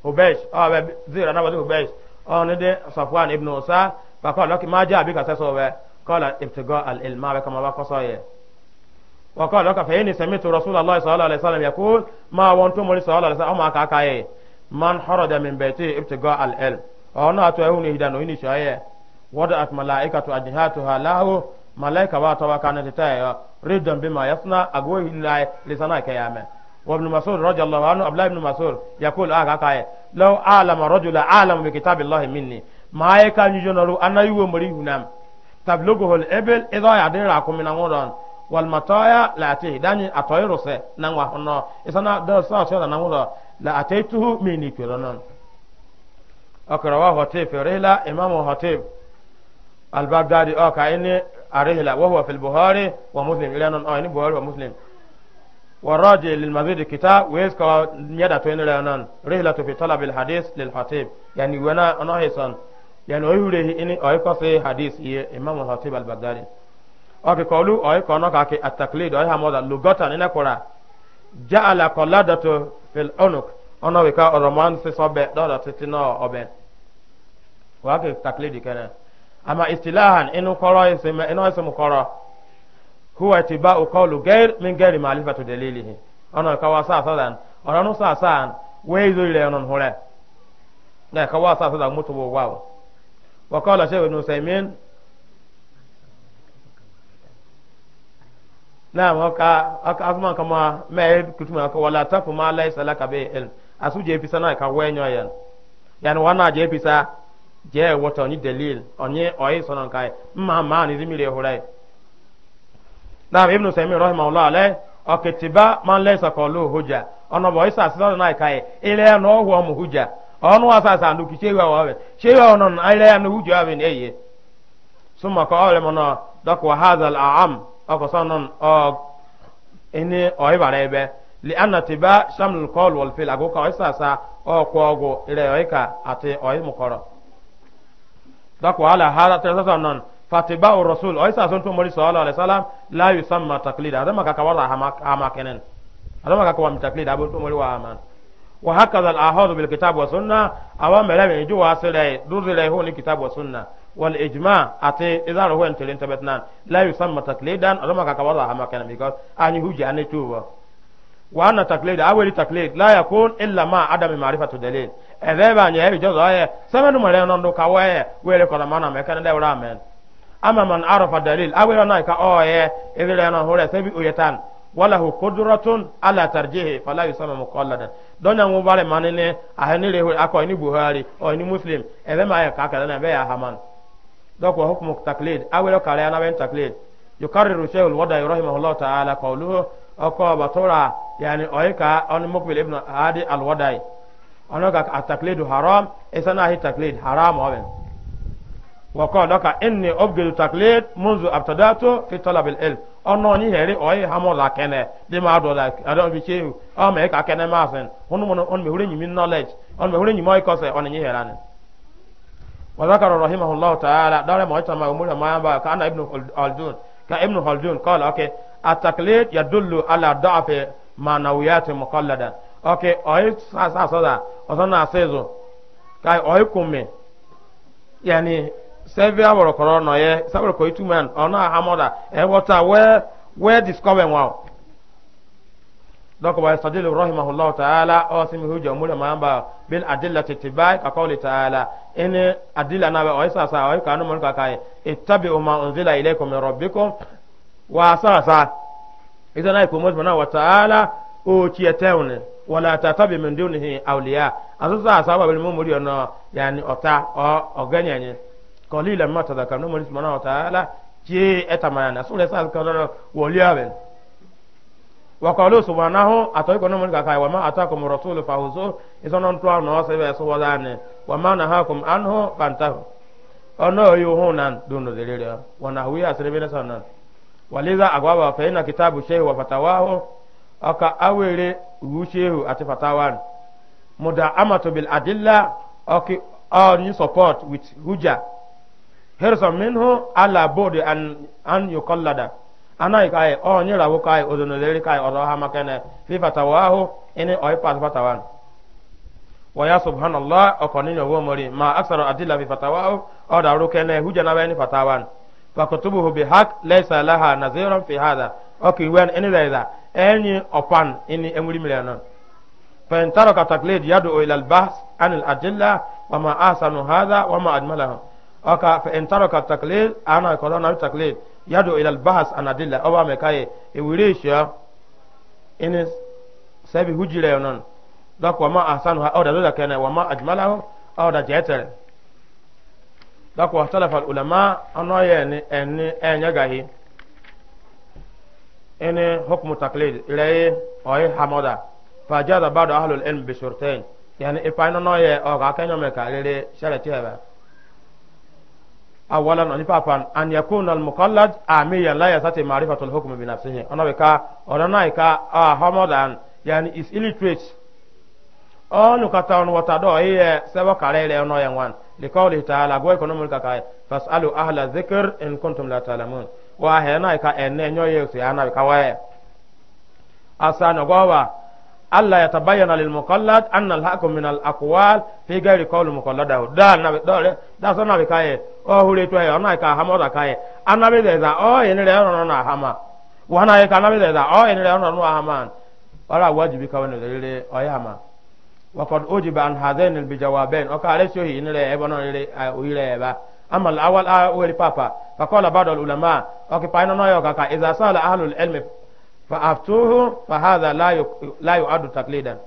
hubesh ɔbɛ ah, zira na bɔti hubesh ɔne ah, de safwan ibn usa fakɔ lɔki ma jaabi ka sɛsɔ bɛ kɔla ibtigɔ al ilma bɛ kama ba kɔsɔ yɛ wakɔ lɔka fɛ yini sɛmi tu rasul allah sallallahu alaihi wasallam yakul ma wɔn to mori sallallahu alaihi wasallam ɔma ka ka ye man hɔrɔda min bɛ ti ibtigɔ al ilm ɔna ah, to ɛhu ni hidan oyini sɔ yɛ wɔda at malaika tu ajihatuha lahu malaika wa tɔba kana ti ta yɛ ridon bima yasna agoyi lai lisana kɛyamɛ وابن مسعود رضي الله عنه عبد ابن مسعود يقول آه كاكاي آه، لو أعلم رجل أعلم بكتاب الله مني ما يكا نجنرو أنا يو مري نام تبلغه الإبل إذا يعدن راكم من أموران والمطايا لا تي داني أطوي رسي نانوا نعم، آه، نعم. هنا إسانا دل ساعة شهر نمورا آه، لا أتيته مني كيرانان أكرواه هتيب في رهلة إمام هتيب البغدادي اوكا إني أرهلة وهو في البخاري ومسلم إلى أن اني بخاري ومسلم والراجع للمزيد كتاب ويسكا نيدا توين لانان رحلة في طلب الحديث للخطيب يعني وانا انا هيسان يعني ويوري اني اويكا في حديث هي امام الخطيب البغدادي اوكي قولوا اويكا نوكا كي التقليد اويها مودا لغتا نينا كورا جعل قلادة في الانوك انا ويكا رومان في صبع دورة تتنا اوبن واكي التقليد كنا اما استلاحا انو كورا يسمى انو يسمى كورا huwa tibau qawlu ghair min ghairi ma'rifati dalilihi ana ka wasa sadan ana no sasan we zo ile non hore na ka wasa sadan mutu bo wa wa qala shaykh ibn usaymin aka azman kama ma kutuma ka wala tafu ma laisa laka bi ilm asu je sana ka wenyo yan yan wana je sa je ni oyi sonon kai ma ma ni zimire hore naam ibnu sami rahimahullah alayhi oketiba man laysa qawluhu hujja isa sala na kai ile no ho mu hujja ono asa sa ile no hujja awe ne ye summa qawle mona dak wa hadha al a'am akosanon o ini o ibara ebe li anna tiba shaml qawl wal fil ago ka isa o ko ogo ile fatiba o rasul o isa sun tumori sallallahu alaihi wasallam la yusamma taqlida adama ka kawara ama kenen adama ka kawam taqlida abun tumori wa aman wa hakaza al ahadu bil kitab wa sunna awa mera me ju wa sele duzile ho ni kitab wa sunna wal ijma ate idaro ho entelin tabetnan la yusamma taqlidan adama ka kawara ama kenen because ani huja ne tuwa wa anna taqlid awali taqlid la yakun illa ma adam ma'rifatu dalil ebe ba nya e jozo aye samenu mare non kawaye wele kola mana me kan amen ama man arafa dalil awira na ka o oh, ye ibira na hore sabi uyetan wala hu qudratun ala tarjihi fala yusama muqalladan donya mu bare manene ahani re ako ni buhari o ni muslim ebe ma ya ka na be ya haman doko hukmu taklid awira kare na ben taklid yukarriru shaykhul wada rahimahullah ta'ala qawluhu ako batura yani oyka on mukbil ibn hadi al wadai onoga at taklidu haram isana hi taklid haram oben وقال لك إني أبغي تقليد منذ ابتدأت في طلب العلم أنا نيهري أي هم لا كنا دم أدو لا أدو بيشيو أم هيك أكنا ما سن هون من هون مهولين من knowledge هون مهولين ما يكوس أنا نيهران وذكر رحمه الله تعالى دار ما يتم أمور ما ينبع كأن ابن خلدون كابن خلدون قال أوكي التقليد يدل على ضعف معنويات مقلدة أوكي أي ساسا ساسا أصلا سيزو كاي أي كومي يعني sɛvi awɔrɔ kɔrɔ nɔ yɛ sɛbɛrɛ kɔ itu man ɔnɔ ahamɔda ɛwɔta wɛ wɛ discover wa o dɔkɔ wa sadilu rahimahulahu taala ɔsimi hujja mu lama ba bin adilla titibai ka kɔli taala ɛni adilla nabe ɔyi sasa ɔyi kanu mɔni ka kaa ye itabi o ma unzila ilaykum min rabbikum wa sasa idana yi komo subhanahu wa taala o tiɛ tɛw ne wala tatabi min dunihi awliya asu sasa wa bɛ mu muri yɛ nɔ yani ɔta ɔ ɔgɛnyɛnyɛ. kọlila ma tadakar no molis mana wataala ke etamana na sura sa ka no woliaben wa qalu subhanahu atoy kono mon kaka wa ma atakum rasul fa huzu isonon to no se be so wadane wa ma nahakum anhu fantahu ono yu hunan dunu delira wa nahwi asrebena sana waliza agwaba fa ina wa fatawahu aka awere wu shehu muda amatu bil adilla okay all you support with hujja hirsan minhu ala bodi an an yuqallada ana kai o ni rawo kai o dono leri kai o ha makene fi fatawahu ini o ipa fatawan wa ya subhanallah o koni ni wo mori ma aksara adilla fi fatawahu o da ru kene huja na bani fatawan fa kutubuhu bi haq laysa laha naziran fi hada o ki wen ini layla eni opan ini emuri milana fa in taraka taqlid yadu ila al bahth an al adilla wa ma ahsanu hadha wa ma ajmalahu aka fa in taraka taklid ana ko na taklid yadu ila al bahas an adilla oba me kai e wire sha in sabi hujira non da wama ma ahsanu ha awda da kana wa ma ajmalahu awda jaitar da ko talafa ulama ano ye ni en enya gahi ene hukmu taklid ilaye oy hamoda fa jada ba'd ahlul ilm bi yani ifa no ye o ga kanyo me ka lele sharati haba Awala nani papa? an yakuna al mukallad amiyan la yasati ma'rifatu al hukm bi nafsihi ona be ka ona nai ka a homodan yani is illiterate onu kata on wata do iye sebo karele ono yan wan li qawli ta'ala go ko nomul ka kai fasalu ahla dhikr in kuntum la ta'lamun wa he nai ka enne nyoye se ana ka wae asano gowa alla yatabayyana lil muqallad anna al haqqu min al aqwal fi ghairi qawli muqalladahu da na be dole da so na be kaye o hure to he ona ka hamo da kaye anabe de za o yin re ono na hama wa na ka anabe de za o yin re ono no hama wala wajibi ka wono re o ya hama wa qad ujiba an hadain al bijawabain o ka re so yin re e bono re o ire ba amma al awal a o papa fa qala ba'd al ulama o ke pa no yo ka ka iza sala ahlul ilmi fa'aftuhu fa hadha la yu la yu'addu taqlidan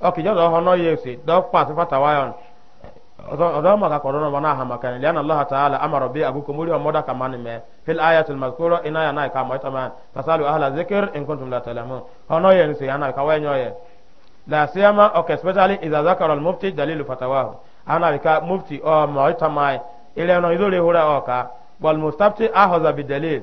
okay jodo hono yesi do pass fata wayon odo ma ka korono bana ha makan li anna allah ta'ala amara bi abukum muri omoda kaman me fil ayati mazkura ina yana ka ma tama fasalu ahla dhikr in kuntum la ta'lamun hono yesi yana ka wayo ye la siyama okay especially idha zakara al mufti dalilu fatawahu ana ka mufti o ma tama ile no izole hura oka wal mustafti ahaza bi dalil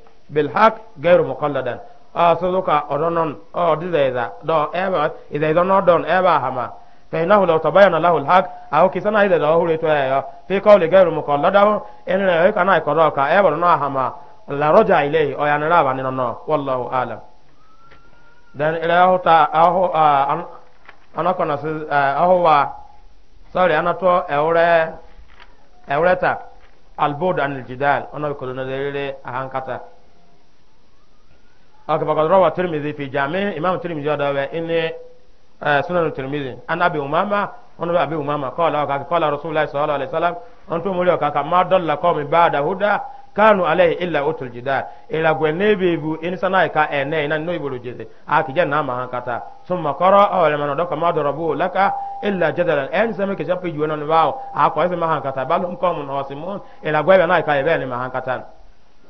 bilhaq gairu mukalladan a sozuka odonon o dizaiza do eba izaiza no don eba hama فإنه لو تبين له الحق أو كسنا إذا له ريتوا في قول غير مقلد إن يك أنا يقرأك أبر نهما لا رجع إليه أو يعني لا بني نو والله أعلم then إلى هو تا أهو أنا كنا أهو sorry أنا تو أوري أوريتا البود عن الجدال أنا بقول نزيري أهان كتا أكبر فقد روى الترمذي في جامع إمام الترمذي هذا إن سنن الترمذي عن أبي أمامة عن أبي أمامة قال قال رسول الله صلى الله عليه وسلم أنتم مليون ما ضل قوم بعد هدى kanu alayhi illa utul jidal ila gwenne bebu in sana ka ene ina no ibulu jeze akija na ma hankata summa qara aw lam doka ma darabu laka illa jadalan en sama ke japi juwana no bawo akwa sama hankata bal hum qawmun hasimun ila gwebe na ka ebe ni ma hankata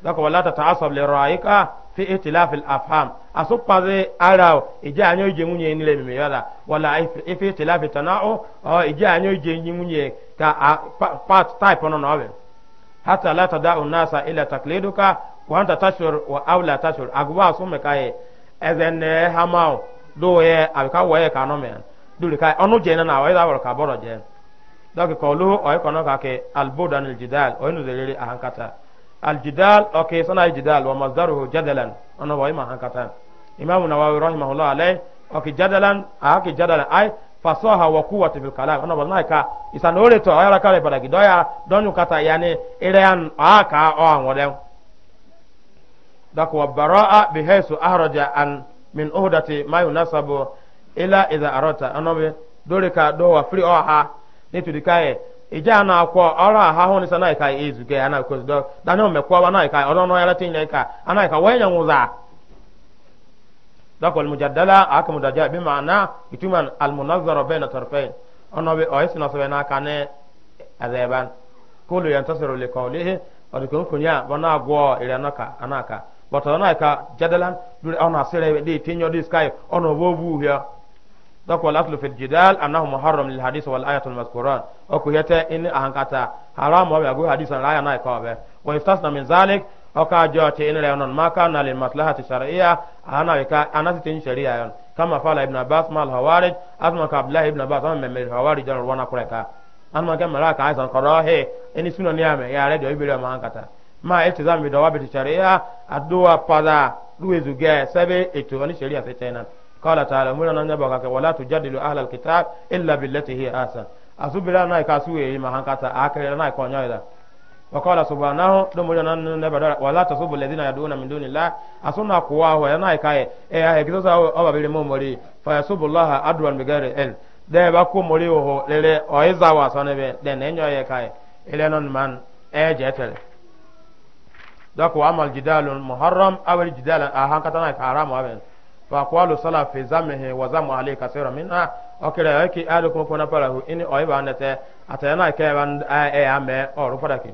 doka wala ta ta'asab li ra'ika fi itilafi afham aso pare ara ije anyo ije ni nile mimi yala wala ifi itilafi tanao o ije anyo ije nwunye ka part type ono nawe hata la tadau nasa ila takliduka wa anta tashur wa awla tashur agwa so mekaye ezen hamao do ye abika wo ye kanome duri kai onu je na wa ida ka boro je doki ko lu o ikono ka ke albudan aljidal o inu ahankata aljidal ok sana aljidal wa masdaruhu jadalan ana wa ima hankatan imam nawawi rahimahullah alayh ok jadalan aki jadalan ay fasaha wa quwwati fil kalam ana wa naika isan ore to ayara kale pada gidoya donu kata yani irean aka o anwode dak wa baraa bihaysu ahraja an min uhdati ma yunasabu ila idha arata ana be dole ka do wa free oha ne tudikaye ija na akwọ ọrụ ahahụ nisa na ika ezuke ana kwezido daniel mekwa na ika ọrụ ọrụ ya tinye ika ana ika wee nyanwuza dakol mujaddala aka mudaja bi ma'ana ituman al munazzara bayna tarfayn ono bi oyisi na sabe na kane azaban kulu yantasiru li qawlihi odikon kunya bana agwo irenaka anaka botona ika jadalan dure ona sire de tinyo diskai ono bobu ya dɔk wal aslu fi ljidal annahu muharram lil hadis wal ayatu lmaskurat o ku yete in ahankata haram wabe agu hadis an aya na ikobe wa istasna min zalik o ka joti in rewnon ma kana lil maslahati shar'iyya ana wika anasitin sharia yon kama fala ibn abbas ma al hawarij asma ka abdullah ibn abbas ma mel hawarij don wana kureka an ma gamara ka aisan korohe in sunan yame ya redo ibira ma hankata ma iltizam bi dawabit sharia adduwa pada duwe zuge sebe eto ani sharia fetena قال تعالى مولا ننبغاك ولا تجادل أهل الكتاب إلا بالتي هي أحسن أسبلا ناي كاسوي ما هنكتا أكل ناي كونيا وقال سبحانه دم جنا نبدا ولا تسبوا الذين يدعون من دون الله أسنا قواه يا ناي كاي إيه هي كذا أو بابل مومري فيسبوا الله أدوا بغير علم ده باكو مولي هو للي أيزا واسنبه ده نينيا يكاي إلى نون من أجتل دكو عمل جدال محرم أو جدال أهان كتنا حرام وابن wa qalu sala fi zamihi wa zamu alayka sayra minha okira yake alu kuma kuna palahu ini oiba nete atayana ke ban e ame oru fadaki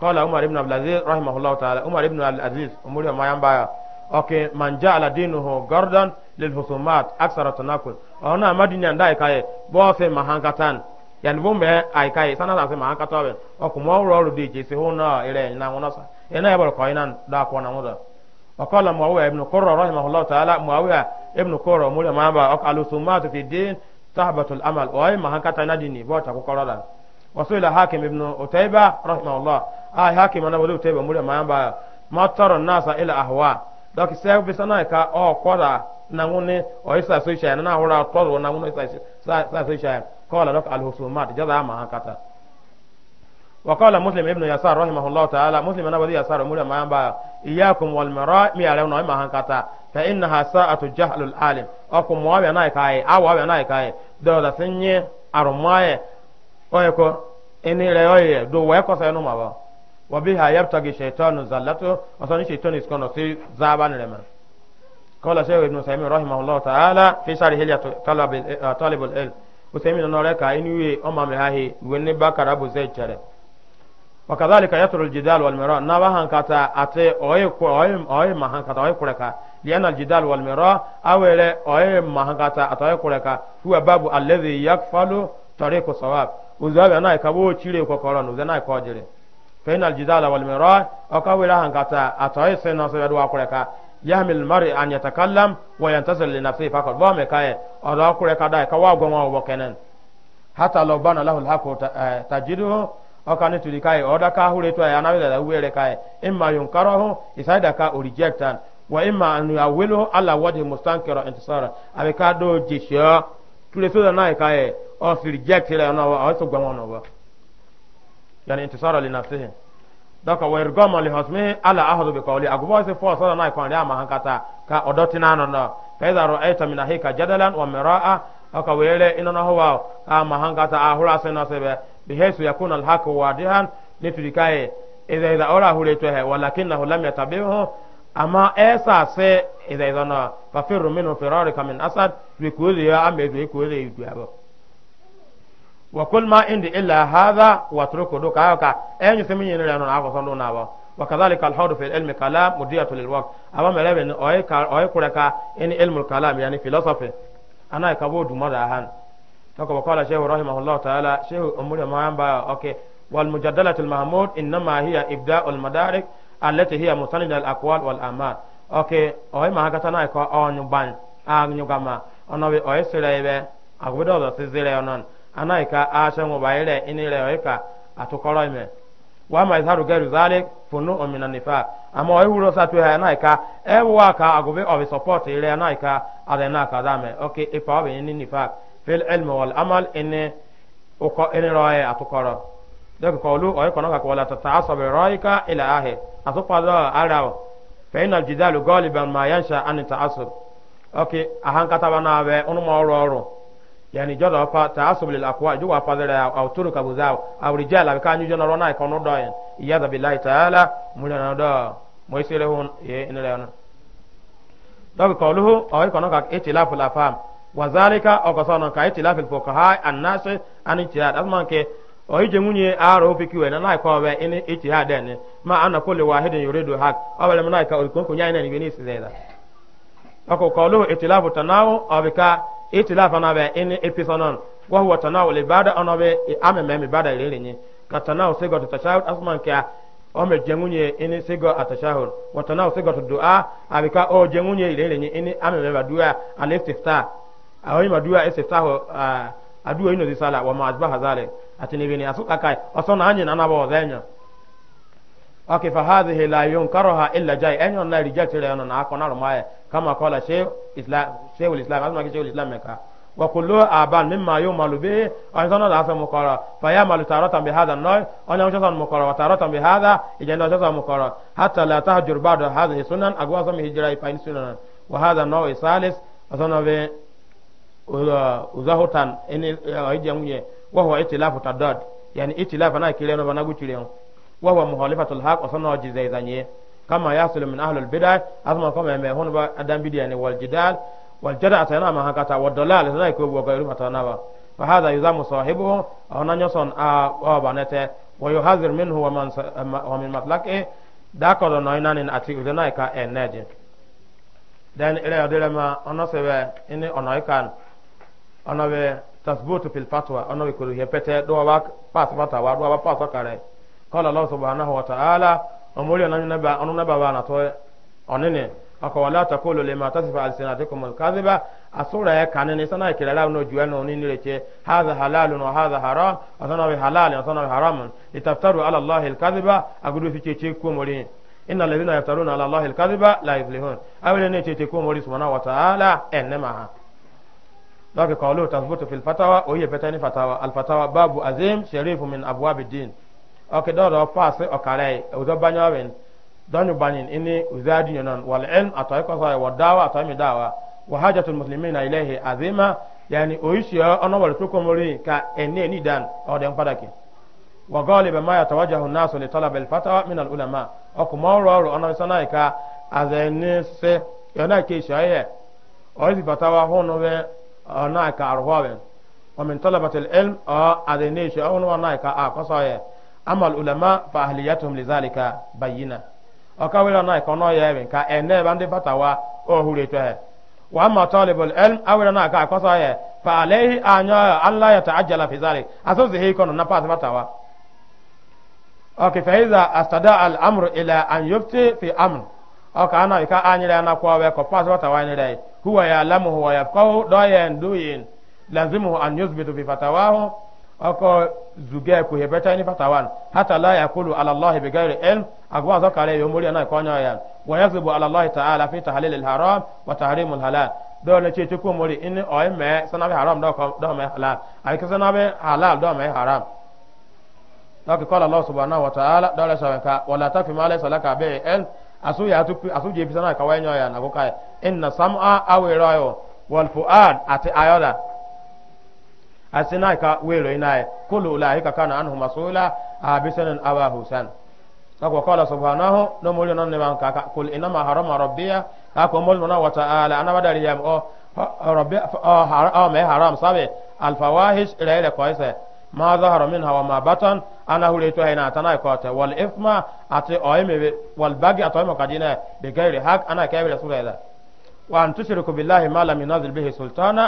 qala umar ibn abdul aziz rahimahullahu ta'ala umar ibn abdul aziz umuri ma yamba oke man ja'ala dinuhu gardan lil husumat aksara tanakul ona madina ndai kai bo fe mahangatan yani bo me ai kai sana da fe mahangatobe okumo oru oru de jesi hono ire na wona sa ina yabal koinan da ko na muda وقال معاوية ابن قرة رحمه الله تعالى معاوية ابن قرة مولا ما با قالوا ثمات في الدين صحبة الأمل وأي ما هكذا نديني بوتا كقرة وسئل حاكم ابن أتيبة رحمه الله آه حاكم أنا بقول أتيبة مولا ما ما ترى الناس إلى أهواء لكن سيف بسنا أو قرة نعوني أو إسا سويشة أنا هورا طول ونعوني إسا سويشة قال لك الهسومات جزاء ما هكذا وقال مسلم ابن يسار رحمه الله تعالى مسلم انا بدي يسار مولا ما ينبا اياكم والمراء مي على نوع ما هنكتا فانها ساعه جهل العالم اكو مو ابي ناي كاي او ابي ناي كاي دو دا سنيه ارماي اويكو اني لا يوي دو ويكو سينو ما با وبها يبتغي الشيطان زلته وصن الشيطان يسكن في زابان لما قال شيخ ابن سيمين رحمه الله تعالى في شرح هلية طالب العلم وسيمين نوريكا اني وي امام هاي وني بكر ابو زيد wakadhalika yathuru aljidal walmira naba hankata ate oye oye oye mahankata oye kureka liana aljidal walmira awele oye mahankata ate oye kureka huwa babu alladhi yakfalu tariqu sawab uzabe anai kabo chire ko koron uzanai ko jire fain aljidal walmira akawela hankata ate oye sena so yadu akureka yahmil mari an yatakallam wa yantasir li nafsihi faqad wa mekaye odo akureka dai kawa gonwa obokenen hata law bana lahu alhaqu tajiduhu ọka ne tuli kai oda ka hure to ya nawida da were kai imma yunkarahu isaida ka rejectan wa imma an yawilu ala wajhi mustankara intisara abe ka do jisho tule so na kai o fi reject la na wa so gwa na wa yani intisara li nafsihi daka wa irgama li hasmi ala ahadu bi qawli agwa se fo so na kai ya ma hankata ka odotina no no fa iza ra'aita min ahika jadalan wa mira'a aka wele inana huwa ka ma hankata ahura se na sebe bihaisu yakuna alhaqu wadihan liturikaye idha idha ora huletwehe walakinahu lam yatabihu ama esa se idha idha na fafiru minhu firarika min asad wikuzi ya amezu ikuzi yutuabo wa kul ma indi illa hadha wa truku duka haka enyu simi yin ranu na akoso ndo nawo wa kadhalika al hawd fi al ilm kalam mudiyatu lil waqt aba melebe ni oy ka oy kuraka in ilm al kalam yani philosophy ana kabodu madahan nako wakala shehu rahimahullah ta'ala shehu umuri maamba okay wal mujaddalat al mahmud innama hiya ibda' al madarik allati hiya musanid al aqwal wal amal okay oy ma haka tanai ko onyu ban anyu gama ono we oy sirebe agwedo do sizire onon anai ka asha ngo baile inile oika atukoro ime wa ma izharu gairu zalik funu min nifa ama oy wuro satu ha anai ka ewa ka agwe obi support ile anai ka adena kadame okay ipa obi ni nifa fil ilmi wal amal ini uko ini roye atukoro dɔki kɔlu ɔyi kɔnɔ ka kɔla tata asɔbi rɔyika ila ahe asopazɔ araw fɛyina jidalu gɔli ban ma yansa ani ta asɔb ɔki ahankataba naabɛ ɔnuma ɔrɔɔrɔ yani jɔdɔ pa ta asɔbi lil akuwa jugu apazɛrɛ aw turu ka buzaw aw rijal a bi kaa nyujɔ nɔrɔ n'a ye kɔnɔ dɔ yen iyada bi layi taala mulana dɔ mɔyisere hun ye ne lɛ yɔn dɔki kɔlu ɔyi kɔnɔ ka etilafu la faamu wazalika okosona ka itilafil fuqaha annasi an ijtihad asman ke o ije munye aro fiki we na ko we ini ijtihad ne ma ana kulli wahidin yuridu haq awala malaika o kon ko nyane ni bini sizeda ako qawlu itilafu tanawu abika itilafa na be ini episonon wa huwa tanawu libada ona be ameme mi bada lelenye ka tanawu sego tashahud asman ke o me jengunye ini sego atashahud wa tanawu sego du'a abika o jengunye lelenye ini ameme ba du'a al-istiftah awon ma duwa ese taho aduwa ino di sala wa ma asbaha zalik atini bini asuka kai osona anyi na nabo zenya okay fa hadhihi la yunkaruha illa jai enyo na reject re ono na akona rumaye kama kola sheikh islam sheikh islam azma sheikh islam meka wa kullu aban mimma yumalu bi an sana la fa mukara fa ya malu tarata bi hadha noy onya ucha san mukara wa tarata bi hadha ijenda ucha san mukara hatta la tahjur ba'da hadhihi sunan agwa sam hijra ifa sunan wa hadha noy salis azana be uzahutan ene ajamuye wa huwa itilafu tadad yani itilafu na kile no bana gutire wa huwa muhalifatul haq wa sanu jizaizanye kama yasulu min ahlul bid'ah azma kama me hon ba adam bid'ah ne wal jidal wal jada'a tana ma hakata wad dalal tana ko bo ga rufa tana ba fa hadha yuzamu sahibuhu ona nyoson a wa banete wa yuhadhir minhu wa man wa min matlaqi da ko do noinanin ati udana ka energy dan ila dilema ono sebe ini ono ikan ana be tasbutu fil fatwa ana be kuru hepete do wa pas fatwa do wa pas kare qala allah subhanahu wa ta'ala amuri ana naba ana naba ba na to onene aka wala taqulu lima tasifa alsinatukum alkadhiba asura ya kanene sana kirala no juwa no ni nireche hadha halalun wa hadha haram asana be halal asana be haram litaftaru ala allah alkadhiba agudu fi cheche ko mori inna alladhina yaftaruna ala allah alkadhiba la yuflihun awele ne cheche ko mori subhanahu wa ta'ala enema ha donc qawlu tathbutu fil fatawa o yebeta ni fatawa al fatawa babu azim sherifu min abwabi din ok do do passe o kare o do banyawen donu banin ini uzadi yonon wal ilm atay ko say wadawa atay mi dawa wa hajatul muslimina ilayhi azima yani o ishi ono wal to komori ka ene ni dan o den padake wa galiba ma yatawajjahu an-nasu li talab al fatawa min al ulama o ko mawro ono sanaika azene se yana ke shaye fatawa hono we نايكا أرهوابين ومن طلبة العلم أدنيش أو نوا نايكا أقصايا أما العلماء فأهليتهم لذلك بينا أكاولا نايكا نايا يبين كا إنيب عندي فتاوى أهوليتوه وأما طالب العلم أولا نايكا أقصايا فعليه أن لا يتعجل في ذلك أصوصي هيكون نفات فتاوى أوكي فإذا استدعى الأمر إلى أن يفتي في أمر aka ana ika anyere ana kwa we ko pas wata wanyere huwa ya lamu huwa ya qaw doyen duyin lazimu an yuzbitu bi fatawahu aka zuge ku hebeta ni fatawan hata la yakulu ala allah bi ghairi ilm agwa za kare yo muri ana ko nya ya wa yazibu ala allah ta'ala fi tahlil al haram wa tahrim al halal do na ce ko muri in o me sana bi haram do ko do me halal ay ka sana bi halal do me haram donc qala allah subhanahu wa ta'ala dawla sawaka wala tafi ma laysa laka bi ilm asu ya tu asu je fisana ka wanyo ya na ko kai inna sam'a awira yo wal fuad ati ayoda asina ka wero inaye kullu ulaika kana anhu masula abisanan aba husan kako kala subhanahu no mulyo non ne ban ka kul inma harama rabbiya kako mulyo na wa ta'ala ana badari ya o rabbi o haram sabe al fawahish ila ila qaisa ma zahara minha wa ma batan ana hure to hina tana ko ta wal ifma ate oyme wal bagi ate oyme kadina be gairi hak ana kai bila sura ila wa an tushriku billahi ma lam yunzil bihi sultana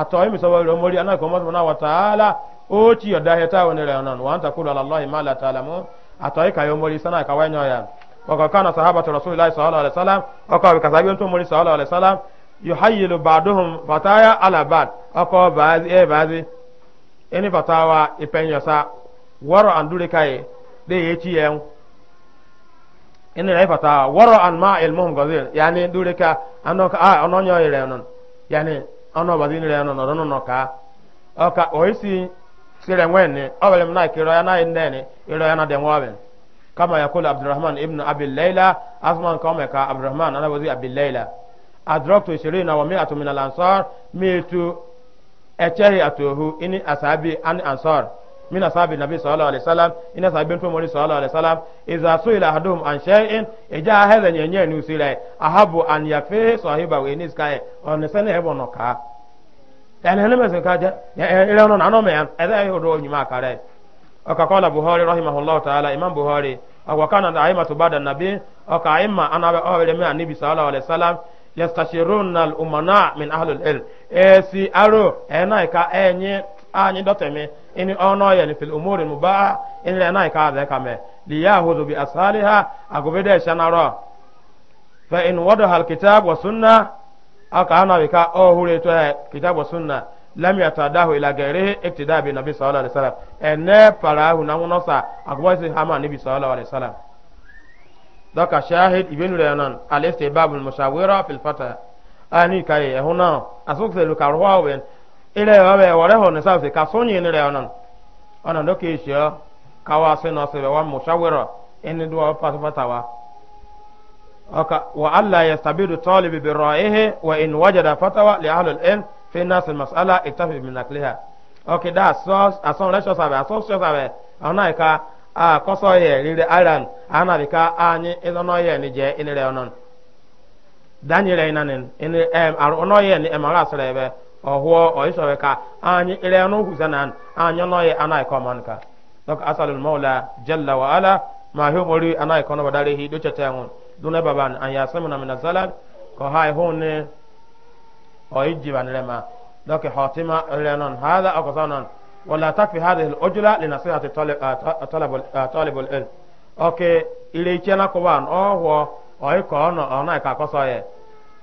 ate oyme so wal mori ana ko mazmuna wa taala o ti yoda heta woni re non wa anta kulu ala allah ma la taalamu ate oy kayo mori sana ka wanyo ya wa kana sahabatu rasulillahi sallallahu alaihi wasallam wa ka kasabi to mori sallallahu alaihi wasallam yuhayyilu ba'duhum fataya ala ba'd oko ba'zi e eh, ba'zi eni fatawa ipenyo sa waro an dure kai de ye ci yan rai fata waro an ma ilmuhum gazir yani dure ka ah, anon ka yo ire non yani ono ba din ire non ono no ka o ka oisi sire ngwenne na kiro ya na iro ya na de ngwaben kama yakulu abdurrahman ibn abi layla asman kama ka abdurrahman ana wazi abi layla adraktu 20 wa mi'atu min al-ansar mitu echehi atuhu ini asabi an ansar من أصحاب النبي صلى الله عليه وسلم إن أصحاب بنت مولى صلى الله عليه وسلم إذا سئل أحدهم عن شيء إجا هذا يني نوسيلا أحب أن يفيه صاحبه وينيس كاي أن سنة هبو نكا يعني هنا مثل كاجا إلا أنا أنا ما هذا يهودو يما كاره وكقال بخاري رحمه الله تعالى إمام بخاري وكان أئمة بعد النبي وكأئمة أنا أول من النبي صلى الله عليه وسلم يستشيرون الأمناء من أهل العلم إيه سي أرو إيه نايكا إيه anyi dɔtɛmi ini ɔnɔ yɛli fili umuri mu baa na lɛ nai kaa zɛ kamɛ liya hudu bi asali ha agobe dɛ e shanarɔ fɛ in wɔdɔ hal kịta wa sunna aka ana bi ka etu ha e, hɛ kitab wa sunna lam yata dahu ila gɛri iktida bi nabi sallallahu alaihi wasallam ɛnɛ parahu na ŋunɔ sa agobe si hama nabi sallallahu alaihi wasallam dɔka shahid ibinu lɛ nan alistibabul musawira fil fata ani kai ɛhunan asukse lukaruwa wɛn ire obe wore ho nisa se kasonye ni re onon ona doke isho kawa se no se wa mushawira en do wa pata pata wa aka wa alla yastabidu talibi wa in wajada fatawa li ahli al-ilm fi nas al-mas'ala ittafi min akliha okay that source ason le source abe ason source abe ona e ka a koso ye rire aran ana bi ka anyi idono ye ni je ni re onon danyere inanin in em ar ono ni emara srebe ọhụọ ọyịsọwe ka anyị ire ọnụ huzanan anyị ọnọghị anaghị kọmanka dọk asalul maula jalla wa ala ma hi mori anaghị kọnọ badare hi dochete nwụ duna baban anyị asemi na mina zalad ka ha ihu ne ọyịjiba nire ma dọk họtima ire nọn ha ada ọkọsọ nọn wala tafi hadhihi al-ujla li nasihati talib al-ilm oke ire iche na kuban ọhụọ ọyịkọ ọnọ ọnaghị ka akọsọ ya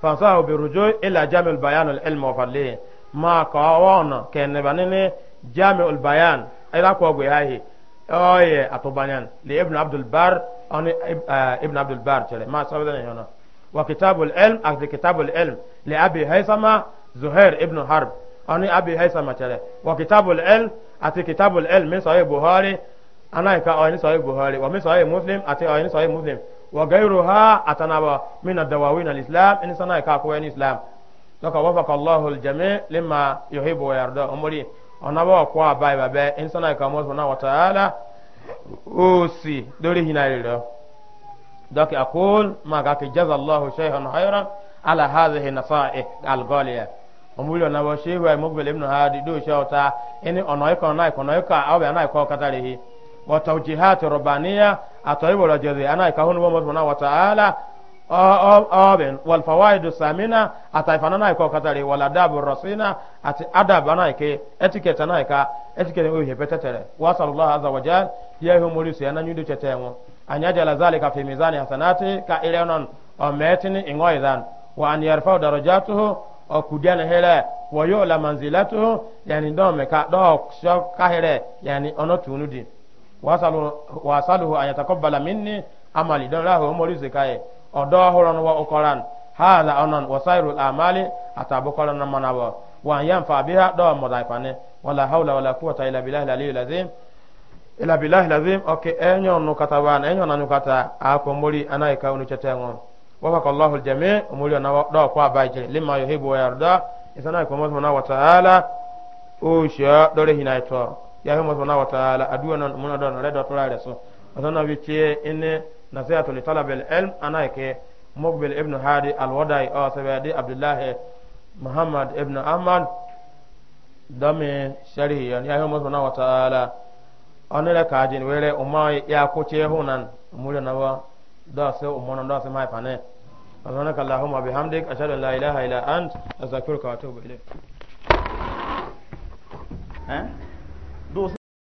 fansahu birujo ila jamil bayan al wa fadlihi ma ka wono kenne banene jami'ul bayan ila ko go yahi oye atubanyan li ibn abdul bar an e, e, ibn abdul bar chele ma sabda yana wa kitabul ilm akdi kitabul ilm li abi haysama zuhair ibn harb an abi haysama chele wa kitabul ilm ati kitabul ilm min sahih buhari ana ka ayni sahih buhari wa min sahih muslim ati ayni sahih muslim wa gairuha atanaba min ad-dawawin al-islam in sana ka ko islam lɔkɔ wafaka allahu aljami lima yohibu wa yarda ɔmɔri ɔnabɔ kɔ aba yi babɛ insana ka mɔ sɔnna wa taala oosi lórí hinɛ yi rɛ dɔkɛ akol maka ke jaza allahu shayhan hayran ala hadhihi nasa'i algoliya ɔmɔri ɔnabɔ shehu ayi mɔbili ibnu hadi do shɛw ta ɛni ɔnɔyi kɔn na ikɔnɔyi ka aw bɛ ana ikɔ katarihi wɔtɔ jihati rɔbaniya atɔ ibɔlɔ jɛze ana ikahunu bɔ mɔ sɔnna wa taala ọbẹn walfawaidu samina ataifana na ikọ katare waladabu rasina ati adab ana ike etiquette ana ika etiquette wo ihe petetere wasallallahu azza wa jal ya ihe mori su ya na nyudo chete enwo anya jala zalika fi mizani hasanati ka irenon o metini ingo idan wa an yarfau darajatuhu o kudian hele wa yu'la manzilatuhu yani do me ka do shop ka hele yani ono tunudi wasalu wasaluhu an yataqabbala minni amali don rahu mori odohoron wa okoran hala onon wasairul amali atabukoran na manabo wa yanfa biha do modaifane wala haula wala quwwata illa billahi aliyil azim ila billahi lazim oke enyo no kataban enyo na nukata ako muri anai ka unu chetengo wafaka Allahu aljami muri na do kwa baje lima yuhibu wa yarda isana ko mo wa taala usha dore hina ito ya mo wa taala aduwa na mun adon redo to rare so asana wiche ine nasihatu li talabil ilm ana ke mukbil ibn hadi alwadai o sabadi abdullah muhammad ibn ahmad dame sharhi yani ayo mo subhanahu wa ta'ala onere ka jin were umai ya kuce hunan mure na ba da se umon da se mai fane subhanaka allahumma bihamdik ashhadu an la ilaha illa ant astaghfiruka wa atubu ilayk eh